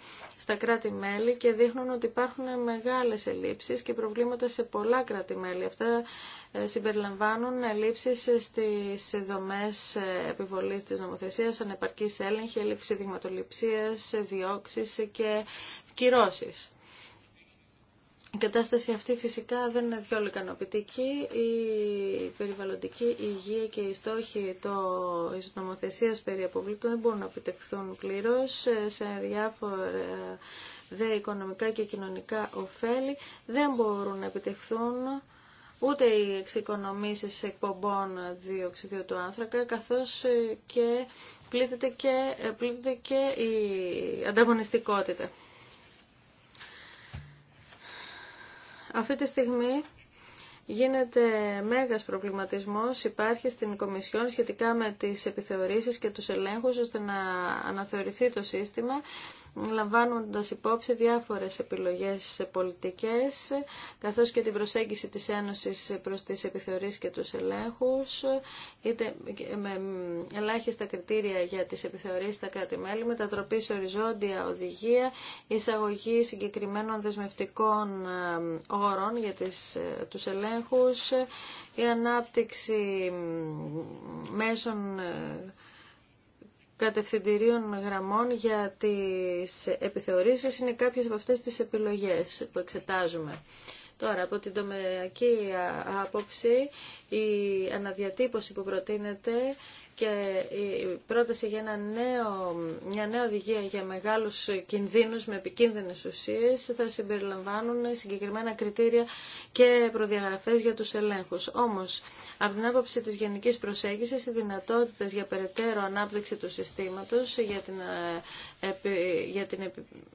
στα κράτη-μέλη και δείχνουν ότι υπάρχουν μεγάλες ελλείψεις και προβλήματα σε πολλά κράτη-μέλη. Αυτά ε, συμπεριλαμβάνουν ελλείψεις στις δομές ε, επιβολής της νομοθεσίας, ανεπαρκής έλεγχη, έλλειψη δειγματοληψίας, διώξεις και κυρώσεις. Η κατάσταση αυτή φυσικά δεν είναι διόλου ικανοποιητική. Η περιβαλλοντική υγεία και οι στόχοι της νομοθεσίας περί αποβλήτων δεν μπορούν να επιτευχθούν πλήρως ε, σε διάφορα δε οικονομικά και κοινωνικά ωφέλη. Δεν μπορούν να επιτευχθούν ούτε οι εξοικονομήσεις εκπομπών διοξιδίου του άνθρακα, καθώς ε, και πλήττεται και, ε, πλήττεται και η ανταγωνιστικότητα. Αυτή τη στιγμή γίνεται μέγας προβληματισμός, υπάρχει στην Κομισιόν σχετικά με τις επιθεωρήσεις και τους ελέγχους ώστε να αναθεωρηθεί το σύστημα λαμβάνοντας υπόψη διάφορες επιλογές πολιτικές, καθώς και την προσέγγιση της Ένωσης προς τις επιθεωρήσεις και τους ελέγχους, είτε με ελάχιστα κριτήρια για τις επιθεωρήσεις στα κράτη-μέλη, μετατροπή σε οριζόντια οδηγία, εισαγωγή συγκεκριμένων δεσμευτικών ε, όρων για τις, ε, τους ελέγχους, η ανάπτυξη μέσων ε, κατευθυντηρίων γραμμών για τις επιθεωρήσεις είναι κάποιες από αυτές τις επιλογές που εξετάζουμε. Τώρα, από την τομεακή άποψη, η αναδιατύπωση που προτείνεται και η πρόταση για νέο, μια νέα οδηγία για μεγάλους κινδύνους με επικίνδυνες ουσίες θα συμπεριλαμβάνουν συγκεκριμένα κριτήρια και προδιαγραφές για τους ελέγχους. Όμως, από την άποψη της γενικής προσέγγισης, οι δυνατότητες για περαιτέρω ανάπτυξη του συστήματος για την, ε, για την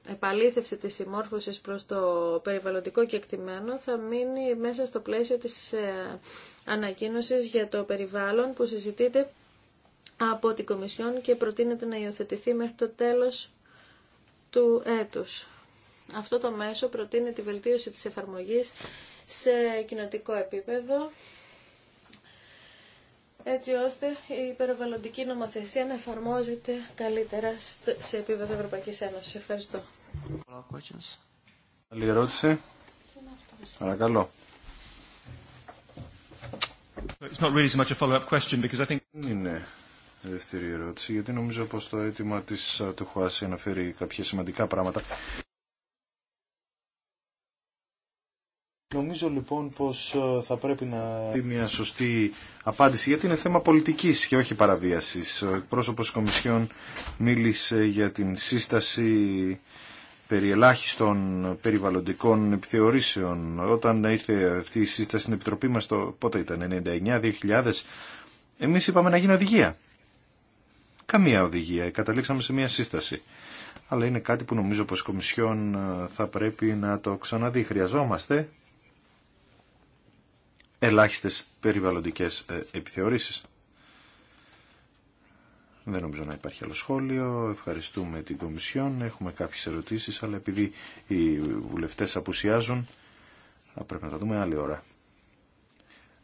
επαλήθευση της συμμόρφωσης προς το περιβαλλοντικό κεκτημένο θα μείνει μέσα στο πλαίσιο της ε, ανακοίνωσης για το περιβάλλον που συζητείται από την Κομισιόν και προτείνεται να υιοθετηθεί μέχρι το τέλος του έτους. Αυτό το μέσο προτείνει τη βελτίωση της εφαρμογής σε κοινοτικό επίπεδο, έτσι ώστε η περιβαλλοντική νομοθεσία να εφαρμόζεται καλύτερα σε επίπεδο Ευρωπαϊκής Ένωσης. Ευχαριστώ. ερώτηση. Παρακαλώ. It's not really so much a question δεύτερη ερώτηση, γιατί νομίζω πως το αίτημα της του Χουάση αναφέρει κάποια σημαντικά πράγματα. Νομίζω λοιπόν πως ε, θα πρέπει να δει μια σωστή απάντηση, γιατί είναι θέμα πολιτικής και όχι παραβίασης. Ο εκπρόσωπος Κομισιόν μίλησε για την σύσταση περί ελάχιστων περιβαλλοντικών επιθεωρήσεων. Όταν ήρθε αυτή η σύσταση στην Επιτροπή μας, το, πότε ήταν, 99-2000, εμείς είπαμε να γίνει οδηγία καμία οδηγία. Καταλήξαμε σε μια σύσταση. Αλλά είναι κάτι που νομίζω πως η Κομισιόν ε, θα πρέπει να το ξαναδεί. Χρειαζόμαστε ελάχιστες περιβαλλοντικές ε, επιθεωρήσεις. Δεν νομίζω να υπάρχει άλλο σχόλιο. Ευχαριστούμε την Κομισιόν. Έχουμε κάποιες ερωτήσεις, αλλά επειδή οι βουλευτές απουσιάζουν, θα πρέπει να τα δούμε άλλη ώρα.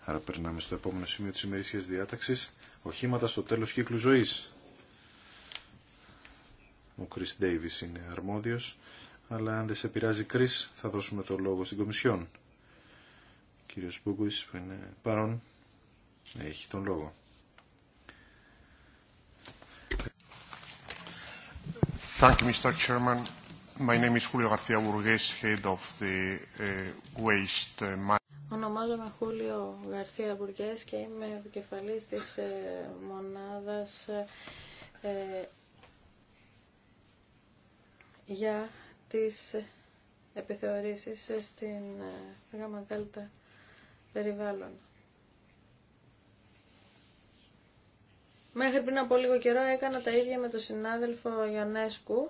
Άρα περνάμε στο επόμενο σημείο της ημερήσιας διάταξης. Οχήματα στο τέλος κύκλου ζωής. Ο Chris Davis είναι αρμόδιος, αλλά αν δεν σε πειράζει Chris θα δώσουμε το λόγο στην Κομισιόν. Ο κύριος Μπούγκουης που είναι παρόν έχει τον λόγο. Thank you, Mr. Chairman. My name is Julio García Burgués, head of the uh, waste uh, Ονομάζομαι Χούλιο Γαρθία Μπουργκές και είμαι επικεφαλής της ε, μονάδας ε, για τις επιθεωρήσεις στην ε, γάμα δέλτα περιβάλλον. Μέχρι πριν από λίγο καιρό έκανα τα ίδια με τον συνάδελφο Ιωνέσκου,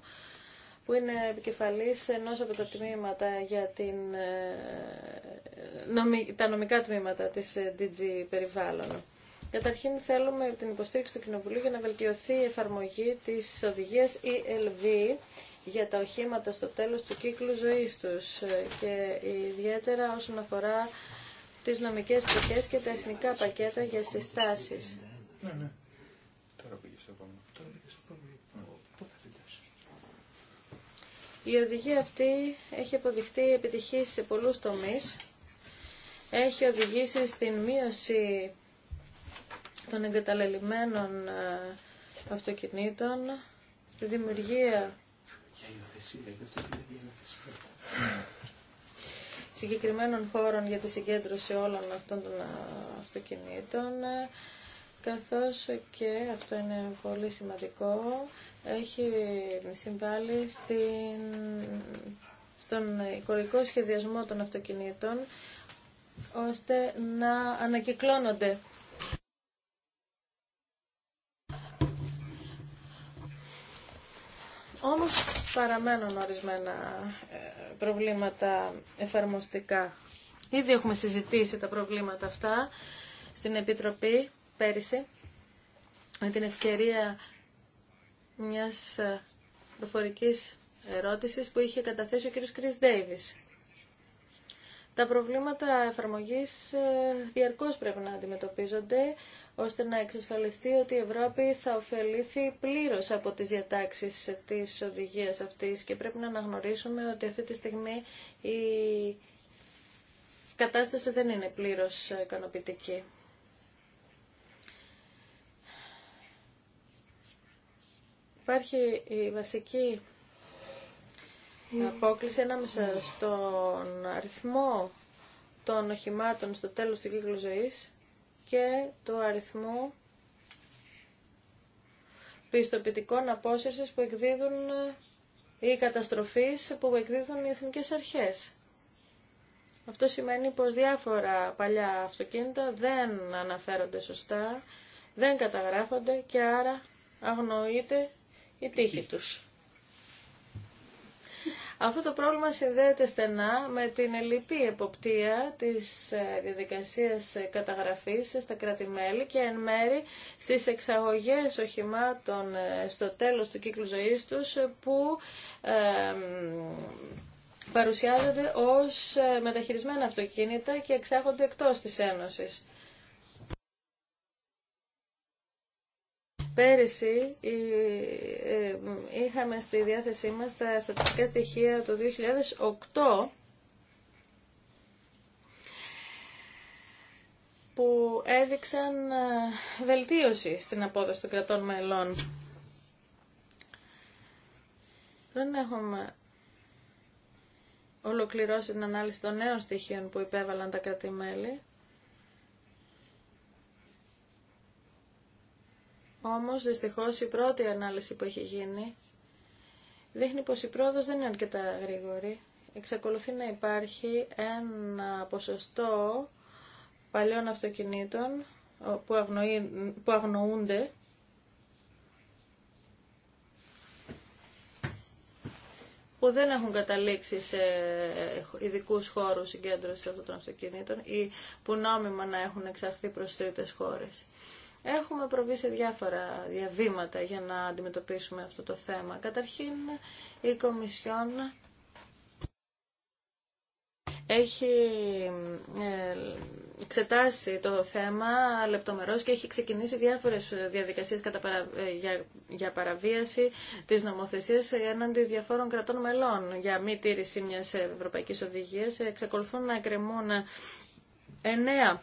που είναι επικεφαλής ενός από τα τμήματα για την, ε, τα νομικά τμήματα της ε, DG Περιβάλλον. Καταρχήν θέλουμε την υποστήριξη του Κοινοβουλίου για να βελτιωθεί η εφαρμογή της οδηγίας ELV για τα οχήματα στο τέλος του κύκλου ζωής τους ε, και ιδιαίτερα όσον αφορά τις νομικές πτυχές και τα εθνικά πακέτα για συστάσεις. Ναι, ναι. ναι. Η οδηγία αυτή έχει αποδειχτεί επιτυχή σε πολλούς τομείς. Έχει οδηγήσει στην μείωση των εγκαταλελειμμένων ε, αυτοκινήτων, στη δημιουργία συγκεκριμένων χώρων για τη συγκέντρωση όλων αυτών των ε, αυτοκινήτων ε, καθώς και, αυτό είναι πολύ σημαντικό, έχει συμβάλει στην, στον οικολογικό σχεδιασμό των αυτοκινήτων ώστε να ανακυκλώνονται παραμένουν ορισμένα ε, προβλήματα εφαρμοστικά. Ήδη έχουμε συζητήσει τα προβλήματα αυτά στην Επιτροπή πέρυσι με την ευκαιρία μιας ε, προφορικής ερώτησης που είχε καταθέσει ο κ. Κρίς Ντέιβις. Τα προβλήματα εφαρμογής ε, διαρκώς πρέπει να αντιμετωπίζονται ώστε να εξασφαλιστεί ότι η Ευρώπη θα ωφελήθει πλήρως από τις διατάξεις της οδηγίας αυτής και πρέπει να αναγνωρίσουμε ότι αυτή τη στιγμή η κατάσταση δεν είναι πλήρως ικανοποιητική. Υπάρχει η βασική απόκληση ανάμεσα στον αριθμό των οχημάτων στο τέλος του κύκλου ζωής και το αριθμό πιστοποιητικών απόσυρσης ή καταστροφής που εκδίδουν οι πιστοποιητικών απόσυρσης που εκδίδουν ή καταστροφής που εκδίδουν οι εθνικές αρχές. Αυτό σημαίνει πως διάφορα παλιά αυτοκίνητα δεν αναφέρονται σωστά, δεν καταγράφονται και άρα αγνοείται η τύχη τους. Αυτό το πρόβλημα συνδέεται στενά με την ελλειπή εποπτεία της ε, διαδικασίας ε, καταγραφής στα κρατη και εν μέρη στις εξαγωγές οχημάτων ε, στο τέλος του κύκλου ζωής τους που παρουσιάζονται ως μεταχειρισμένα αυτοκίνητα και εξάγονται εκτός της Ένωσης. Πέρυσι ε, είχαμε στη διάθεσή μας τα στατιστικά στοιχεία του 2008 που έδειξαν ε, βελτίωση στην απόδοση των κρατών μελών. Δεν έχουμε ολοκληρώσει την ανάλυση των νέων στοιχείων που υπέβαλαν τα κρατη Όμως δυστυχώς η πρώτη ανάλυση που έχει γίνει δείχνει πως η πρόοδος δεν είναι αρκετά γρήγορη. Εξακολουθεί να υπάρχει ένα ποσοστό παλιών αυτοκινήτων που, αγνοεί, που αγνοούνται που δεν έχουν καταλήξει σε ειδικού χώρου συγκέντρωση αυτών των αυτοκινήτων ή που νόμιμα να έχουν εξαχθεί προ τρίτε χώρε. Έχουμε προβεί σε διάφορα διαβήματα για να αντιμετωπίσουμε αυτό το θέμα. Καταρχήν, η Κομισιόν έχει ε, εξετάσει το θέμα λεπτομερώς και έχει ξεκινήσει διάφορες διαδικασίες κατά ε, για... για παραβίαση της νομοθεσίας έναντι διαφόρων κρατών μελών για μη τήρηση μιας ευρωπαϊκής οδηγίας. Εξακολουθούν να εκκρεμούν εννέα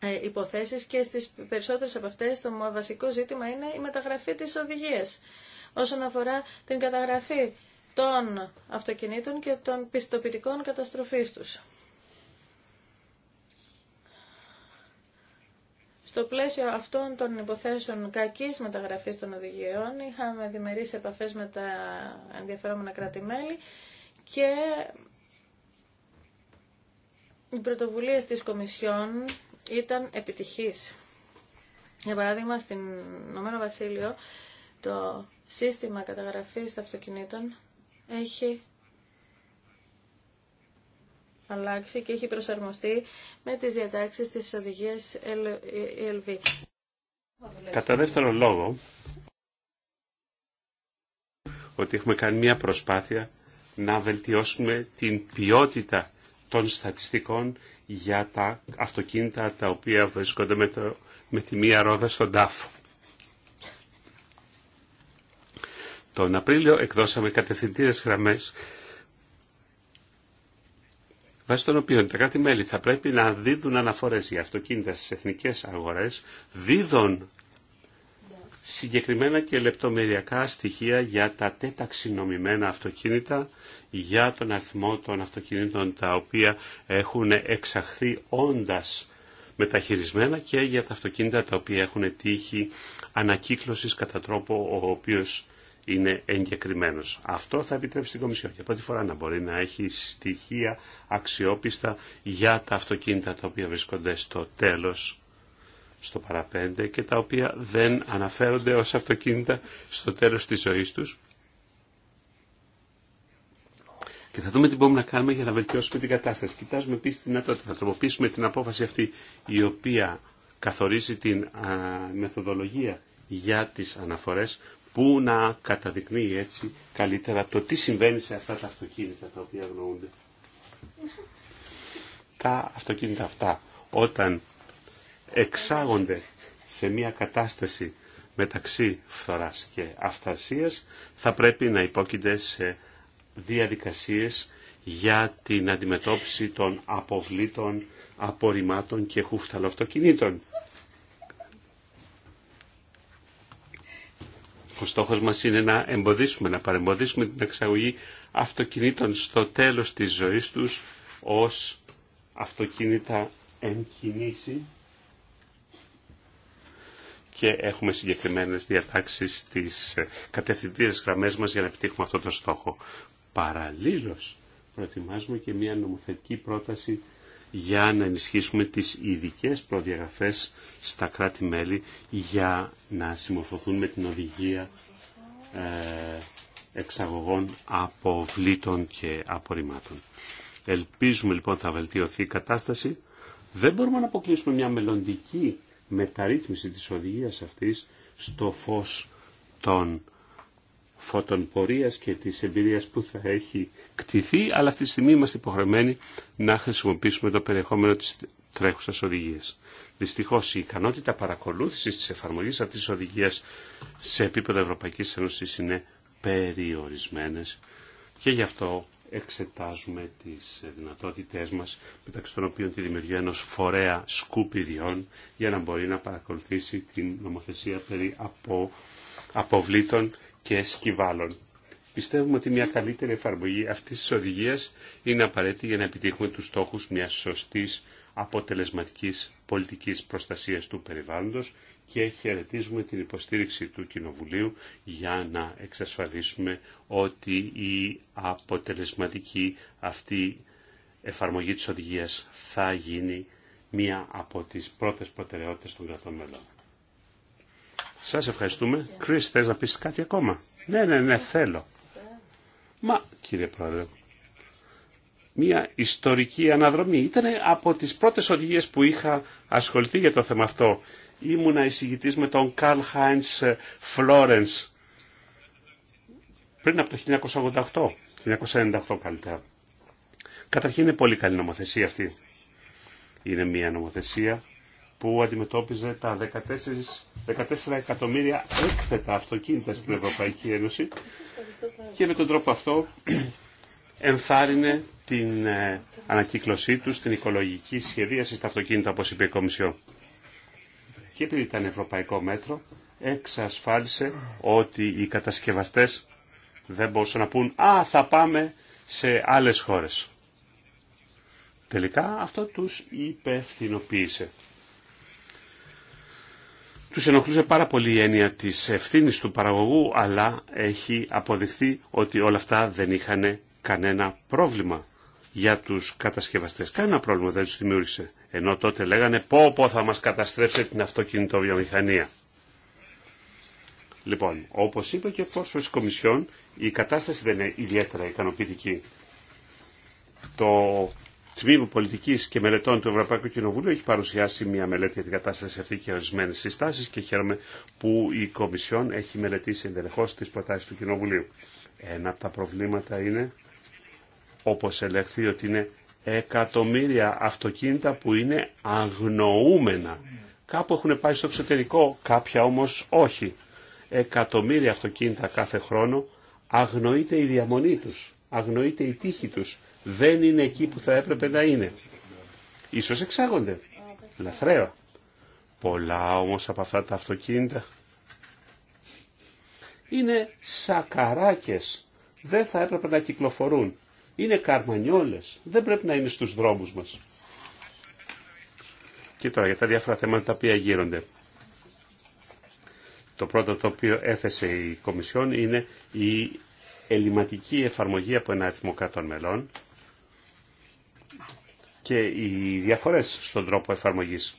ε, υποθέσεις και στις περισσότερες από αυτές το βασικό ζήτημα είναι η μεταγραφή της οδηγίας όσον αφορά την καταγραφή των αυτοκινήτων και των πιστοποιητικών καταστροφής τους. Στο πλαίσιο αυτών των υποθέσεων κακής μεταγραφής των οδηγιών είχαμε διμερείς επαφές με τα ενδιαφερόμενα κράτη-μέλη και οι πρωτοβουλίες της Κομισιόν ήταν επιτυχής. Για παράδειγμα, στην ΟΒ, Βασίλειο το σύστημα καταγραφής αυτοκινήτων έχει αλλάξει και έχει προσαρμοστεί με τις διατάξεις της οδηγίας ELV. Κατά δεύτερο λόγο, ότι έχουμε κάνει μια προσπάθεια να βελτιώσουμε την ποιότητα των στατιστικών για τα αυτοκίνητα τα οποία βρίσκονται με, το, με τη μία ρόδα στον τάφο. Τον Απρίλιο εκδώσαμε κατευθυντήρες γραμμές βάσει των οποίων τα κράτη-μέλη θα πρέπει να δίδουν αναφορές για αυτοκίνητα στις εθνικές αγορές, δίδουν συγκεκριμένα και λεπτομεριακά στοιχεία για τα τεταξινομημένα αυτοκίνητα, για τον αριθμό των αυτοκινήτων τα οποία έχουν εξαχθεί όντας μεταχειρισμένα και για τα αυτοκίνητα τα οποία έχουν τύχει ανακύκλωσης κατά τρόπο ο οποίος είναι εγκεκριμένο. Αυτό θα επιτρέψει την Κομισιόν για πρώτη φορά να μπορεί να έχει στοιχεία αξιόπιστα για τα αυτοκίνητα τα οποία βρίσκονται στο τέλος στο παραπέντε και τα οποία δεν αναφέρονται ως αυτοκίνητα στο τέλος της ζωής τους. Και θα δούμε τι μπορούμε να κάνουμε για να βελτιώσουμε την κατάσταση. Κοιτάζουμε επίση τη δυνατότητα να τροποποιήσουμε την απόφαση αυτή η οποία καθορίζει την μεθοδολογία για τις αναφορές που να καταδεικνύει έτσι καλύτερα το τι συμβαίνει σε αυτά τα αυτοκίνητα τα οποία γνωρούνται. Τα αυτοκίνητα αυτά όταν εξάγονται σε μια κατάσταση μεταξύ φθοράς και αυθαρσίας, θα πρέπει να υπόκεινται σε διαδικασίες για την αντιμετώπιση των αποβλήτων, απορριμμάτων και χούφταλοαυτοκινήτων. Ο στόχος μας είναι να εμποδίσουμε, να παρεμποδίσουμε την εξαγωγή αυτοκινήτων στο τέλος της ζωής τους ως αυτοκίνητα εν και έχουμε συγκεκριμένες διατάξεις στις κατευθυντήρες γραμμές μας για να επιτύχουμε αυτό το στόχο. Παραλλήλως προετοιμάζουμε και μια νομοθετική πρόταση για να ενισχύσουμε τις ειδικέ προδιαγραφές στα κράτη-μέλη για να συμμορφωθούν με την οδηγία ε, εξαγωγών αποβλήτων και απορριμμάτων. Ελπίζουμε λοιπόν θα βελτιωθεί η κατάσταση. Δεν μπορούμε να αποκλείσουμε μια μελλοντική μεταρρύθμιση της οδηγίας αυτής στο φως των φώτων πορείας και της εμπειρίας που θα έχει κτηθεί, αλλά αυτή τη στιγμή είμαστε υποχρεωμένοι να χρησιμοποιήσουμε το περιεχόμενο της τρέχουσας οδηγίας. Δυστυχώς η ικανότητα παρακολούθησης της εφαρμογής αυτής της οδηγίας σε επίπεδο Ευρωπαϊκής Ένωσης είναι περιορισμένες και γι' αυτό εξετάζουμε τις δυνατότητές μας, μεταξύ των οποίων τη δημιουργία ενός φορέα σκουπιδιών, για να μπορεί να παρακολουθήσει την νομοθεσία περί από, αποβλήτων και σκυβάλων. Πιστεύουμε ότι μια καλύτερη εφαρμογή αυτής της οδηγίας είναι απαραίτητη για να επιτύχουμε τους στόχους μιας σωστής αποτελεσματικής πολιτικής προστασίας του περιβάλλοντος και χαιρετίζουμε την υποστήριξη του Κοινοβουλίου για να εξασφαλίσουμε ότι η αποτελεσματική αυτή εφαρμογή της οδηγίας θα γίνει μία από τις πρώτες προτεραιότητες των κρατών μελών. Σας ευχαριστούμε. Κρίς, θες να πεις κάτι ακόμα. Ναι, ναι, ναι, θέλω. Μα, κύριε Πρόεδρε, μια ιστορική αναδρομή. Ήταν από τις πρώτες οδηγίες που είχα ασχοληθεί για το θέμα αυτό. Ήμουνα εισηγητής με τον Καρλ Χάιντς ε, Φλόρενς πριν από το 1988, 1998 καλύτερα. Καταρχήν είναι πολύ καλή νομοθεσία αυτή. Είναι μια νομοθεσία που αντιμετώπιζε τα 14, 14 εκατομμύρια έκθετα αυτοκίνητα στην Ευρωπαϊκή Ένωση και με τον τρόπο αυτό <clears throat> ενθάρρυνε την ε, ανακύκλωσή του, την οικολογική σχεδίαση στα αυτοκίνητα, όπως είπε η Κομισιό. Και επειδή ήταν ευρωπαϊκό μέτρο, εξασφάλισε ότι οι κατασκευαστές δεν μπορούσαν να πούν «Α, θα πάμε σε άλλες χώρες». Τελικά αυτό τους υπευθυνοποίησε. Τους ενοχλούσε πάρα πολύ η έννοια της ευθύνη του παραγωγού, αλλά έχει αποδειχθεί ότι όλα αυτά δεν είχαν κανένα πρόβλημα για τους κατασκευαστές. Κανένα πρόβλημα δεν τους δημιούργησε. Ενώ τότε λέγανε πω πω θα μας καταστρέψει την αυτοκινητοβιομηχανία. Λοιπόν, όπως είπε και ο τη Κομισιόν, η κατάσταση δεν είναι ιδιαίτερα ικανοποιητική. Το Τμήμα Πολιτική και Μελετών του Ευρωπαϊκού Κοινοβουλίου έχει παρουσιάσει μια μελέτη για την κατάσταση αυτή και ορισμένε συστάσει και χαίρομαι που η Κομισιόν έχει μελετήσει εντελεχώ τι προτάσει του Κοινοβουλίου. Ένα από τα προβλήματα είναι όπως ελεγχθεί ότι είναι εκατομμύρια αυτοκίνητα που είναι αγνοούμενα. Κάπου έχουν πάει στο εξωτερικό, κάποια όμως όχι. Εκατομμύρια αυτοκίνητα κάθε χρόνο αγνοείται η διαμονή τους, αγνοείται η τύχη τους. Δεν είναι εκεί που θα έπρεπε να είναι. Ίσως εξάγονται, λαθρέα. Πολλά όμως από αυτά τα αυτοκίνητα είναι σακαράκες. Δεν θα έπρεπε να κυκλοφορούν είναι καρμανιόλες. Δεν πρέπει να είναι στους δρόμους μας. Και τώρα για τα διάφορα θέματα τα οποία γύρονται. Το πρώτο το οποίο έθεσε η Κομισιόν είναι η ελληματική εφαρμογή από ένα αριθμό κρατών μελών και οι διαφορές στον τρόπο εφαρμογής.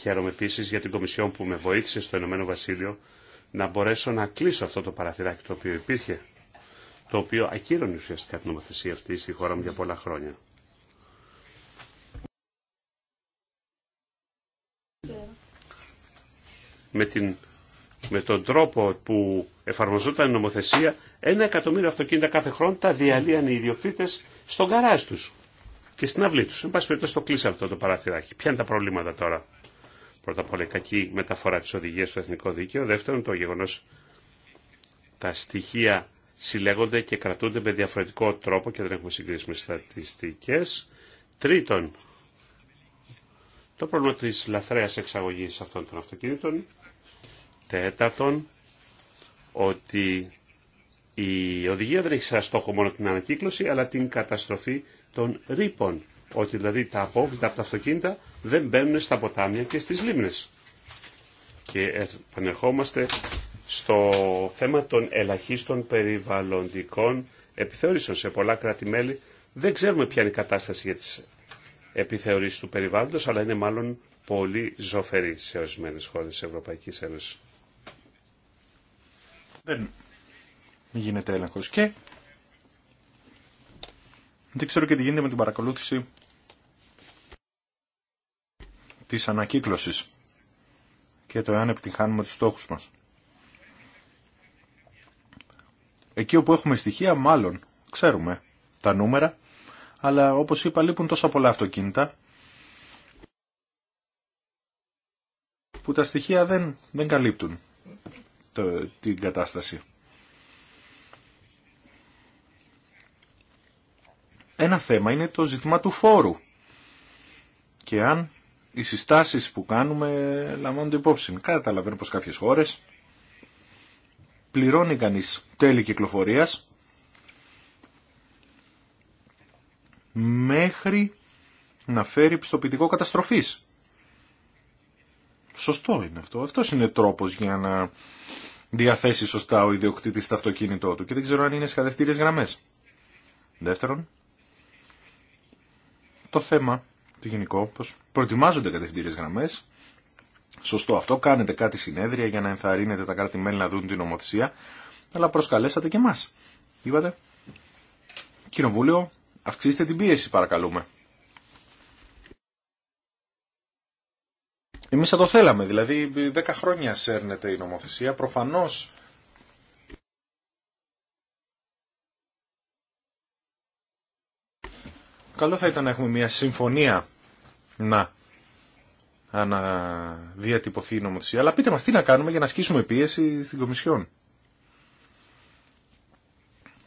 Χαίρομαι επίση για την Κομισιόν που με βοήθησε στο Ηνωμένο Βασίλειο να μπορέσω να κλείσω αυτό το παραθυράκι το οποίο υπήρχε το οποίο ακύρωνε ουσιαστικά την νομοθεσία αυτή στη χώρα μου για πολλά χρόνια. Με, την, με τον τρόπο που εφαρμοζόταν η νομοθεσία, ένα εκατομμύριο αυτοκίνητα κάθε χρόνο τα διαλύαν οι ιδιοκτήτες στον καράζ τους και στην αυλή τους. Εν πάση περιπτώσει το κλείσαμε αυτό το παραθυράκι. Ποια είναι τα προβλήματα τώρα. Πρώτα απ' όλα η κακή μεταφορά της οδηγίας στο εθνικό δίκαιο. Δεύτερον το γεγονός τα στοιχεία συλλέγονται και κρατούνται με διαφορετικό τρόπο και δεν έχουμε συγκρίσιμε στατιστικέ. Τρίτον, το πρόβλημα της λαθρέας εξαγωγής αυτών των αυτοκινήτων. Τέταρτον, ότι η οδηγία δεν έχει σαν στόχο μόνο την ανακύκλωση, αλλά την καταστροφή των ρήπων. Ότι δηλαδή τα απόβλητα από τα αυτοκίνητα δεν μπαίνουν στα ποτάμια και στις λίμνες. Και επανερχόμαστε στο θέμα των ελαχίστων περιβαλλοντικών επιθεωρήσεων σε πολλά κράτη-μέλη. Δεν ξέρουμε ποια είναι η κατάσταση για τις επιθεωρήσεις του περιβάλλοντος, αλλά είναι μάλλον πολύ ζωφερή σε ορισμένε χώρες της Ευρωπαϊκής Ένωσης. Δεν γίνεται έλεγχος και δεν ξέρω και τι γίνεται με την παρακολούθηση της ανακύκλωσης και το εάν επιτυχάνουμε τους στόχους μας. Εκεί όπου έχουμε στοιχεία μάλλον ξέρουμε τα νούμερα, αλλά όπως είπα λείπουν τόσα πολλά αυτοκίνητα που τα στοιχεία δεν, δεν καλύπτουν την κατάσταση. Ένα θέμα είναι το ζήτημα του φόρου και αν οι συστάσεις που κάνουμε λαμβάνονται υπόψη. Καταλαβαίνω πως κάποιες χώρες πληρώνει κανείς τέλη κυκλοφορίας μέχρι να φέρει πιστοποιητικό καταστροφής. Σωστό είναι αυτό. Αυτό είναι τρόπος για να διαθέσει σωστά ο ιδιοκτήτης το αυτοκίνητό του και δεν ξέρω αν είναι σχαδευτήριες γραμμές. Δεύτερον, το θέμα, το γενικό, πως προετοιμάζονται κατευθυντήριες γραμμές Σωστό αυτό, κάνετε κάτι συνέδρια για να ενθαρρύνετε τα κράτη-μέλη να δουν την νομοθεσία, αλλά προσκαλέσατε και εμά. Είπατε, Κοινοβούλιο, αυξήστε την πίεση παρακαλούμε. Εμείς θα το θέλαμε, δηλαδή 10 χρόνια σέρνεται η νομοθεσία, προφανώς καλό θα ήταν να έχουμε μια συμφωνία να αναδιατυπωθεί η νομοθεσία. Αλλά πείτε μας τι να κάνουμε για να ασκήσουμε πίεση στην Κομισιόν.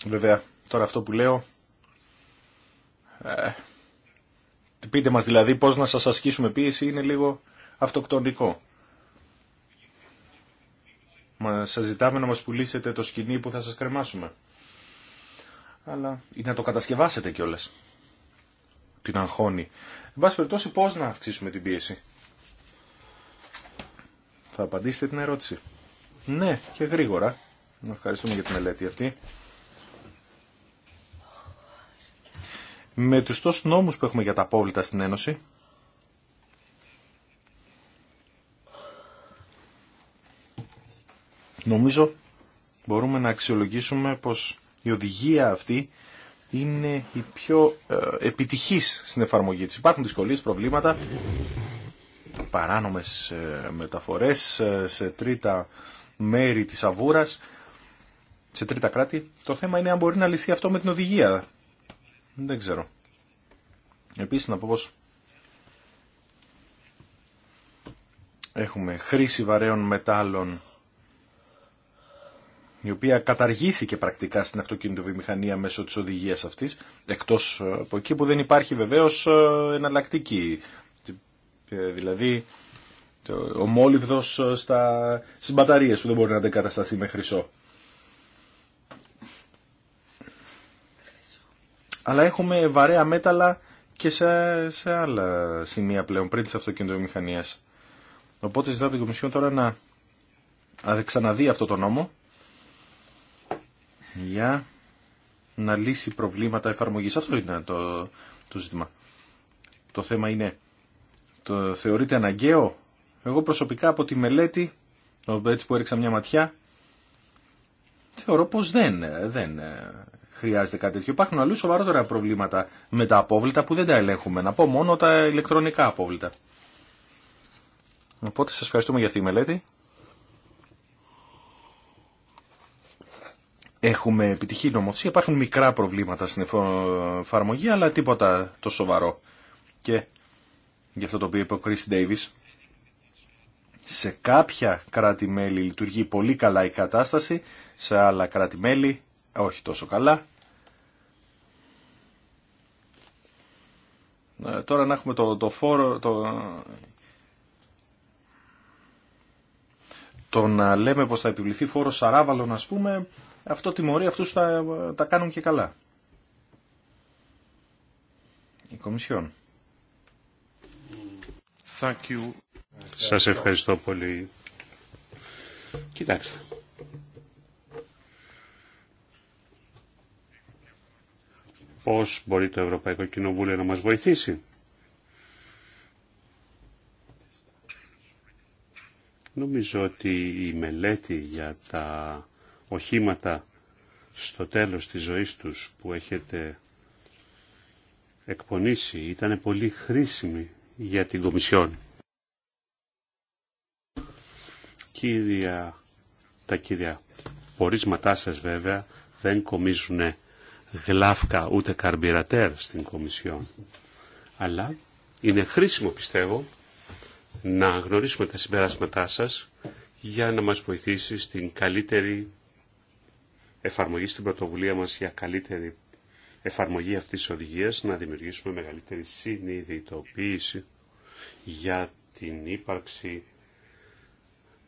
Βέβαια, τώρα αυτό που λέω... Ε, πείτε μας δηλαδή πώς να σας ασκήσουμε πίεση είναι λίγο αυτοκτονικό. Μα, σας ζητάμε να μας πουλήσετε το σκηνή που θα σας κρεμάσουμε. Αλλά ή να το κατασκευάσετε κιόλας. Την αγχώνει. Εν πάση περιπτώσει πώς να αυξήσουμε την πίεση. Θα απαντήσετε την ερώτηση. Ναι, και γρήγορα. Ευχαριστούμε για την μελέτη αυτή. Με τους τόσους νόμους που έχουμε για τα απόλυτα στην Ένωση, νομίζω μπορούμε να αξιολογήσουμε πως η οδηγία αυτή είναι η πιο ε, επιτυχής στην εφαρμογή της. Υπάρχουν δυσκολίες, προβλήματα, παράνομες ε, μεταφορές ε, σε τρίτα μέρη της αβούρας, σε τρίτα κράτη. Το θέμα είναι αν μπορεί να λυθεί αυτό με την οδηγία. Δεν ξέρω. Επίσης να πω πως έχουμε χρήση βαρέων μετάλλων η οποία καταργήθηκε πρακτικά στην αυτοκινητοβιομηχανία μέσω της οδηγίας αυτής, εκτός από εκεί που δεν υπάρχει βεβαίως ε, εναλλακτική ε, δηλαδή ο μόλυβδος ε, στα... στις μπαταρίες που δεν μπορεί να αντεκατασταθεί με χρυσό. Αλλά έχουμε βαρέα μέταλλα και σε, σε άλλα σημεία πλέον, πριν της αυτοκινητομηχανίας. Οπότε ζητάω από την Κομισιόν τώρα να, να ξαναδεί αυτό το νόμο για να λύσει προβλήματα εφαρμογής. Αυτό είναι το, το ζήτημα. Το θέμα είναι το αναγκαίο. Εγώ προσωπικά από τη μελέτη, έτσι που έριξα μια ματιά, θεωρώ πως δεν, δεν ε, χρειάζεται κάτι τέτοιο. Υπάρχουν αλλού σοβαρότερα προβλήματα με τα απόβλητα που δεν τα ελέγχουμε. Να πω μόνο τα ηλεκτρονικά απόβλητα. Οπότε σας ευχαριστούμε για αυτή τη μελέτη. Έχουμε επιτυχή νομοθεσία. Υπάρχουν μικρά προβλήματα στην εφαρμογή, αλλά τίποτα το σοβαρό. Και για αυτό το οποίο είπε ο Chris Davis. Σε κάποια κράτη-μέλη λειτουργεί πολύ καλά η κατάσταση, σε άλλα κράτη-μέλη όχι τόσο καλά. Ε, τώρα να έχουμε το, το φόρο, το, το να λέμε πως θα επιβληθεί φόρο σαράβαλων να πούμε, αυτό τιμωρεί αυτούς τα, τα κάνουν και καλά. Η Κομισιόν. Thank Σας ευχαριστώ πολύ. Κοιτάξτε. Πώς μπορεί το Ευρωπαϊκό Κοινοβούλιο να μας βοηθήσει. Νομίζω ότι η μελέτη για τα οχήματα στο τέλος της ζωής τους που έχετε εκπονήσει ήταν πολύ χρήσιμη για την Κομισιόν. Κύρια, τα κύρια πορίσματά σας βέβαια δεν κομίζουν γλάφκα ούτε καρμπιρατέρ στην Κομισιόν. Αλλά είναι χρήσιμο πιστεύω να γνωρίσουμε τα συμπεράσματά σας για να μας βοηθήσει στην καλύτερη εφαρμογή στην πρωτοβουλία μας για καλύτερη εφαρμογή αυτής της οδηγίας να δημιουργήσουμε μεγαλύτερη συνειδητοποίηση για την ύπαρξη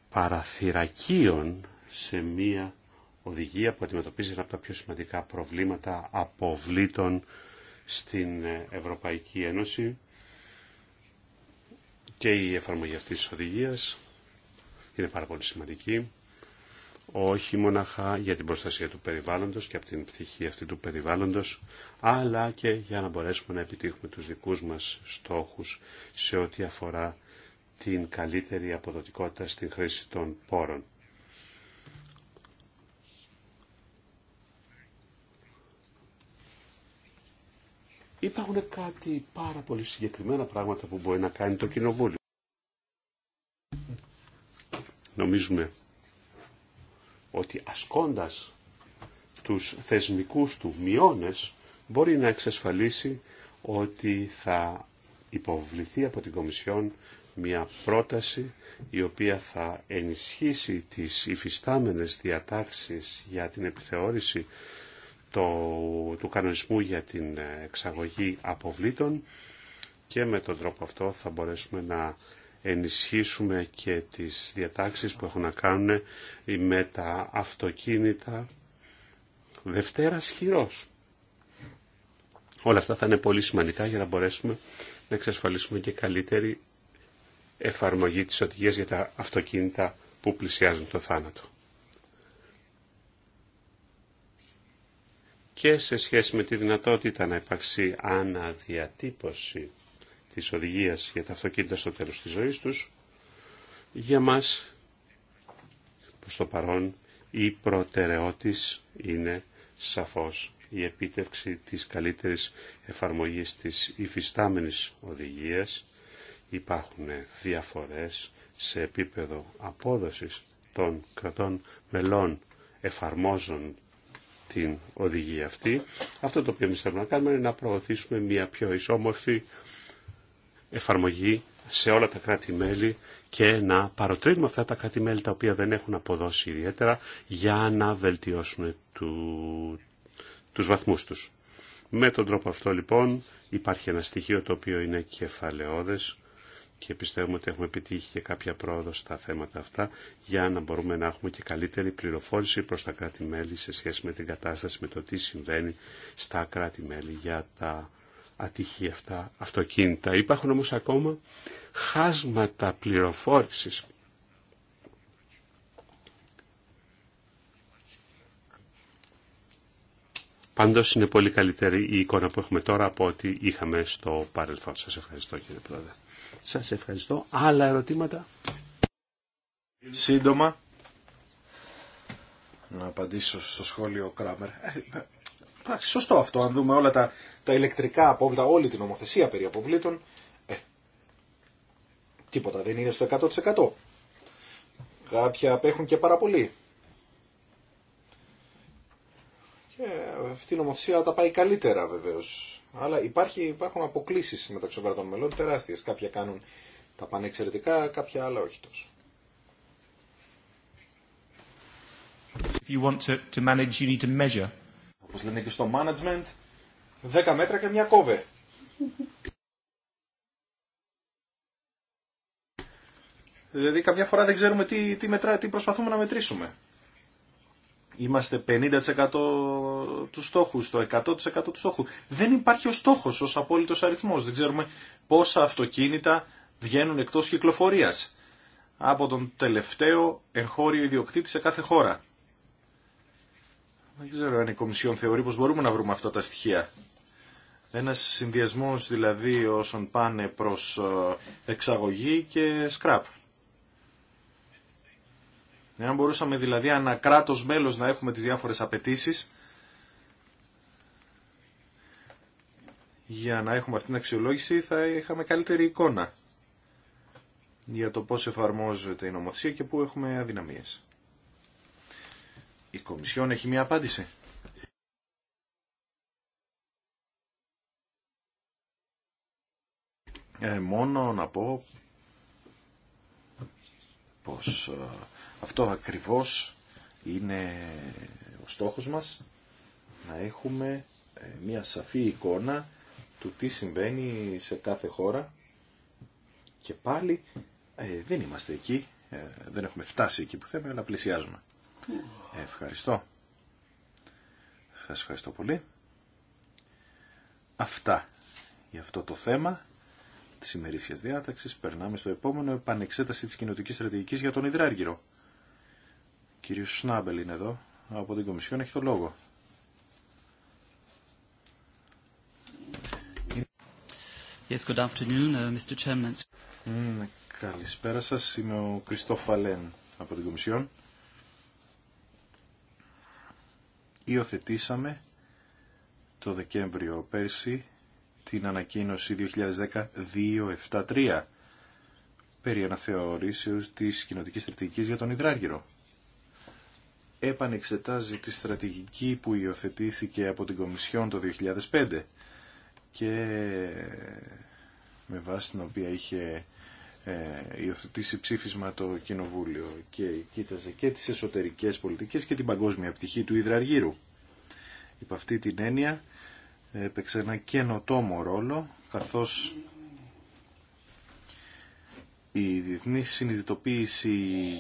παραθυρακίων σε μία οδηγία που αντιμετωπίζει ένα από τα πιο σημαντικά προβλήματα αποβλήτων στην Ευρωπαϊκή Ένωση και η εφαρμογή αυτής της οδηγίας είναι πάρα πολύ σημαντική όχι μοναχά για την προστασία του περιβάλλοντος και από την πτυχή αυτή του περιβάλλοντος, αλλά και για να μπορέσουμε να επιτύχουμε τους δικούς μας στόχους σε ό,τι αφορά την καλύτερη αποδοτικότητα στην χρήση των πόρων. Υπάρχουν κάτι πάρα πολύ συγκεκριμένα πράγματα που μπορεί να κάνει το Κοινοβούλιο. Νομίζουμε ότι ασκώντας τους θεσμικούς του μειώνες μπορεί να εξασφαλίσει ότι θα υποβληθεί από την Κομισιόν μια πρόταση η οποία θα ενισχύσει τις υφιστάμενες διατάξεις για την επιθεώρηση το, του κανονισμού για την εξαγωγή αποβλήτων και με τον τρόπο αυτό θα μπορέσουμε να ενισχύσουμε και τις διατάξεις που έχουν να κάνουν με τα αυτοκίνητα Δευτέρας χειρός. Όλα αυτά θα είναι πολύ σημαντικά για να μπορέσουμε να εξασφαλίσουμε και καλύτερη εφαρμογή της οδηγίας για τα αυτοκίνητα που πλησιάζουν το θάνατο. Και σε σχέση με τη δυνατότητα να υπάρξει αναδιατύπωση της οδηγίας για τα αυτοκίνητα στο τέλος της ζωής τους, για μας, προς το παρόν, η προτεραιότης είναι σαφώς η επίτευξη της καλύτερης εφαρμογής της υφιστάμενης οδηγίας. Υπάρχουν διαφορές σε επίπεδο απόδοσης των κρατών μελών εφαρμόζων την οδηγία αυτή. Αυτό το οποίο εμείς θέλουμε να κάνουμε είναι να προωθήσουμε μια πιο ισόμορφη εφαρμογή σε όλα τα κράτη-μέλη και να παροτρύνουμε αυτά τα κράτη-μέλη τα οποία δεν έχουν αποδώσει ιδιαίτερα για να βελτιώσουν του, τους βαθμούς τους. Με τον τρόπο αυτό λοιπόν υπάρχει ένα στοιχείο το οποίο είναι κεφαλαιόδες και πιστεύουμε ότι έχουμε επιτύχει και κάποια πρόοδο στα θέματα αυτά για να μπορούμε να έχουμε και καλύτερη πληροφόρηση προς τα κράτη-μέλη σε σχέση με την κατάσταση, με το τι συμβαίνει στα κράτη-μέλη για τα ατυχή αυτά αυτοκίνητα. Υπάρχουν όμως ακόμα χάσματα πληροφόρησης. Πάντως είναι πολύ καλύτερη η εικόνα που έχουμε τώρα από ό,τι είχαμε στο παρελθόν. Σας ευχαριστώ κύριε Πρόεδρε. Σας ευχαριστώ. Άλλα ερωτήματα. Σύντομα. Να απαντήσω στο σχόλιο Κράμερ. Εντάξει, σωστό αυτό. Αν δούμε όλα τα, τα ηλεκτρικά απόβλητα, όλη την νομοθεσία περί αποβλήτων, ε, τίποτα δεν είναι στο 100%. Κάποια απέχουν και πάρα πολύ. Και αυτή η νομοθεσία τα πάει καλύτερα βεβαίως. Αλλά υπάρχει, υπάρχουν αποκλήσει μεταξύ των κρατών μελών τεράστιες. Κάποια κάνουν τα πάνε εξαιρετικά, κάποια άλλα όχι τόσο. Όπω λένε και στο management, 10 μέτρα και μια κόβε. Δηλαδή καμιά φορά δεν ξέρουμε τι, τι, μετρά, τι προσπαθούμε να μετρήσουμε. Είμαστε 50% του στόχου, στο 100% του στόχου. Δεν υπάρχει ο στόχο ω απόλυτο αριθμό. Δεν ξέρουμε πόσα αυτοκίνητα βγαίνουν εκτό κυκλοφορία από τον τελευταίο εγχώριο ιδιοκτήτη σε κάθε χώρα. Δεν ξέρω αν η Κομισιόν θεωρεί πως μπορούμε να βρούμε αυτά τα στοιχεία. Ένας συνδυασμός δηλαδή όσων πάνε προς ε, εξαγωγή και σκράπ. Εάν μπορούσαμε δηλαδή ανακράτος μέλος να έχουμε τις διάφορες απαιτήσει για να έχουμε αυτήν την αξιολόγηση θα είχαμε καλύτερη εικόνα για το πώς εφαρμόζεται η νομοθεσία και πού έχουμε αδυναμίες. Η Κομισιόν έχει μία απάντηση. Ε, μόνο να πω πως ε, αυτό ακριβώς είναι ο στόχος μας να έχουμε ε, μια σαφή εικόνα του τι συμβαίνει σε κάθε χώρα και πάλι ε, δεν είμαστε εκεί, δεν έχουμε φτάσει εκεί που θέλουμε αλλά πλησιάζουμε. Ευχαριστώ. Σας ευχαριστώ πολύ. Αυτά για αυτό το θέμα τη ημερήσια διάταξη. Περνάμε στο επόμενο επανεξέταση τη κοινοτική στρατηγική για τον Ιδράργυρο. Κύριο Σνάμπελ είναι εδώ από την Κομισιόν, έχει το λόγο. Yes, good afternoon, uh, Mr. Chairman. καλησπέρα σας, είμαι ο Κριστόφ Αλέν από την Κομισιόν. υιοθετήσαμε το Δεκέμβριο πέρσι την ανακοίνωση 2010-273 περί αναθεωρήσεως της κοινοτικής στρατηγικής για τον Ιδράργυρο. Επανεξετάζει τη στρατηγική που υιοθετήθηκε από την Κομισιόν το 2005 και με βάση την οποία είχε ε, υιοθετήσει ψήφισμα το Κοινοβούλιο και κοίταζε και τις εσωτερικές πολιτικές και την παγκόσμια πτυχή του Ιδραργύρου. Υπ' αυτή την έννοια έπαιξε ένα καινοτόμο ρόλο καθώς η διεθνή συνειδητοποίηση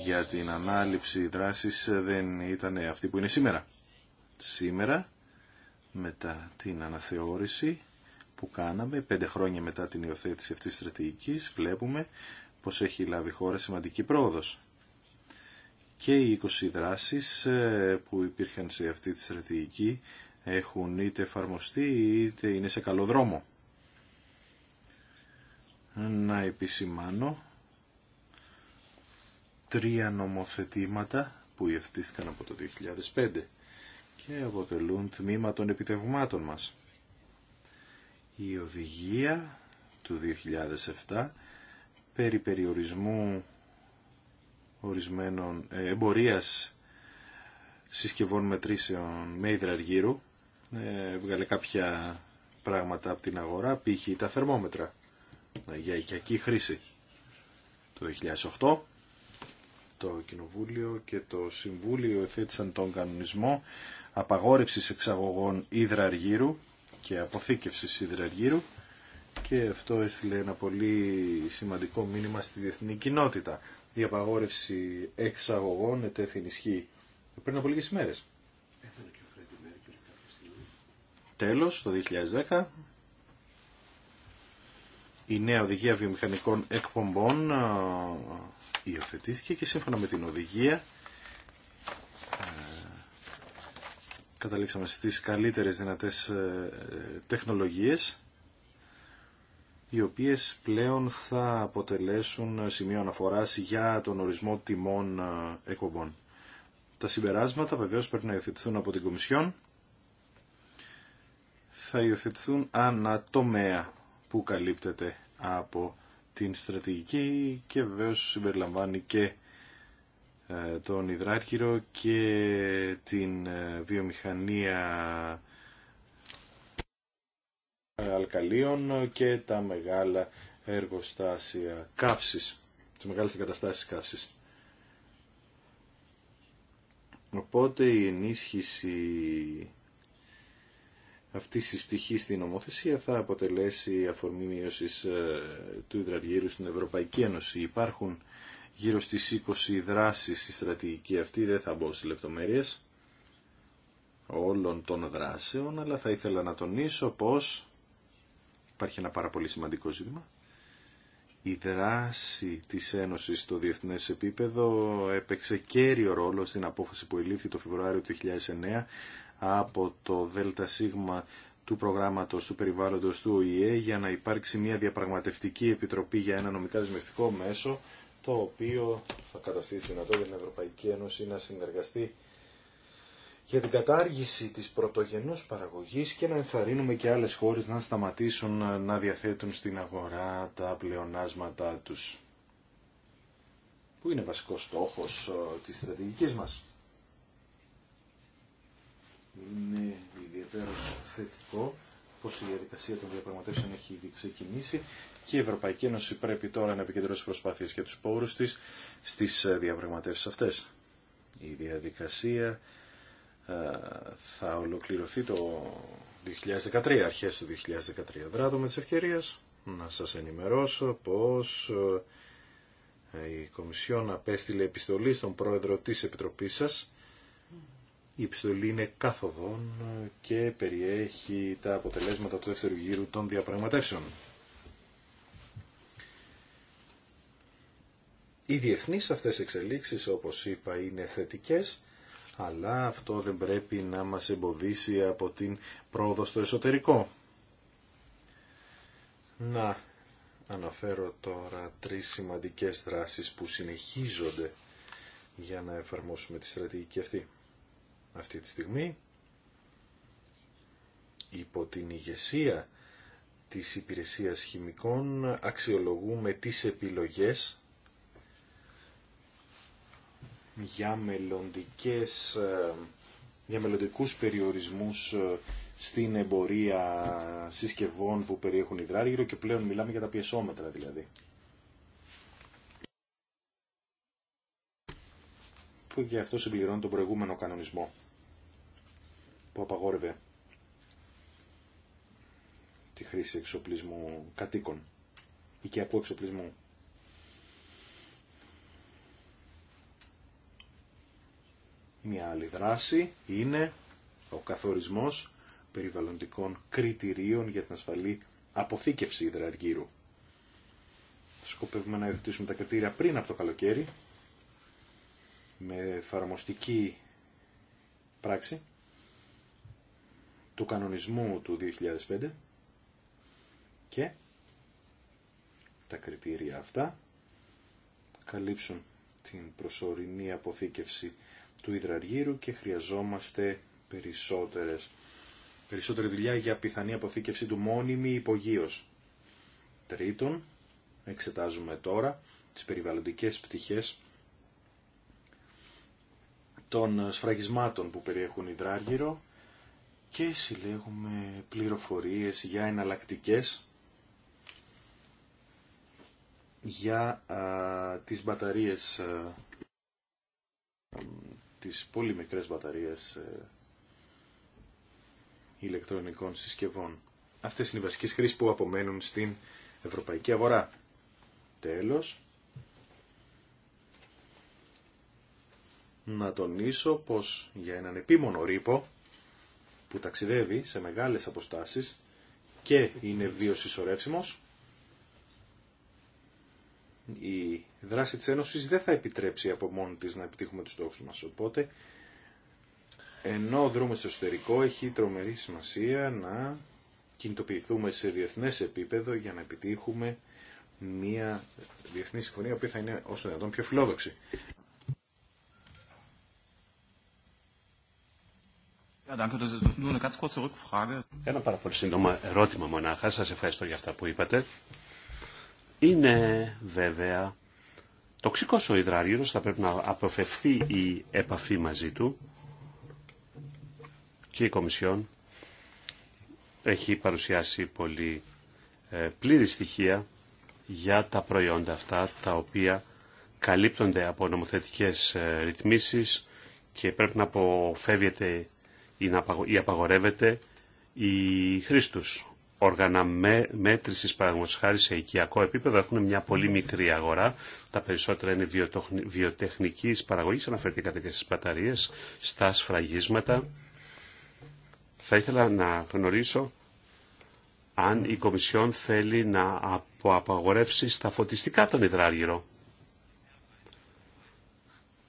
για την ανάληψη δράσης δεν ήταν αυτή που είναι σήμερα. Σήμερα, μετά την αναθεώρηση, που κάναμε πέντε χρόνια μετά την υιοθέτηση αυτής της στρατηγικής βλέπουμε πως έχει λάβει χώρα σημαντική πρόοδος. Και οι 20 δράσεις ε, που υπήρχαν σε αυτή τη στρατηγική έχουν είτε εφαρμοστεί είτε είναι σε καλό δρόμο. Να επισημάνω τρία νομοθετήματα που υιοθήθηκαν από το 2005 και αποτελούν τμήμα των επιτευγμάτων μας η οδηγία του 2007 περί περιορισμού ορισμένων ε, εμπορίας συσκευών μετρήσεων με υδραργύρου ε, βγάλε κάποια πράγματα από την αγορά, π.χ. τα θερμόμετρα ε, για οικιακή χρήση. Το 2008 το Κοινοβούλιο και το Συμβούλιο εθέτησαν τον κανονισμό απαγόρευσης εξαγωγών υδραργύρου και αποθήκευση σιδηραργύρου και αυτό έστειλε ένα πολύ σημαντικό μήνυμα στη διεθνή κοινότητα. Η απαγόρευση εξαγωγών ετέθη ισχύ πριν από λίγες ημέρες. Τέλος, το 2010, η νέα οδηγία βιομηχανικών εκπομπών ε, υιοθετήθηκε και σύμφωνα με την οδηγία ε, καταλήξαμε στις καλύτερες δυνατές ε, τεχνολογίες οι οποίες πλέον θα αποτελέσουν σημείο αναφοράς για τον ορισμό τιμών ε, εκπομπών. Τα συμπεράσματα βεβαίως πρέπει να υιοθετηθούν από την Κομισιόν. Θα υιοθετηθούν τομέα που καλύπτεται από την στρατηγική και βεβαίως συμπεριλαμβάνει και ε, τον υδράρχηρο και την ε, βιομηχανία ε, αλκαλίων και τα μεγάλα εργοστάσια καύσης, τις μεγάλες εγκαταστάσεις καύσης. Οπότε η ενίσχυση αυτή τη πτυχή στην νομοθεσία θα αποτελέσει αφορμή μείωση του υδραργύρου στην Ευρωπαϊκή Ένωση. Υπάρχουν γύρω στις 20 δράσεις στη στρατηγική αυτή, δεν θα μπω στις λεπτομέρειες όλων των δράσεων, αλλά θα ήθελα να τονίσω πως υπάρχει ένα πάρα πολύ σημαντικό ζήτημα. Η δράση της Ένωσης στο διεθνές επίπεδο έπαιξε κέριο ρόλο στην απόφαση που ελήφθη το Φεβρουάριο του 2009 από το ΔΣ του προγράμματος του περιβάλλοντος του ΟΗΕ για να υπάρξει μια διαπραγματευτική επιτροπή για ένα νομικά δεσμευτικό μέσο το οποίο θα καταστήσει δυνατό για την Ευρωπαϊκή Ένωση να συνεργαστεί για την κατάργηση της πρωτογενούς παραγωγής και να ενθαρρύνουμε και άλλες χώρες να σταματήσουν να διαθέτουν στην αγορά τα πλεονάσματά τους. Πού είναι βασικός στόχος ε, της στρατηγικής μας. Είναι ιδιαίτερο θετικό πως η διαδικασία των διαπραγματεύσεων έχει ήδη ξεκινήσει και η Ευρωπαϊκή Ένωση πρέπει τώρα να επικεντρώσει προσπάθειε και τους πόρους της στις ε, διαπραγματεύσει αυτές. Η διαδικασία ε, θα ολοκληρωθεί το 2013, αρχέ του 2013. Δράτω με τη να σας ενημερώσω πως ε, η Κομισιόν απέστειλε επιστολή στον πρόεδρο της Επιτροπή σα. Η επιστολή είναι καθοδόν και περιέχει τα αποτελέσματα του δεύτερου γύρου των διαπραγματεύσεων. Οι διεθνείς αυτές εξελίξεις, όπως είπα, είναι θετικές, αλλά αυτό δεν πρέπει να μας εμποδίσει από την πρόοδο στο εσωτερικό. Να αναφέρω τώρα τρεις σημαντικές δράσεις που συνεχίζονται για να εφαρμόσουμε τη στρατηγική αυτή. Αυτή τη στιγμή, υπό την ηγεσία της Υπηρεσίας Χημικών, αξιολογούμε τις επιλογές για, μελλοντικές, ε, για μελλοντικούς περιορισμούς ε, στην εμπορία συσκευών που περιέχουν υδράργυρο και πλέον μιλάμε για τα πιεσόμετρα δηλαδή. Που και αυτό συμπληρώνει τον προηγούμενο κανονισμό που απαγόρευε τη χρήση εξοπλισμού κατοίκων οικιακού εξοπλισμού. Μια άλλη δράση είναι ο καθορισμός περιβαλλοντικών κριτηρίων για την ασφαλή αποθήκευση υδραργύρου. Σκοπεύουμε να ειδητήσουμε τα κριτήρια πριν από το καλοκαίρι με εφαρμοστική πράξη του κανονισμού του 2005 και τα κριτήρια αυτά καλύψουν την προσωρινή αποθήκευση του υδραργύρου και χρειαζόμαστε περισσότερες, περισσότερη δουλειά για πιθανή αποθήκευση του μόνιμη υπογείως. Τρίτον, εξετάζουμε τώρα τις περιβαλλοντικές πτυχές των σφραγισμάτων που περιέχουν υδράργυρο και συλλέγουμε πληροφορίες για εναλλακτικές για α, τις μπαταρίες τις πολύ μικρές μπαταρίες ε, ηλεκτρονικών συσκευών. Αυτές είναι οι βασικές χρήσεις που απομένουν στην ευρωπαϊκή αγορά. Τέλος, να τονίσω πως για έναν επίμονο ρήπο που ταξιδεύει σε μεγάλες αποστάσεις και είναι βιοσυσσωρεύσιμος, η η δράση της Ένωσης δεν θα επιτρέψει από μόνη της να επιτύχουμε τους στόχους μας. Οπότε, ενώ δρόμος στο εσωτερικό, έχει τρομερή σημασία να κινητοποιηθούμε σε διεθνές επίπεδο για να επιτύχουμε μια διεθνή συμφωνία οποία θα είναι όσο δυνατόν πιο φιλόδοξη. Ένα πάρα πολύ σύντομα ερώτημα μονάχα. Σας ευχαριστώ για αυτά που είπατε. Είναι βέβαια τοξικός ο υδράργυρος, θα πρέπει να αποφευθεί η επαφή μαζί του και η Κομισιόν έχει παρουσιάσει πολύ ε, πλήρη στοιχεία για τα προϊόντα αυτά, τα οποία καλύπτονται από νομοθετικές ε, ρυθμίσεις και πρέπει να αποφεύγεται ή απαγορεύεται η χρήση τους όργανα μέτρησης παραγωγής χάρη σε οικιακό επίπεδο έχουν μια πολύ μικρή αγορά. Τα περισσότερα είναι βιοτεχνικής παραγωγής, αναφερθήκατε και στις μπαταρίες, στα σφραγίσματα. Θα ήθελα να γνωρίσω αν η Κομισιόν θέλει να αποαπαγορεύσει στα φωτιστικά τον υδράργυρο,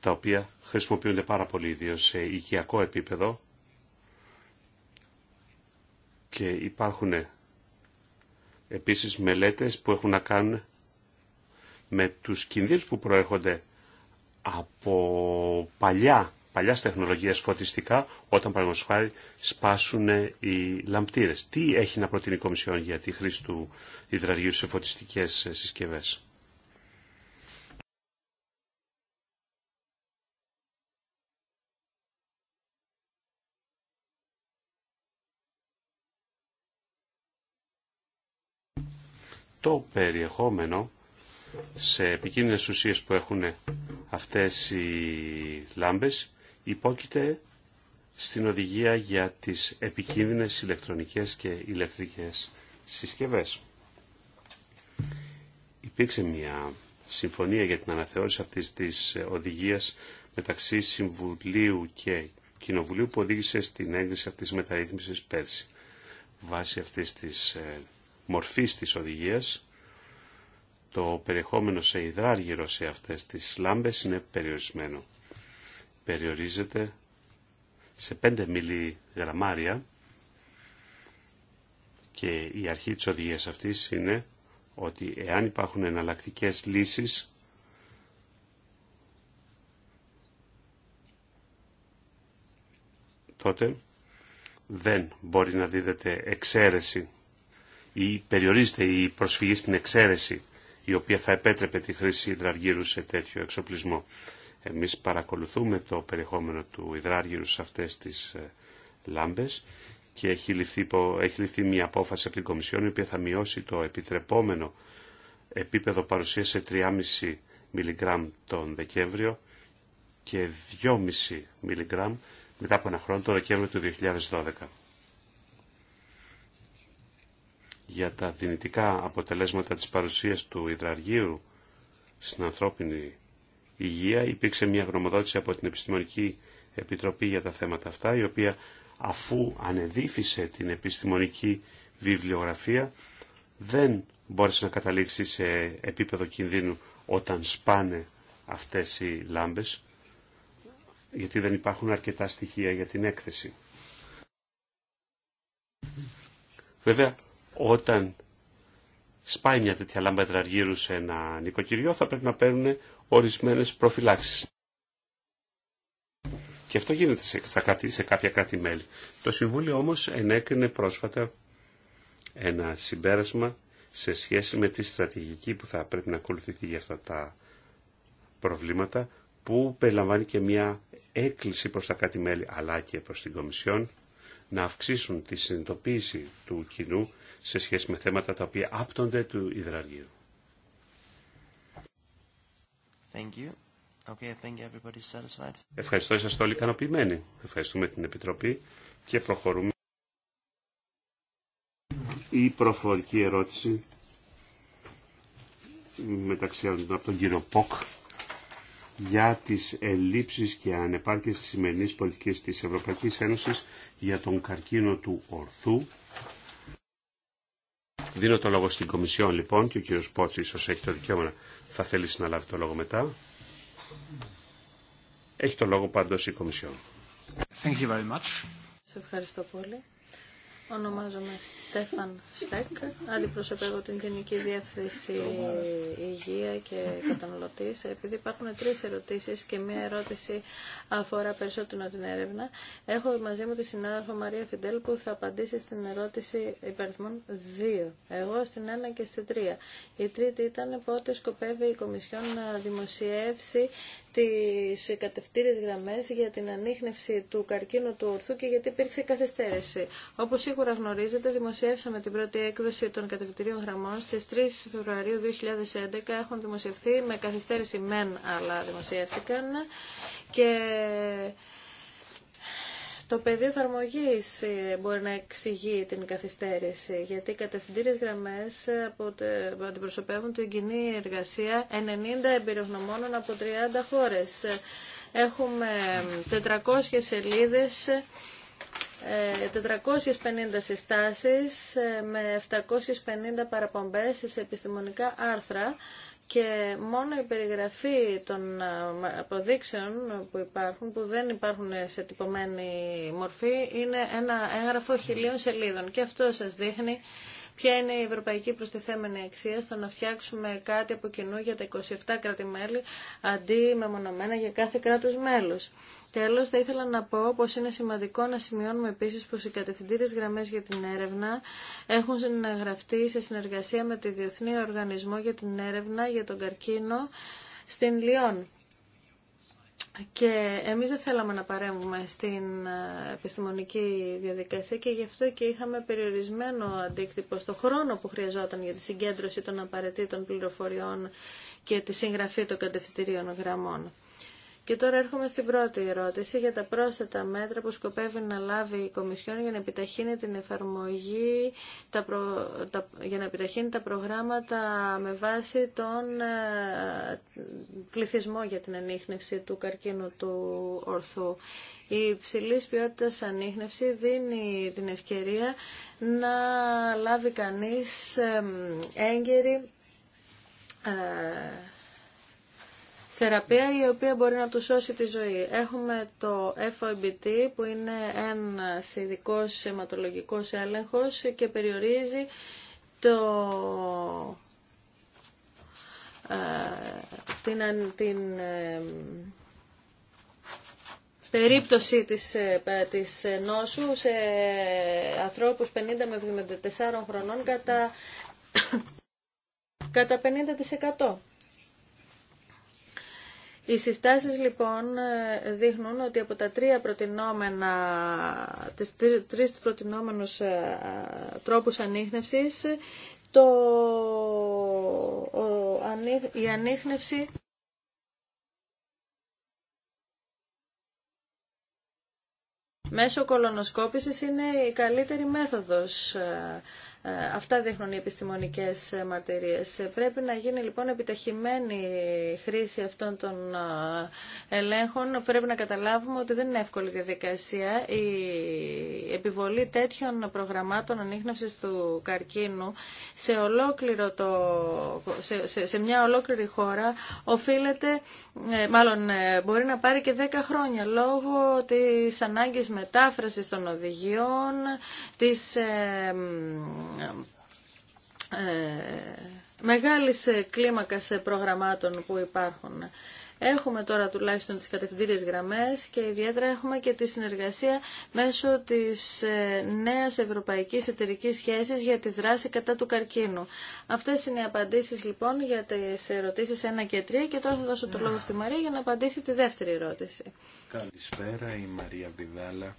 τα οποία χρησιμοποιούνται πάρα πολύ ιδίω σε οικιακό επίπεδο και υπάρχουν επίσης μελέτες που έχουν να κάνουν με τους κινδύνους που προέρχονται από παλιά, παλιάς τεχνολογίες φωτιστικά, όταν παραδείγματος σπάσουν οι λαμπτήρες. Τι έχει να προτείνει η Κομισιόν για τη χρήση του υδραργίου σε φωτιστικές συσκευές. το περιεχόμενο σε επικίνδυνες ουσίες που έχουν αυτές οι λάμπες υπόκειται στην οδηγία για τις επικίνδυνες ηλεκτρονικές και ηλεκτρικές συσκευές. Υπήρξε μια συμφωνία για την αναθεώρηση αυτής της οδηγίας μεταξύ Συμβουλίου και Κοινοβουλίου που οδήγησε στην έγκριση αυτής της μεταρρύθμισης πέρσι. Βάσει αυτής της ε, μορφής της οδηγίας. Το περιεχόμενο σε υδράργυρο σε αυτές τις λάμπες είναι περιορισμένο. Περιορίζεται σε 5 μιλιγραμμάρια και η αρχή της οδηγίας αυτής είναι ότι εάν υπάρχουν εναλλακτικέ λύσεις τότε δεν μπορεί να δίδεται εξαίρεση ή περιορίζεται η προσφυγή στην εξαίρεση η οποία θα επέτρεπε τη χρήση υδραργύρου σε τέτοιο εξοπλισμό. Εμείς παρακολουθούμε το περιεχόμενο του υδράργυρου σε αυτές τις ε, λάμπες και έχει ληφθεί, έχει ληφθεί μια απόφαση από την Κομισιόν η οποία θα μειώσει το επιτρεπόμενο επίπεδο παρουσίας σε 3,5 μιλιγκράμμ τον Δεκέμβριο και 2,5 μιλιγκράμμ μετά από ένα χρόνο το Δεκέμβριο του 2012. για τα δυνητικά αποτελέσματα της παρουσίας του υδραργύρου στην ανθρώπινη υγεία. Υπήρξε μια γνωμοδότηση από την Επιστημονική Επιτροπή για τα θέματα αυτά, η οποία αφού ανεδίφισε την επιστημονική βιβλιογραφία, δεν μπόρεσε να καταλήξει σε επίπεδο κινδύνου όταν σπάνε αυτές οι λάμπες, γιατί δεν υπάρχουν αρκετά στοιχεία για την έκθεση. Βέβαια, όταν σπάει μια τέτοια λάμπα υδραργύρου σε ένα νοικοκυριό θα πρέπει να παίρνουν ορισμένες προφυλάξεις. Και αυτό γίνεται σε, σε κάποια κράτη-μέλη. Το Συμβούλιο όμως ενέκρινε πρόσφατα ένα συμπέρασμα σε σχέση με τη στρατηγική που θα πρέπει να ακολουθηθεί για αυτά τα προβλήματα που περιλαμβάνει και μια έκκληση προς τα κράτη-μέλη αλλά και προς την Κομισιόν να αυξήσουν τη συνειδητοποίηση του κοινού σε σχέση με θέματα τα οποία άπτονται του Ιδραργίου. Ευχαριστώ, είσαστε όλοι ικανοποιημένοι. Ευχαριστούμε την Επιτροπή και προχωρούμε. Η προφορική ερώτηση μεταξύ άλλων από τον κύριο Ποκ για τις ελλείψεις και ανεπάρκειες της σημερινής πολιτικής της Ευρωπαϊκής Ένωσης για τον καρκίνο του ορθού Δίνω το λόγο στην Κομισιόν λοιπόν και ο κύριος Πότση ίσως έχει το δικαίωμα θα θέλει να λάβει το λόγο μετά. Έχει το λόγο πάντως η Κομισιόν. Thank you very much. Σε ευχαριστώ πολύ. Ονομάζομαι Στέφαν Στέκ, αντιπροσωπεύω την Γενική Διεύθυνση Υγεία και Καταναλωτή. Επειδή υπάρχουν τρει ερωτήσει και μία ερώτηση αφορά περισσότερο την έρευνα, έχω μαζί μου τη συνάδελφο Μαρία Φιντέλ που θα απαντήσει στην ερώτηση υπαριθμών 2. Εγώ στην 1 και στην 3. Η τρίτη ήταν πότε σκοπεύει η Κομισιόν να δημοσιεύσει τι κατευθύνε γραμμέ για την ανείχνευση του καρκίνου του ορθού και γιατί υπήρξε καθυστέρηση σίγουρα γνωρίζετε, δημοσιεύσαμε την πρώτη έκδοση των κατευθυντήριων γραμμών στι 3 Φεβρουαρίου 2011. Έχουν δημοσιευθεί με καθυστέρηση μεν, αλλά δημοσιεύτηκαν. Και το πεδίο εφαρμογή ε, μπορεί να εξηγεί την καθυστέρηση, γιατί οι κατευθυντήριε γραμμέ ε, αντιπροσωπεύουν την κοινή εργασία 90 εμπειρογνωμόνων από 30 χώρε. Έχουμε 400 ε, σελίδες 450 συστάσεις ε, με 750 παραπομπές σε επιστημονικά άρθρα και μόνο η περιγραφή των ε, αποδείξεων που υπάρχουν, που δεν υπάρχουν σε τυπωμένη μορφή, είναι ένα έγγραφο χιλίων σελίδων. Και αυτό σας δείχνει ποια είναι η ευρωπαϊκή προστιθέμενη αξία στο να φτιάξουμε κάτι από κοινού για τα 27 κράτη-μέλη, αντί μεμονωμένα για κάθε κράτος μέλος. Τέλος, θα ήθελα να πω πως είναι σημαντικό να σημειώνουμε επίσης πως οι κατευθυντήριες γραμμές για την έρευνα έχουν συναγραφτεί σε συνεργασία με τη Διεθνή Οργανισμό για την Έρευνα για τον Καρκίνο στην Λιόν. Και εμείς δεν θέλαμε να παρέμβουμε στην ε, επιστημονική διαδικασία και γι' αυτό και είχαμε περιορισμένο αντίκτυπο στο χρόνο που χρειαζόταν για τη συγκέντρωση των απαραίτητων πληροφοριών και τη συγγραφή των κατευθυντηρίων γραμμών. Και τώρα έρχομαι στην πρώτη ερώτηση για τα πρόσθετα μέτρα που σκοπεύει να λάβει η Κομισιόν για να επιταχύνει την εφαρμογή, τα τα... για να επιταχύνει τα προγράμματα με βάση τον ε, πληθυσμό για την ανείχνευση του καρκίνου του ορθού. Η υψηλή ποιότητα ανείχνευση δίνει την ευκαιρία να λάβει κανείς έγκαιρη ε, θεραπεία η οποία μπορεί να του σώσει τη ζωή. Έχουμε το FOBT που είναι ένα ειδικό αιματολογικό έλεγχο και περιορίζει το, ε, την, την ε, περίπτωση της, ε, της νόσου σε ανθρώπους 50 με 74 χρονών κατά, <coughs> κατά 50%. Οι συστάσεις λοιπόν δείχνουν ότι από τα τρία προτινόμενα, τις τρεις προτινόμενους ε, τρόπους ανείχνευσης, το, η ανείχνευση μέσω κολονοσκόπησης είναι η καλύτερη μέθοδος ε, Αυτά δείχνουν οι επιστημονικές μαρτυρίες. Πρέπει να γίνει λοιπόν επιταχυμένη χρήση αυτών των ελέγχων. Πρέπει να καταλάβουμε ότι δεν είναι εύκολη διαδικασία. Η επιβολή τέτοιων προγραμμάτων ανείχνευσης του καρκίνου σε, ολόκληρο το, σε, σε, μια ολόκληρη χώρα οφείλεται, ε, μάλλον ε, μπορεί να πάρει και 10 χρόνια λόγω της ανάγκης μετάφρασης των οδηγιών, της ε, ε, μεγάλης ε, κλίμακας ε, προγραμμάτων που υπάρχουν. Έχουμε τώρα τουλάχιστον τις κατευθυντήριες γραμμές και ιδιαίτερα έχουμε και τη συνεργασία μέσω της νέας ευρωπαϊκής εταιρικής σχέσης για τη δράση κατά του καρκίνου. Αυτές είναι οι απαντήσεις λοιπόν για τις ερωτήσεις 1 και 3 και τώρα θα δώσω το λόγο στη Μαρία για να απαντήσει τη δεύτερη ερώτηση. Καλησπέρα, η Μαρία Βιδάλα,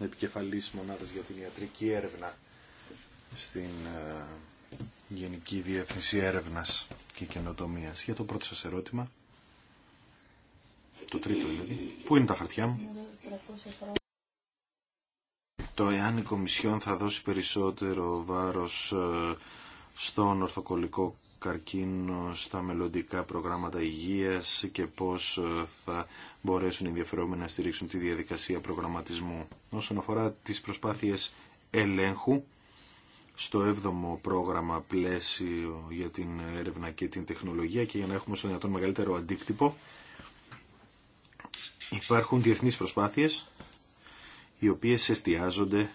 επικεφαλής μονάδας για την ιατρική έρευνα στην ε, Γενική Διεύθυνση Έρευνας και Καινοτομίας. Για το πρώτο σας ερώτημα, το τρίτο δηλαδή, πού είναι τα χαρτιά μου. Το εάν η Κομισιόν θα δώσει περισσότερο βάρος ε, στον ορθοκολικό καρκίνο στα μελλοντικά προγράμματα υγείας και πώς ε, θα μπορέσουν οι ενδιαφερόμενοι να στηρίξουν τη διαδικασία προγραμματισμού. Όσον αφορά τις προσπάθειες ελέγχου, στο 7ο πρόγραμμα πλαίσιο για την έρευνα και την τεχνολογία και για να έχουμε στον δυνατόν μεγαλύτερο αντίκτυπο. Υπάρχουν διεθνείς προσπάθειες οι οποίες εστιάζονται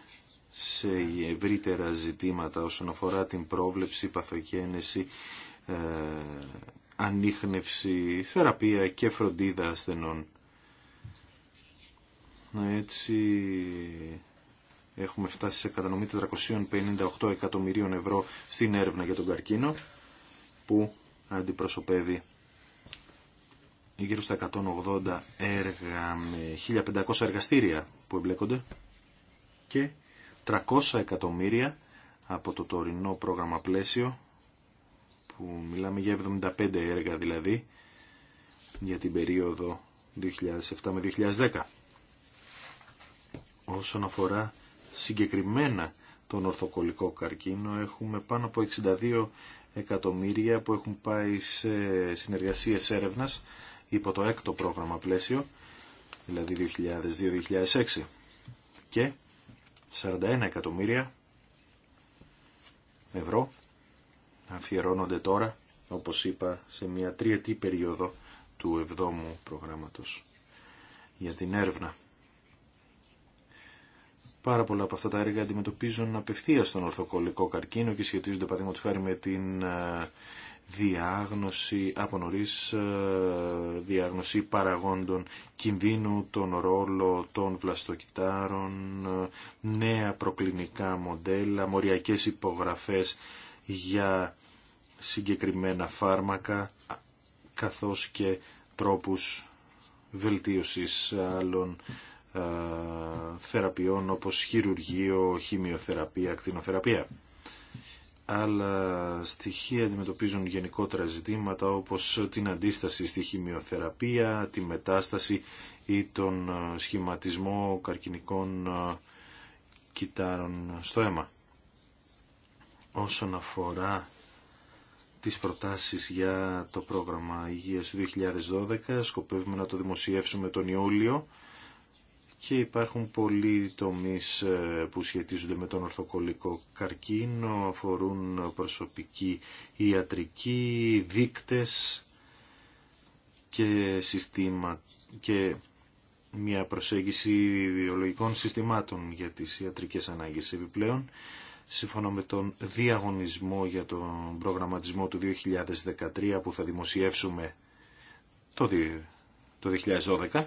σε ευρύτερα ζητήματα όσον αφορά την πρόβλεψη, παθογένεση, ε, ανείχνευση, θεραπεία και φροντίδα ασθενών. Έτσι Έχουμε φτάσει σε κατανομή 458 εκατομμυρίων ευρώ στην έρευνα για τον καρκίνο που αντιπροσωπεύει γύρω στα 180 έργα με 1500 εργαστήρια που εμπλέκονται και 300 εκατομμύρια από το τωρινό πρόγραμμα πλαίσιο που μιλάμε για 75 έργα δηλαδή για την περίοδο 2007 με 2010. Όσον αφορά συγκεκριμένα τον ορθοκολικό καρκίνο. Έχουμε πάνω από 62 εκατομμύρια που έχουν πάει σε συνεργασίες έρευνας υπό το έκτο πρόγραμμα πλαίσιο, δηλαδή 2002-2006 και 41 εκατομμύρια ευρώ αφιερώνονται τώρα, όπως είπα, σε μια τριετή περίοδο του εβδόμου προγράμματος για την έρευνα. Πάρα πολλά από αυτά τα έργα αντιμετωπίζουν απευθεία τον ορθοκολλικό καρκίνο και σχετίζονται παραδείγματο χάρη με την ε, διάγνωση από ε, διάγνωση παραγόντων κινδύνου, τον ρόλο των βλαστοκυτάρων, ε, νέα προκλινικά μοντέλα, μοριακές υπογραφές για συγκεκριμένα φάρμακα, καθώς και τρόπους βελτίωσης άλλων ε, θεραπείων όπως χειρουργείο, χημειοθεραπεία, ακτινοθεραπεία. Αλλά στοιχεία αντιμετωπίζουν γενικότερα ζητήματα όπως την αντίσταση στη χημειοθεραπεία, τη μετάσταση ή τον ε, σχηματισμό καρκινικών ε, κιτάρων στο αίμα. Όσον αφορά τις προτάσεις για το πρόγραμμα υγείας του 2012, σκοπεύουμε να το δημοσιεύσουμε τον Ιούλιο και υπάρχουν πολλοί τομείς ε, που σχετίζονται με τον ορθοκολικό καρκίνο, αφορούν προσωπική ιατρική, δίκτες και συστήματα και μια προσέγγιση βιολογικών συστημάτων για τις ιατρικές ανάγκες επιπλέον. Σύμφωνα με τον διαγωνισμό για τον προγραμματισμό του 2013 που θα δημοσιεύσουμε το 2012,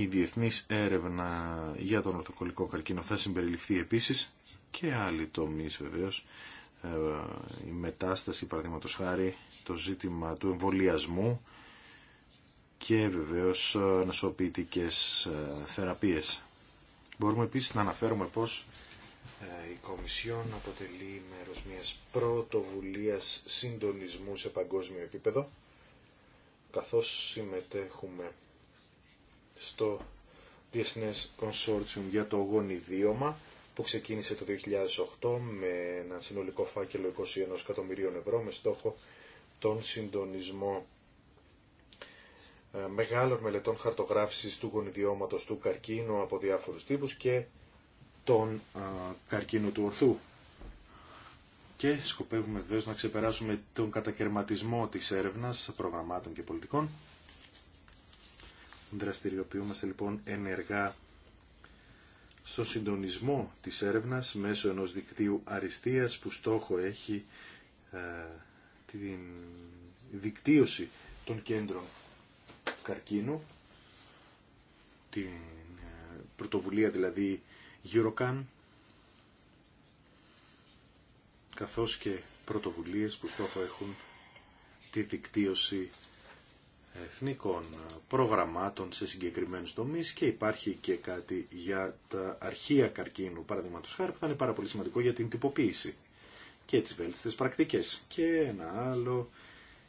η διεθνής έρευνα για τον ορθοκολικό καρκίνο θα συμπεριληφθεί επίσης και άλλοι τομείς βεβαίως. Ε, η μετάσταση, παραδείγματος χάρη, το ζήτημα του εμβολιασμού και βεβαίως νοσοποιητικές ε, θεραπείες. Μπορούμε επίσης να αναφέρουμε πως ε, η Κομισιόν αποτελεί μέρος μιας πρωτοβουλίας συντονισμού σε παγκόσμιο επίπεδο, καθώς συμμετέχουμε στο Διεθνές Consortium για το γονιδίωμα που ξεκίνησε το 2008 με ένα συνολικό φάκελο 21 εκατομμυρίων ευρώ με στόχο τον συντονισμό ε, μεγάλων μελετών χαρτογράφησης του γονιδιώματος του καρκίνου από διάφορους τύπους και τον καρκίνο του ορθού. Και σκοπεύουμε βέβαια να ξεπεράσουμε τον κατακαιρματισμό της έρευνας, προγραμμάτων και πολιτικών Δραστηριοποιούμαστε λοιπόν ενεργά στο συντονισμό της έρευνας μέσω ενός δικτύου αριστείας που στόχο έχει τη ε, την δικτύωση των κέντρων καρκίνου, την ε, πρωτοβουλία δηλαδή Eurocan, καθώς και πρωτοβουλίες που στόχο έχουν τη δικτύωση εθνικών προγραμμάτων σε συγκεκριμένους τομείς και υπάρχει και κάτι για τα αρχεία καρκίνου, παραδείγματος χάρη, που θα είναι πάρα πολύ σημαντικό για την τυποποίηση και τις βέλτιστες πρακτικές. Και ένα άλλο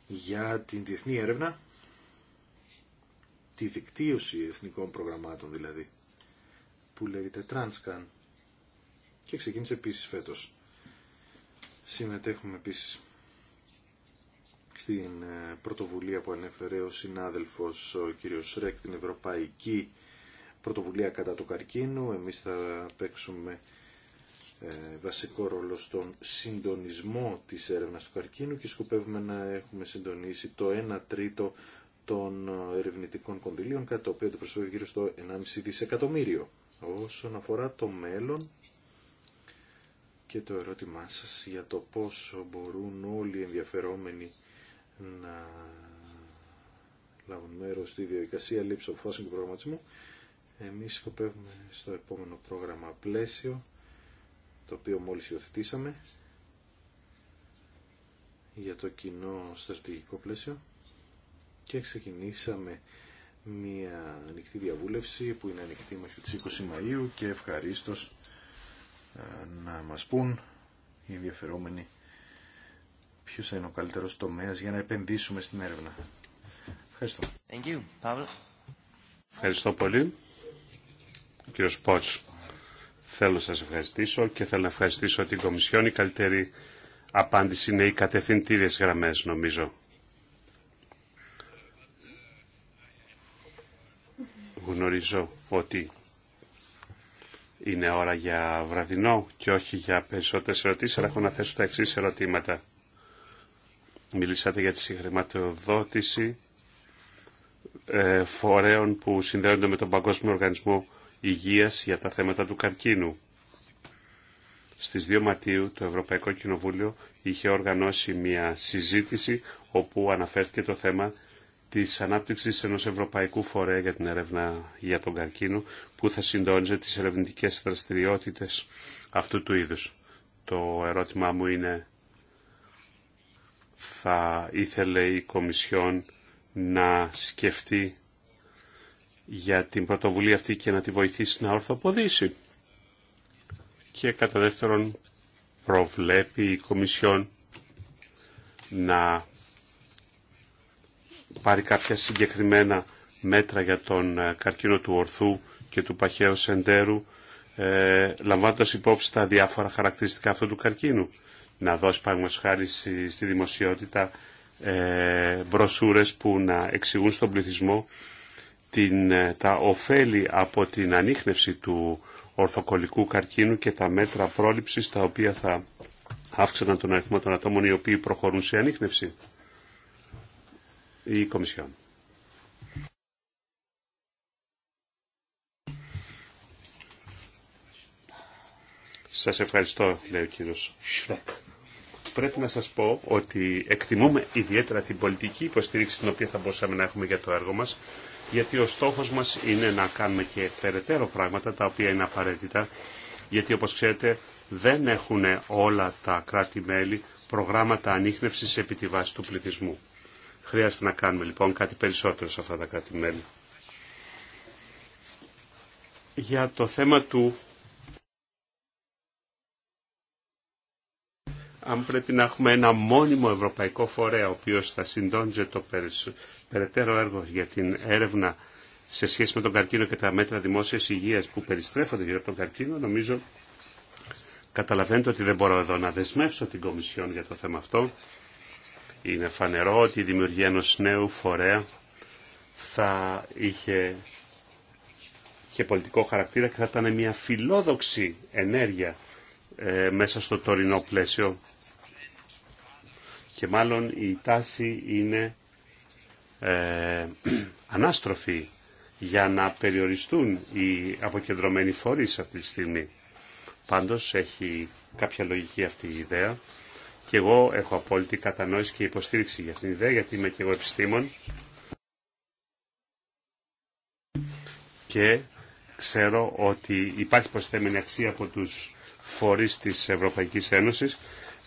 για την διεθνή έρευνα, τη δικτύωση εθνικών προγραμμάτων δηλαδή, που λέγεται Transcan και ξεκίνησε επίσης φέτος. Συμμετέχουμε επίσης στην ε, πρωτοβουλία που ανέφερε ο συνάδελφος ο κ. Σρέκ, την Ευρωπαϊκή Πρωτοβουλία κατά του καρκίνου. Εμείς θα παίξουμε ε, βασικό ρόλο στον συντονισμό της έρευνας του καρκίνου και σκοπεύουμε να έχουμε συντονίσει το 1 τρίτο των ε, ερευνητικών κονδυλίων, κατά το οποίο το προσφέρει γύρω στο 1,5 δισεκατομμύριο. Όσον αφορά το μέλλον και το ερώτημά σας για το πόσο μπορούν όλοι οι ενδιαφερόμενοι να λάβουν μέρο στη διαδικασία λήψη αποφάσεων του προγραμματισμού. Εμείς σκοπεύουμε στο επόμενο πρόγραμμα πλαίσιο, το οποίο μόλις υιοθετήσαμε, για το κοινό στρατηγικό πλαίσιο και ξεκινήσαμε μια ανοιχτή διαβούλευση που είναι ανοιχτή μέχρι τις 20 Μαΐου και ευχαρίστως ε, να μας πούν οι ενδιαφερόμενοι Ποιο θα είναι ο καλύτερο τομέα για να επενδύσουμε στην έρευνα. Ευχαριστώ. Ευχαριστώ πολύ. Κύριο κύριος θέλω να σα ευχαριστήσω και θέλω να ευχαριστήσω την Κομισιόν. Η καλύτερη απάντηση είναι οι κατευθυντήριε γραμμέ νομίζω. Γνωρίζω ότι είναι ώρα για βραδινό και όχι για περισσότερες ερωτήσεις, αλλά έχω να θέσω τα εξής ερωτήματα. Μιλήσατε για τη συγχρηματοδότηση ε, φορέων που συνδέονται με τον Παγκόσμιο Οργανισμό Υγείας για τα θέματα του καρκίνου. Στις 2 Μαρτίου το Ευρωπαϊκό Κοινοβούλιο είχε οργανώσει μια συζήτηση όπου αναφέρθηκε το θέμα της ανάπτυξης ενός ευρωπαϊκού φορέα για την έρευνα για τον καρκίνο που θα συντόνιζε τις ερευνητικές δραστηριότητες αυτού του είδους. Το ερώτημά μου είναι θα ήθελε η Κομισιόν να σκεφτεί για την πρωτοβουλία αυτή και να τη βοηθήσει να ορθοποδήσει. Και κατά δεύτερον προβλέπει η Κομισιόν να πάρει κάποια συγκεκριμένα μέτρα για τον ε, καρκίνο του ορθού και του παχαίου σεντέρου, ε, λαμβάνοντας υπόψη τα διάφορα χαρακτηριστικά αυτού του καρκίνου να δώσει παραδείγματος χάρη στη δημοσιότητα ε, που να εξηγούν στον πληθυσμό την, ε, τα ωφέλη από την ανείχνευση του ορθοκολικού καρκίνου και τα μέτρα πρόληψης τα οποία θα αύξαναν τον αριθμό των ατόμων οι οποίοι προχωρούν σε ανείχνευση. Η Κομισιόν. Σας ευχαριστώ, λέει ο κύριος Σρέκ πρέπει να σας πω ότι εκτιμούμε ιδιαίτερα την πολιτική υποστήριξη την οποία θα μπορούσαμε να έχουμε για το έργο μας, γιατί ο στόχος μας είναι να κάνουμε και περαιτέρω πράγματα τα οποία είναι απαραίτητα, γιατί όπως ξέρετε δεν έχουν όλα τα κράτη-μέλη προγράμματα ανείχνευσης επί τη βάση του πληθυσμού. Χρειάζεται να κάνουμε λοιπόν κάτι περισσότερο σε αυτά τα κράτη-μέλη. Για το θέμα του αν πρέπει να έχουμε ένα μόνιμο ευρωπαϊκό φορέα ο οποίος θα συντόνιζε το περαιτέρω έργο για την έρευνα σε σχέση με τον καρκίνο και τα μέτρα δημόσιας υγείας που περιστρέφονται γύρω τον καρκίνο, νομίζω καταλαβαίνετε ότι δεν μπορώ εδώ να δεσμεύσω την Κομισιόν για το θέμα αυτό. Είναι φανερό ότι η δημιουργία ενός νέου φορέα θα είχε και πολιτικό χαρακτήρα και θα ήταν μια φιλόδοξη ενέργεια ε, μέσα στο τωρινό πλαίσιο και μάλλον η τάση είναι ε, <clears throat> ανάστροφη για να περιοριστούν οι αποκεντρωμένοι φορείς αυτή τη στιγμή. Πάντως έχει κάποια λογική αυτή η ιδέα και εγώ έχω απόλυτη κατανόηση και υποστήριξη για αυτήν την ιδέα γιατί είμαι και εγώ επιστήμον και ξέρω ότι υπάρχει προσθέμενη αξία από τους φορείς της Ευρωπαϊκής Ένωσης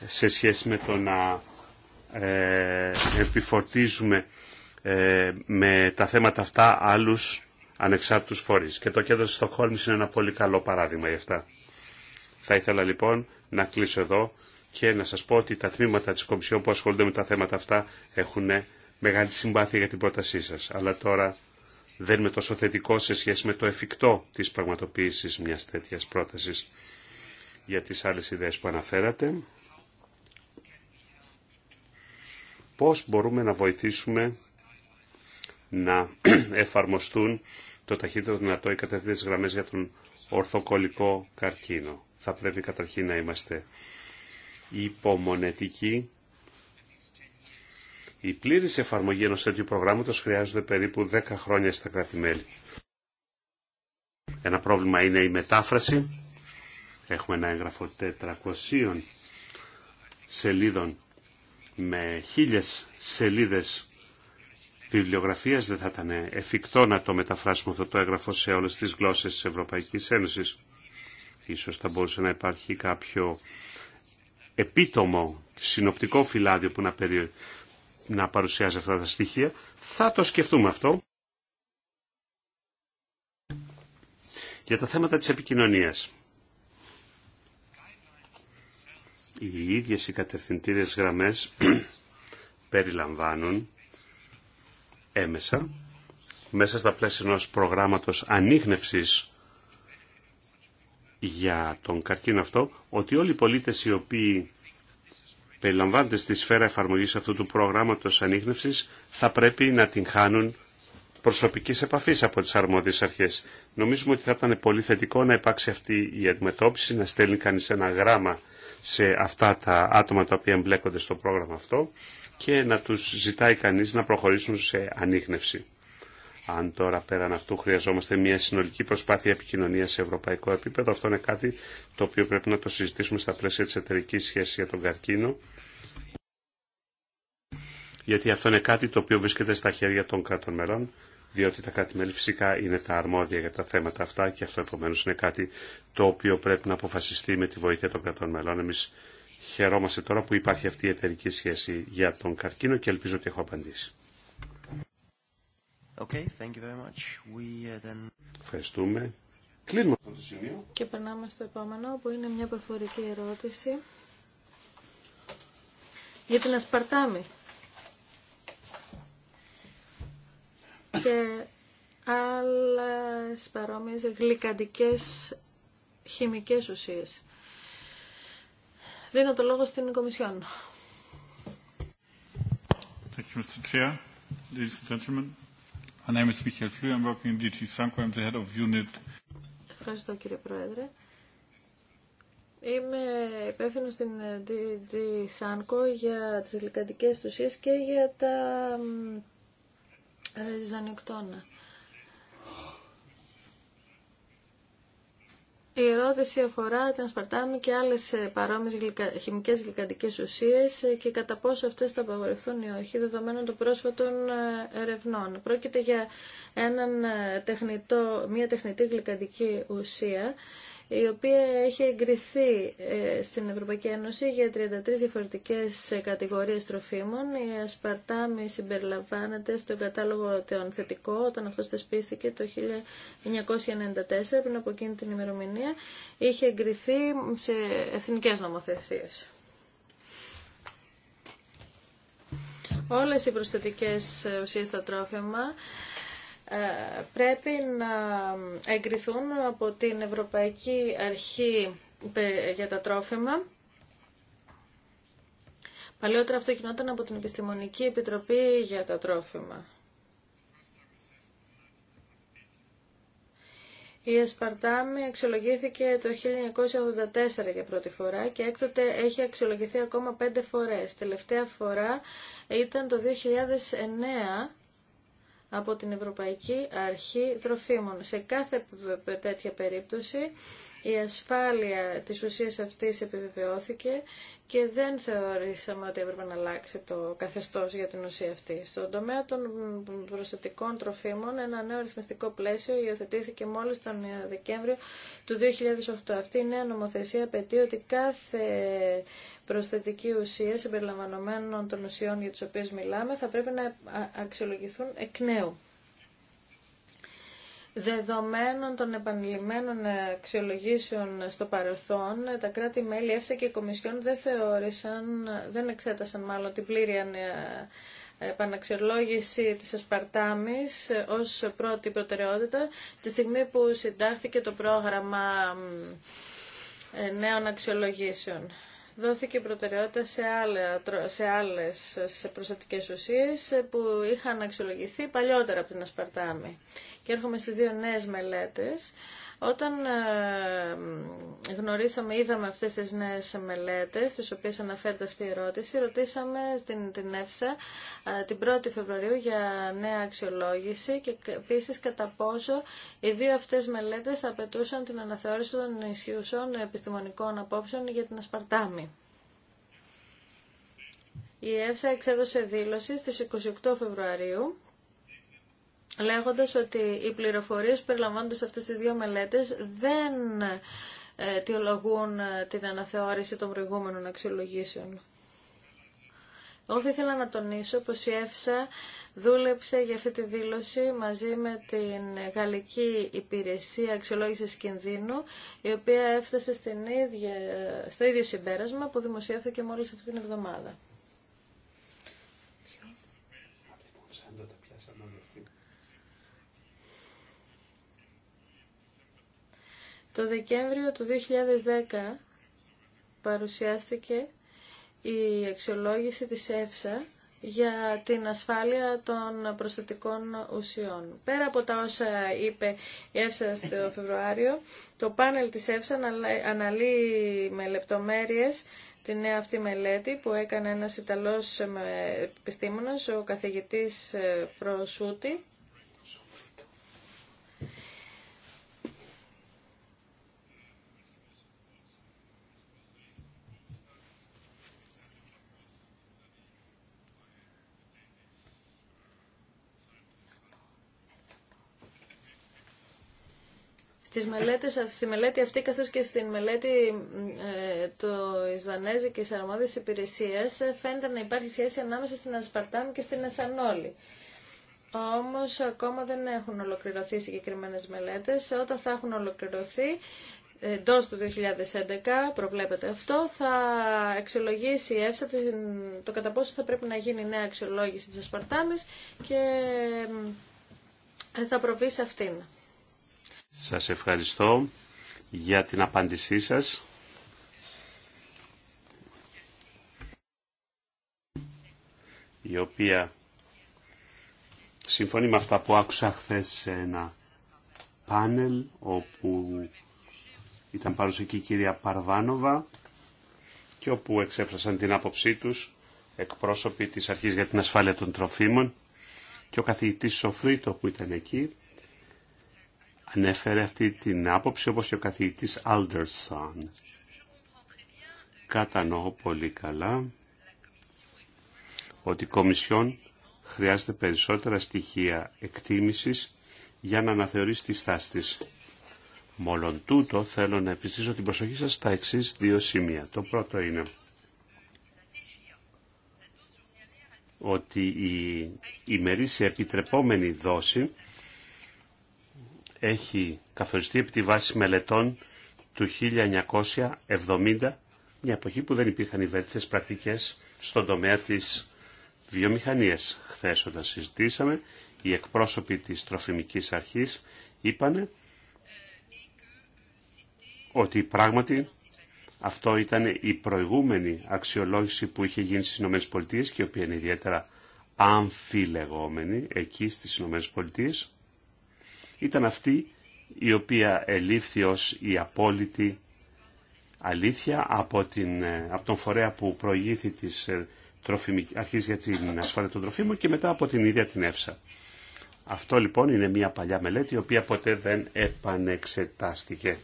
σε σχέση με το να ε, επιφορτίζουμε ε, με τα θέματα αυτά άλλους ανεξάρτητους φορείς. Και το κέντρο της Στοκχόλμης είναι ένα πολύ καλό παράδειγμα για αυτά. Θα ήθελα λοιπόν να κλείσω εδώ και να σας πω ότι τα τμήματα της Κομισιόν που ασχολούνται με τα θέματα αυτά έχουν μεγάλη συμπάθεια για την πρότασή σας. Αλλά τώρα δεν είμαι τόσο θετικό σε σχέση με το εφικτό της πραγματοποίησης μιας τέτοιας πρότασης για τις άλλες ιδέες που αναφέρατε. πώς μπορούμε να βοηθήσουμε να <clears throat> εφαρμοστούν το ταχύτερο δυνατό οι κατευθυντές γραμμές για τον ορθοκολικό καρκίνο. Θα πρέπει καταρχήν να είμαστε υπομονετικοί. Η πλήρης εφαρμογή ενός τέτοιου προγράμματος χρειάζονται περίπου 10 χρόνια στα κράτη-μέλη. Ένα πρόβλημα είναι η μετάφραση. Έχουμε ένα έγγραφο 400 σελίδων με χίλιες σελίδες βιβλιογραφίας δεν θα ήταν εφικτό να το μεταφράσουμε αυτό το έγγραφο σε όλες τις γλώσσες της Ευρωπαϊκής Ένωσης. Ίσως θα μπορούσε να υπάρχει κάποιο επίτομο συνοπτικό φυλάδιο που να, να παρουσιάζει αυτά τα στοιχεία. Θα το σκεφτούμε αυτό. Για τα θέματα της επικοινωνίας. οι ίδιες οι κατευθυντήριε γραμμές <clears throat> περιλαμβάνουν έμεσα μέσα στα πλαίσια ενός προγράμματος ανείχνευσης για τον καρκίνο αυτό, ότι όλοι οι πολίτες οι οποίοι περιλαμβάνονται στη σφαίρα εφαρμογής αυτού του προγράμματος ανείχνευσης θα πρέπει να την χάνουν προσωπικής επαφής από τις αρμόδιες αρχές. Νομίζουμε ότι θα ήταν πολύ θετικό να υπάρξει αυτή η αντιμετώπιση, να στέλνει κανείς ένα γράμμα σε αυτά τα άτομα τα οποία εμπλέκονται στο πρόγραμμα αυτό και να τους ζητάει κανείς να προχωρήσουν σε ανείχνευση. Αν τώρα πέραν αυτού χρειαζόμαστε μια συνολική προσπάθεια επικοινωνία σε ευρωπαϊκό επίπεδο, αυτό είναι κάτι το οποίο πρέπει να το συζητήσουμε στα πλαίσια της εταιρική σχέση για τον καρκίνο. Γιατί αυτό είναι κάτι το οποίο βρίσκεται στα χέρια των κρατών μερών διότι τα κράτη-μέλη φυσικά είναι τα αρμόδια για τα θέματα αυτά και αυτό επομένω είναι κάτι το οποίο πρέπει να αποφασιστεί με τη βοήθεια των κρατών μελών. Εμεί χαιρόμαστε τώρα που υπάρχει αυτή η εταιρική σχέση για τον καρκίνο και ελπίζω ότι έχω απαντήσει. Okay, thank you very much. We, uh, then... Ευχαριστούμε. Κλείνουμε αυτό το σημείο. Και περνάμε στο επόμενο που είναι μια προφορική ερώτηση για την Ασπαρτάμι. και άλλες παρόμοιες γλυκαντικές χημικές ουσίες. Δίνω το λόγο στην Κομισιόν. Ευχαριστώ, κύριε Πρόεδρε. Είμαι υπεύθυνο στην DG Sanko για τις γλυκαντικές ουσίες και για τα η ερώτηση αφορά την ασπαρτάμι και άλλες ε, παρόμοιες γλυκα... χημικές γλυκαντικές ουσίες ε, και κατά πόσο αυτές θα απαγορευτούν ή όχι, δεδομένων των πρόσφατων ε, ερευνών. Πρόκειται για έναν τεχνητό, μια τεχνητή γλυκαντική ουσία η οποία έχει εγκριθεί ε, στην Ευρωπαϊκή Ένωση για 33 διαφορετικές ε, κατηγορίες τροφίμων. Η ασπαρτάμι συμπεριλαμβάνεται στον κατάλογο των θετικό όταν αυτός θεσπίστηκε το 1994 πριν από εκείνη την ημερομηνία είχε εγκριθεί σε εθνικές νομοθεσίες. Όλες οι προσθετικές ε, ουσίες στα τρόφιμα ε, πρέπει να εγκριθούν από την Ευρωπαϊκή Αρχή για τα Τρόφιμα. Παλαιότερα αυτό γινόταν από την Επιστημονική Επιτροπή για τα Τρόφιμα. Η Ασπαρτάμι αξιολογήθηκε το 1984 για πρώτη φορά και έκτοτε έχει αξιολογηθεί ακόμα πέντε φορές. Τελευταία φορά ήταν το 2009 από την Ευρωπαϊκή Αρχή Τροφίμων. Σε κάθε τέτοια περίπτωση η ασφάλεια της ουσίας αυτής επιβεβαιώθηκε και δεν θεωρήσαμε ότι έπρεπε να αλλάξει το καθεστώς για την ουσία αυτή. Στον τομέα των προσθετικών τροφίμων ένα νέο ρυθμιστικό πλαίσιο υιοθετήθηκε μόλις τον Δεκέμβριο του 2008. Αυτή η νέα νομοθεσία απαιτεί ότι κάθε προσθετική ουσία συμπεριλαμβανομένων των ουσιών για τις οποίες μιλάμε θα πρέπει να αξιολογηθούν εκ νέου. Δεδομένων των επανειλημμένων αξιολογήσεων στο παρελθόν, τα κράτη-μέλη ΕΦΣΑ και η Κομισιόν δεν θεώρησαν, δεν εξέτασαν μάλλον την πλήρη ε, επαναξιολόγηση της Ασπαρτάμης ε, ως πρώτη προτεραιότητα τη στιγμή που συντάχθηκε το πρόγραμμα ε, νέων αξιολογήσεων δόθηκε προτεραιότητα σε, άλλα, σε άλλες σε προστατικές ουσίες που είχαν αξιολογηθεί παλιότερα από την Ασπαρτάμι. Και έρχομαι στις δύο νέες μελέτες όταν ε, γνωρίσαμε, είδαμε αυτές τις νέες μελέτες, στις οποίες αναφέρεται αυτή η ερώτηση, ρωτήσαμε στην την ΕΦΣΑ ε, την 1η Φεβρουαρίου για νέα αξιολόγηση και επίσης κατά πόσο οι δύο αυτές μελέτες θα απαιτούσαν την αναθεώρηση των ισχυουσών επιστημονικών απόψεων για την Ασπαρτάμι. Η ΕΦΣΑ εξέδωσε δήλωση στις 28 Φεβρουαρίου λέγοντας ότι οι πληροφορίες που περιλαμβάνονται σε αυτές τις δύο μελέτες δεν ε, αιτιολογούν ε, την αναθεώρηση των προηγούμενων αξιολογήσεων. Εγώ θα ήθελα να τονίσω πως η ΕΦΣΑ δούλεψε για αυτή τη δήλωση μαζί με την Γαλλική Υπηρεσία Αξιολόγησης Κινδύνου, η οποία έφτασε στην ίδια, στο ίδιο συμπέρασμα που δημοσιεύθηκε μόλις αυτή την εβδομάδα. Το Δεκέμβριο του 2010 παρουσιάστηκε η αξιολόγηση της ΕΦΣΑ για την ασφάλεια των προστατικών ουσιών. Πέρα από τα όσα είπε η ΕΦΣΑ στο Φεβρουάριο, το πάνελ της ΕΦΣΑ αναλύει με λεπτομέρειες την νέα αυτή μελέτη που έκανε ένας Ιταλός επιστήμονας, ο καθηγητής ε, Φροσούτη, Στις μελέτες, στη μελέτη αυτή καθώς και στη μελέτη ε, και Ισδανέζικης Αρμόδιας Υπηρεσίας ε, φαίνεται να υπάρχει σχέση ανάμεσα στην ασπαρτάμ και στην εθανόλη. Όμως ακόμα δεν έχουν ολοκληρωθεί συγκεκριμένε μελέτες. Όταν θα έχουν ολοκληρωθεί, εντό του 2011, προβλέπεται αυτό, θα εξολογήσει η ΕΦΣΑ το κατά πόσο θα πρέπει να γίνει νέα αξιολόγηση της ασπαρτάμης και ε, θα προβεί σε αυτήν. Σας ευχαριστώ για την απάντησή σας. η οποία συμφωνεί με αυτά που άκουσα χθε σε ένα πάνελ όπου ήταν παρουσική η κυρία Παρβάνοβα και όπου εξέφρασαν την άποψή τους εκπρόσωποι της Αρχής για την Ασφάλεια των Τροφίμων και ο καθηγητής Σοφρίτο που ήταν εκεί ανέφερε αυτή την άποψη όπως και ο καθηγητής Alderson. Κατανοώ πολύ καλά ότι η Κομισιόν χρειάζεται περισσότερα στοιχεία εκτίμησης για να αναθεωρήσει τη στάση της. Μόλον τούτο θέλω να επιστήσω την προσοχή σας στα εξή δύο σημεία. Το πρώτο είναι ότι η ημερήσια επιτρεπόμενη δόση έχει καθοριστεί επί τη βάση μελετών του 1970, μια εποχή που δεν υπήρχαν οι βέλτιστες πρακτικές στον τομέα της βιομηχανίας. Χθες όταν συζητήσαμε, οι εκπρόσωποι της τροφιμικής αρχής είπαν ότι πράγματι αυτό ήταν η προηγούμενη αξιολόγηση που είχε γίνει στις ΗΠΑ και η οποία είναι ιδιαίτερα αμφιλεγόμενη εκεί στις ΗΠΑ ήταν αυτή η οποία ελήφθη ως η απόλυτη αλήθεια από, την, ε, από τον φορέα που προηγήθη της ε, αρχής για την ασφάλεια των τροφίμων και μετά από την ίδια την Εύσα. Αυτό λοιπόν είναι μια παλιά μελέτη η οποία ποτέ δεν επανεξετάστηκε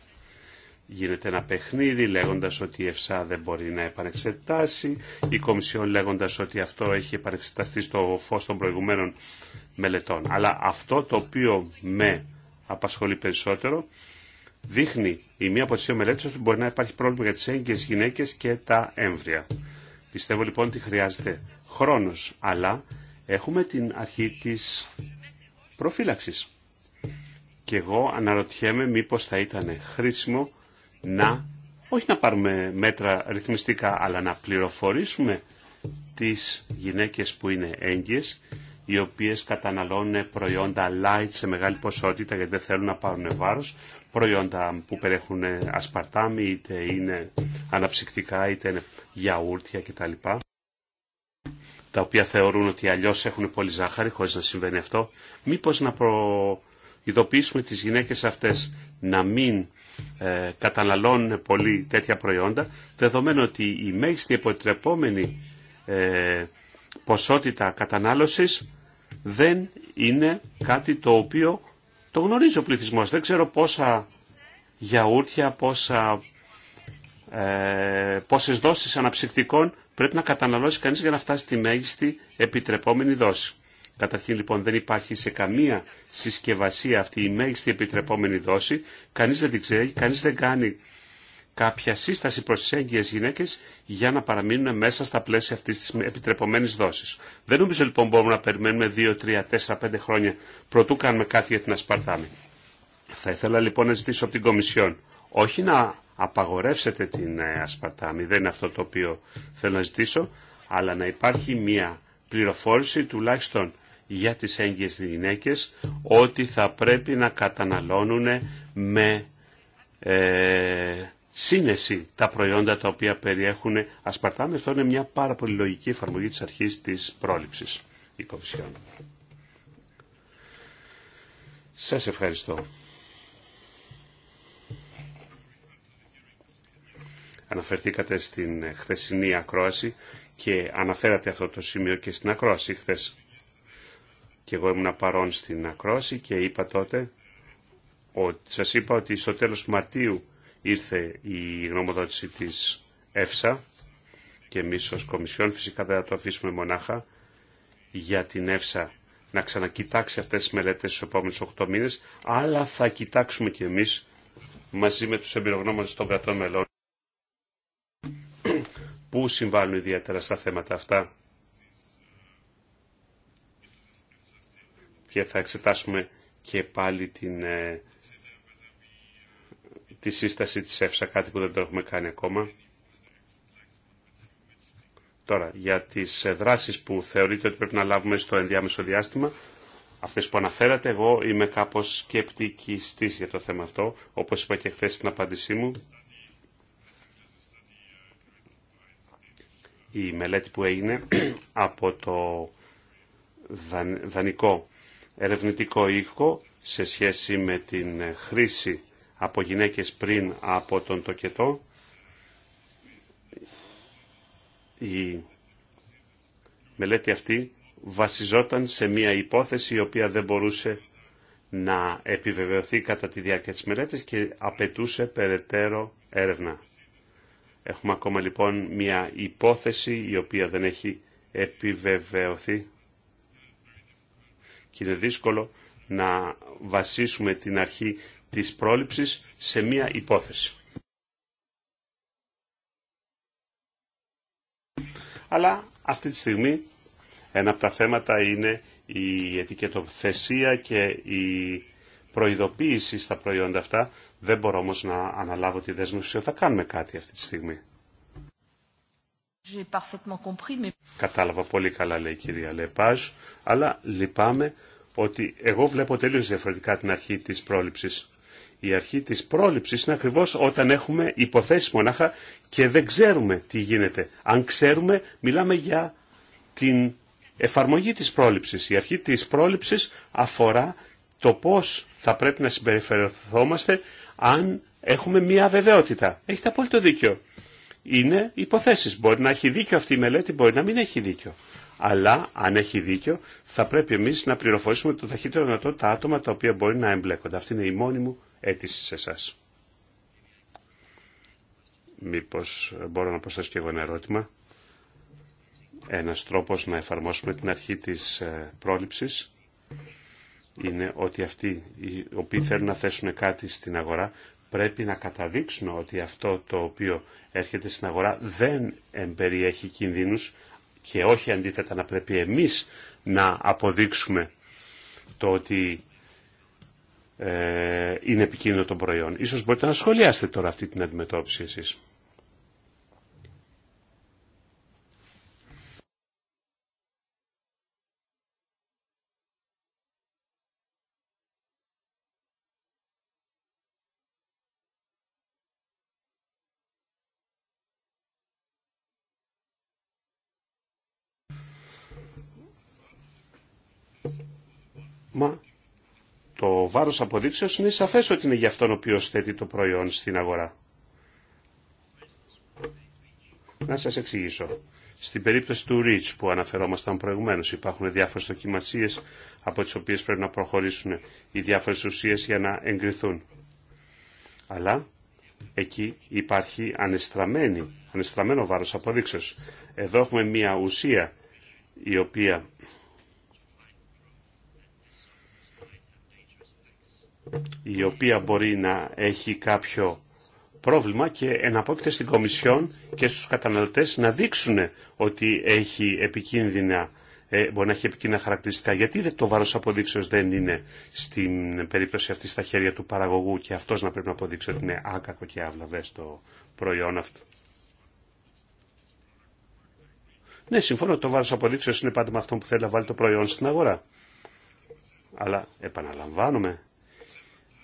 γίνεται ένα παιχνίδι λέγοντας ότι η ΕΦΣΑ δεν μπορεί να επανεξετάσει, η Κομισιόν λέγοντας ότι αυτό έχει επανεξεταστεί στο φως των προηγουμένων μελετών. Αλλά αυτό το οποίο με απασχολεί περισσότερο δείχνει η μία από τις δύο μελέτες ότι μπορεί να υπάρχει πρόβλημα για τις έγκυες γυναίκες και τα έμβρια. Πιστεύω λοιπόν ότι χρειάζεται χρόνος, αλλά έχουμε την αρχή της προφύλαξης. Και εγώ αναρωτιέμαι μήπως θα ήταν χρήσιμο να, όχι να πάρουμε μέτρα ρυθμιστικά, αλλά να πληροφορήσουμε τις γυναίκες που είναι έγκυες, οι οποίες καταναλώνουν προϊόντα light σε μεγάλη ποσότητα γιατί δεν θέλουν να πάρουν βάρος, προϊόντα που περιέχουν ασπαρτάμι, είτε είναι αναψυκτικά, είτε είναι γιαούρτια κτλ. Τα οποία θεωρούν ότι αλλιώς έχουν πολύ ζάχαρη, χωρίς να συμβαίνει αυτό. Μήπως να προειδοποιήσουμε τις γυναίκες αυτές να μην ε, καταναλώνουν πολύ τέτοια προϊόντα, δεδομένου ότι η μέγιστη επιτρεπόμενη ε, ποσότητα κατανάλωσης δεν είναι κάτι το οποίο το γνωρίζει ο πληθυσμός. Δεν ξέρω πόσα γιαούρτια, πόσα, ε, πόσες δόσεις αναψυκτικών πρέπει να καταναλώσει κανείς για να φτάσει στη μέγιστη επιτρεπόμενη δόση. Καταρχήν λοιπόν δεν υπάρχει σε καμία συσκευασία αυτή η μέγιστη επιτρεπόμενη δόση. Κανείς δεν την ξέρει, κανείς δεν κάνει κάποια σύσταση προς τις έγκυες γυναίκες για να παραμείνουν μέσα στα πλαίσια αυτής της επιτρεπόμενης δόσης. Δεν νομίζω λοιπόν μπορούμε να περιμένουμε 2, 3, 4, 5 χρόνια πρωτού κάνουμε κάτι για την ασπαρτάμη. Θα ήθελα λοιπόν να ζητήσω από την Κομισιόν όχι να απαγορεύσετε την ε, ασπαρτάμη, δεν είναι αυτό το οποίο θέλω να ζητήσω, αλλά να υπάρχει μια πληροφόρηση τουλάχιστον για τις έγκυες γυναίκες ότι θα πρέπει να καταναλώνουν με ε, σύνεση τα προϊόντα τα οποία περιέχουν ασπαρτάμι. Αυτό είναι μια πάρα πολύ λογική εφαρμογή της αρχής της πρόληψης. Η Σας ευχαριστώ. Αναφερθήκατε στην χθεσινή ακρόαση και αναφέρατε αυτό το σημείο και στην ακρόαση χθες και εγώ ήμουν παρόν στην ακρόση και είπα τότε, ότι, σας είπα ότι στο τέλος Μαρτίου ήρθε η γνωμοδότηση της ΕΦΣΑ και εμείς ως Κομισιόν φυσικά δεν θα το αφήσουμε μονάχα για την ΕΦΣΑ να ξανακοιτάξει αυτές τις μελέτες στους επόμενους 8 μήνες, αλλά θα κοιτάξουμε και εμείς μαζί με τους εμπειρογνώμονες των κρατών μελών <clears throat> που συμβάλλουν ιδιαίτερα στα θέματα αυτά και θα εξετάσουμε και πάλι την, ε, τη σύσταση της ΕΦΣΑ, κάτι που δεν το έχουμε κάνει ακόμα. Τώρα, για τις ε, δράσεις που θεωρείτε ότι πρέπει να λάβουμε στο ενδιάμεσο διάστημα, αυτές που αναφέρατε, εγώ είμαι κάπως σκεπτικιστής για το θέμα αυτό, όπως είπα και χθε στην απάντησή μου. Η μελέτη που έγινε από το δανεικό ερευνητικό οίκο σε σχέση με την χρήση από γυναίκες πριν από τον τοκετό. Η μελέτη αυτή βασιζόταν σε μια υπόθεση η οποία δεν μπορούσε να επιβεβαιωθεί κατά τη διάρκεια της μελέτης και απαιτούσε περαιτέρω έρευνα. Έχουμε ακόμα λοιπόν μια υπόθεση η οποία δεν έχει επιβεβαιωθεί και είναι δύσκολο να βασίσουμε την αρχή της πρόληψης σε μία υπόθεση. Αλλά αυτή τη στιγμή ένα από τα θέματα είναι η ετικετοθεσία και η προειδοποίηση στα προϊόντα αυτά. Δεν μπορώ όμως να αναλάβω τη δέσμευση ότι θα κάνουμε κάτι αυτή τη στιγμή. Κατάλαβα πολύ καλά, λέει η κυρία Λεπάζ, αλλά λυπάμαι ότι εγώ βλέπω τελείως διαφορετικά την αρχή της πρόληψης. Η αρχή της πρόληψης είναι ακριβώς όταν έχουμε υποθέσεις μονάχα και δεν ξέρουμε τι γίνεται. Αν ξέρουμε, μιλάμε για την εφαρμογή της πρόληψης. Η αρχή της πρόληψης αφορά το πώς θα πρέπει να συμπεριφερθόμαστε αν έχουμε μία βεβαιότητα. Έχετε απόλυτο δίκιο είναι υποθέσεις. Μπορεί να έχει δίκιο αυτή η μελέτη, μπορεί να μην έχει δίκιο. Αλλά αν έχει δίκιο θα πρέπει εμείς να πληροφορήσουμε το ταχύτερο δυνατό τα άτομα τα οποία μπορεί να εμπλέκονται. Αυτή είναι η μόνη μου αίτηση σε εσά. Μήπως μπορώ να προσθέσω και εγώ ένα ερώτημα. Ένας τρόπος να εφαρμόσουμε την αρχή της ε, πρόληψης είναι ότι αυτοί οι οποίοι θέλουν να θέσουν κάτι στην αγορά πρέπει να καταδείξουν ότι αυτό το οποίο έρχεται στην αγορά δεν εμπεριέχει κινδύνους και όχι αντίθετα να πρέπει εμείς να αποδείξουμε το ότι ε, είναι επικίνδυνο το προϊόν. Ίσως μπορείτε να σχολιάσετε τώρα αυτή την αντιμετώπιση εσείς. βάρος αποδείξεως είναι σαφές ότι είναι για αυτόν ο οποίος θέτει το προϊόν στην αγορά. Να σας εξηγήσω. Στην περίπτωση του REACH που αναφερόμασταν προηγουμένως υπάρχουν διάφορες δοκιμασίες από τις οποίες πρέπει να προχωρήσουν οι διάφορες ουσίες για να εγκριθούν. Αλλά εκεί υπάρχει ανεστραμμένη, ανεστραμμένο βάρος αποδείξεως. Εδώ έχουμε μια ουσία η οποία η οποία μπορεί να έχει κάποιο πρόβλημα και εναπόκειται στην Κομισιόν και στους καταναλωτές να δείξουν ότι έχει επικίνδυνα, ε, μπορεί να έχει επικίνδυνα χαρακτηριστικά. Γιατί το βάρος αποδείξεως δεν είναι στην περίπτωση αυτή στα χέρια του παραγωγού και αυτός να πρέπει να αποδείξει ότι είναι άκακο και άβλαβες το προϊόν αυτό. Ναι, συμφωνώ ότι το βάρος αποδείξεως είναι πάντα με αυτό που θέλει να βάλει το προϊόν στην αγορά. Αλλά επαναλαμβάνομαι.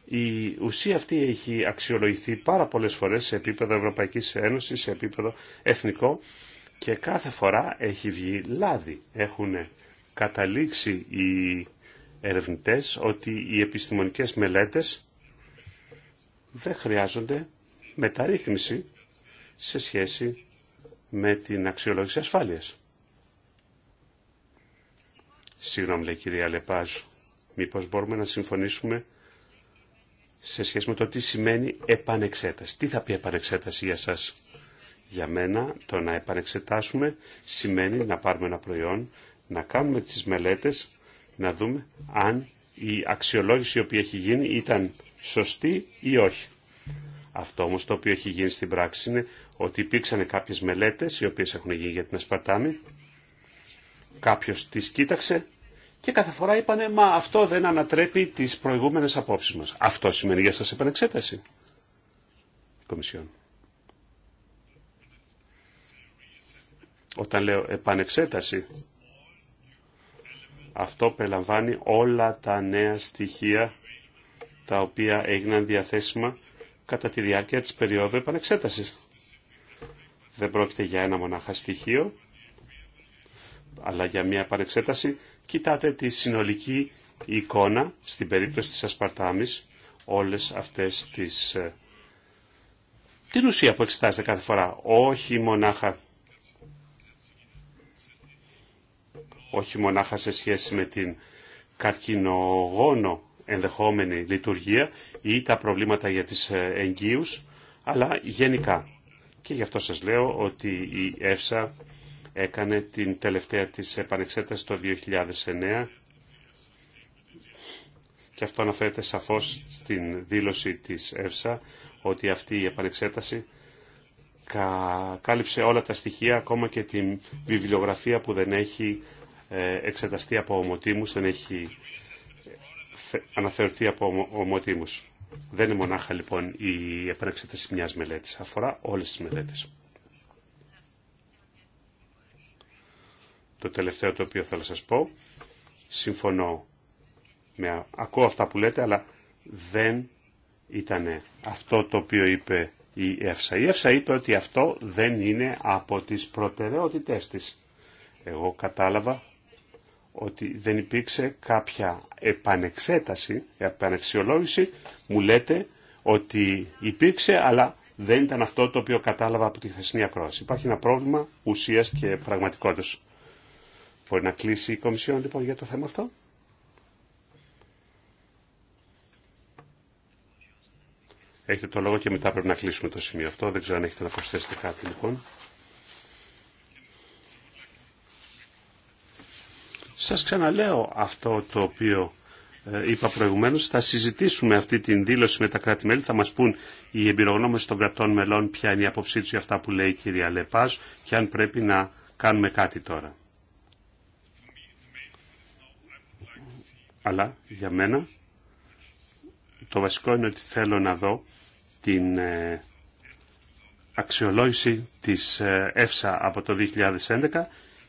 Η ουσία αυτή έχει αξιολογηθεί πάρα πολλές φορές σε επίπεδο Ευρωπαϊκής Ένωσης, σε επίπεδο εθνικό και κάθε φορά έχει βγει λάδι. Έχουν καταλήξει οι ερευνητές ότι οι επιστημονικές μελέτες δεν χρειάζονται μεταρρύθμιση σε σχέση με την αξιολόγηση ασφάλειας. Συγγνώμη λέει κυρία Λεπάζου, μήπως μπορούμε να συμφωνήσουμε σε σχέση με το τι σημαίνει επανεξέταση. Τι θα πει επανεξέταση για σας. Για μένα το να επανεξετάσουμε σημαίνει να πάρουμε ένα προϊόν, να κάνουμε τις μελέτες, να δούμε αν η αξιολόγηση η οποία έχει γίνει ήταν σωστή ή όχι. Αυτό όμως το οποίο έχει γίνει στην πράξη είναι ότι υπήρξαν κάποιες μελέτες οι οποίες έχουν γίνει για την ασπατάμη. κάποιος τις κοίταξε και κάθε φορά είπανε, μα αυτό δεν ανατρέπει τις προηγούμενες απόψει μα. Αυτό σημαίνει για σα επανεξέταση. Κομισιόν. Όταν λέω επανεξέταση, αυτό περιλαμβάνει όλα τα νέα στοιχεία τα οποία έγιναν διαθέσιμα κατά τη διάρκεια της περίοδου επανεξέτασης. Δεν πρόκειται για ένα μονάχα στοιχείο, αλλά για μια επανεξέταση κοιτάτε τη συνολική εικόνα στην περίπτωση της Ασπαρτάμης, όλες αυτές τις... Ε, την ουσία που εξετάζεται κάθε φορά, όχι μονάχα όχι μονάχα σε σχέση με την καρκινογόνο ενδεχόμενη λειτουργία ή τα προβλήματα για τις ε, εγγύους, αλλά γενικά. Και γι' αυτό σας λέω ότι η ΕΦΣΑ έκανε την τελευταία της επανεξέταση το 2009 και αυτό αναφέρεται σαφώς στην δήλωση της ΕΦΣΑ ότι αυτή η επανεξέταση κάλυψε όλα τα στοιχεία ακόμα και την βιβλιογραφία που δεν έχει ε, εξεταστεί από ομοτήμους, δεν έχει αναθεωρηθεί από ομοτήμους. Δεν είναι μονάχα λοιπόν η επανεξέταση μιας μελέτης, αφορά όλες τις μελέτες. Το τελευταίο το οποίο θέλω να σας πω, συμφωνώ με, ακούω αυτά που λέτε, αλλά δεν ήταν αυτό το οποίο είπε η ΕΦΣΑ. Η ΕΦΣΑ είπε ότι αυτό δεν είναι από τις προτεραιότητές της. Εγώ κατάλαβα ότι δεν υπήρξε κάποια επανεξέταση, επανεξιολόγηση. Μου λέτε ότι υπήρξε, αλλά δεν ήταν αυτό το οποίο κατάλαβα από τη χθεσινή ακρόαση. Υπάρχει ένα πρόβλημα ουσίας και πραγματικότητας. Μπορεί να κλείσει η Κομισιόν λοιπόν για το θέμα αυτό. Έχετε το λόγο και μετά πρέπει να κλείσουμε το σημείο αυτό. Δεν ξέρω αν έχετε να προσθέσετε κάτι λοιπόν. Σας ξαναλέω αυτό το οποίο ε, είπα προηγουμένως. Θα συζητήσουμε αυτή την δήλωση με τα κράτη-μέλη. Θα μας πούν οι εμπειρογνώμες των κρατών μελών ποια είναι η άποψή του για αυτά που λέει η κυρία Λεπάζ και αν πρέπει να κάνουμε κάτι τώρα. αλλά για μένα το βασικό είναι ότι θέλω να δω την ε, αξιολόγηση της ΕΦΣΑ από το 2011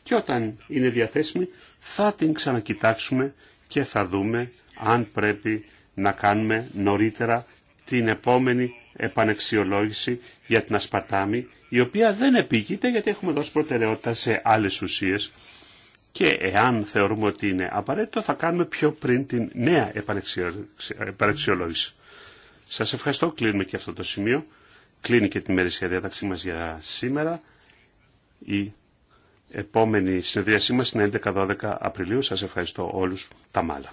και όταν είναι διαθέσιμη θα την ξανακοιτάξουμε και θα δούμε αν πρέπει να κάνουμε νωρίτερα την επόμενη επανεξιολόγηση για την ασπατάμι, η οποία δεν επίκειται γιατί έχουμε δώσει προτεραιότητα σε άλλες ουσίες και εάν θεωρούμε ότι είναι απαραίτητο θα κάνουμε πιο πριν την νέα επαναξιολόγηση. Σας ευχαριστώ. Κλείνουμε και αυτό το σημείο. Κλείνει και τη μερίσια διάταξή μας για σήμερα. Η επόμενη συνεδρίασή μας είναι 11-12 Απριλίου. Σας ευχαριστώ όλους τα μάλα.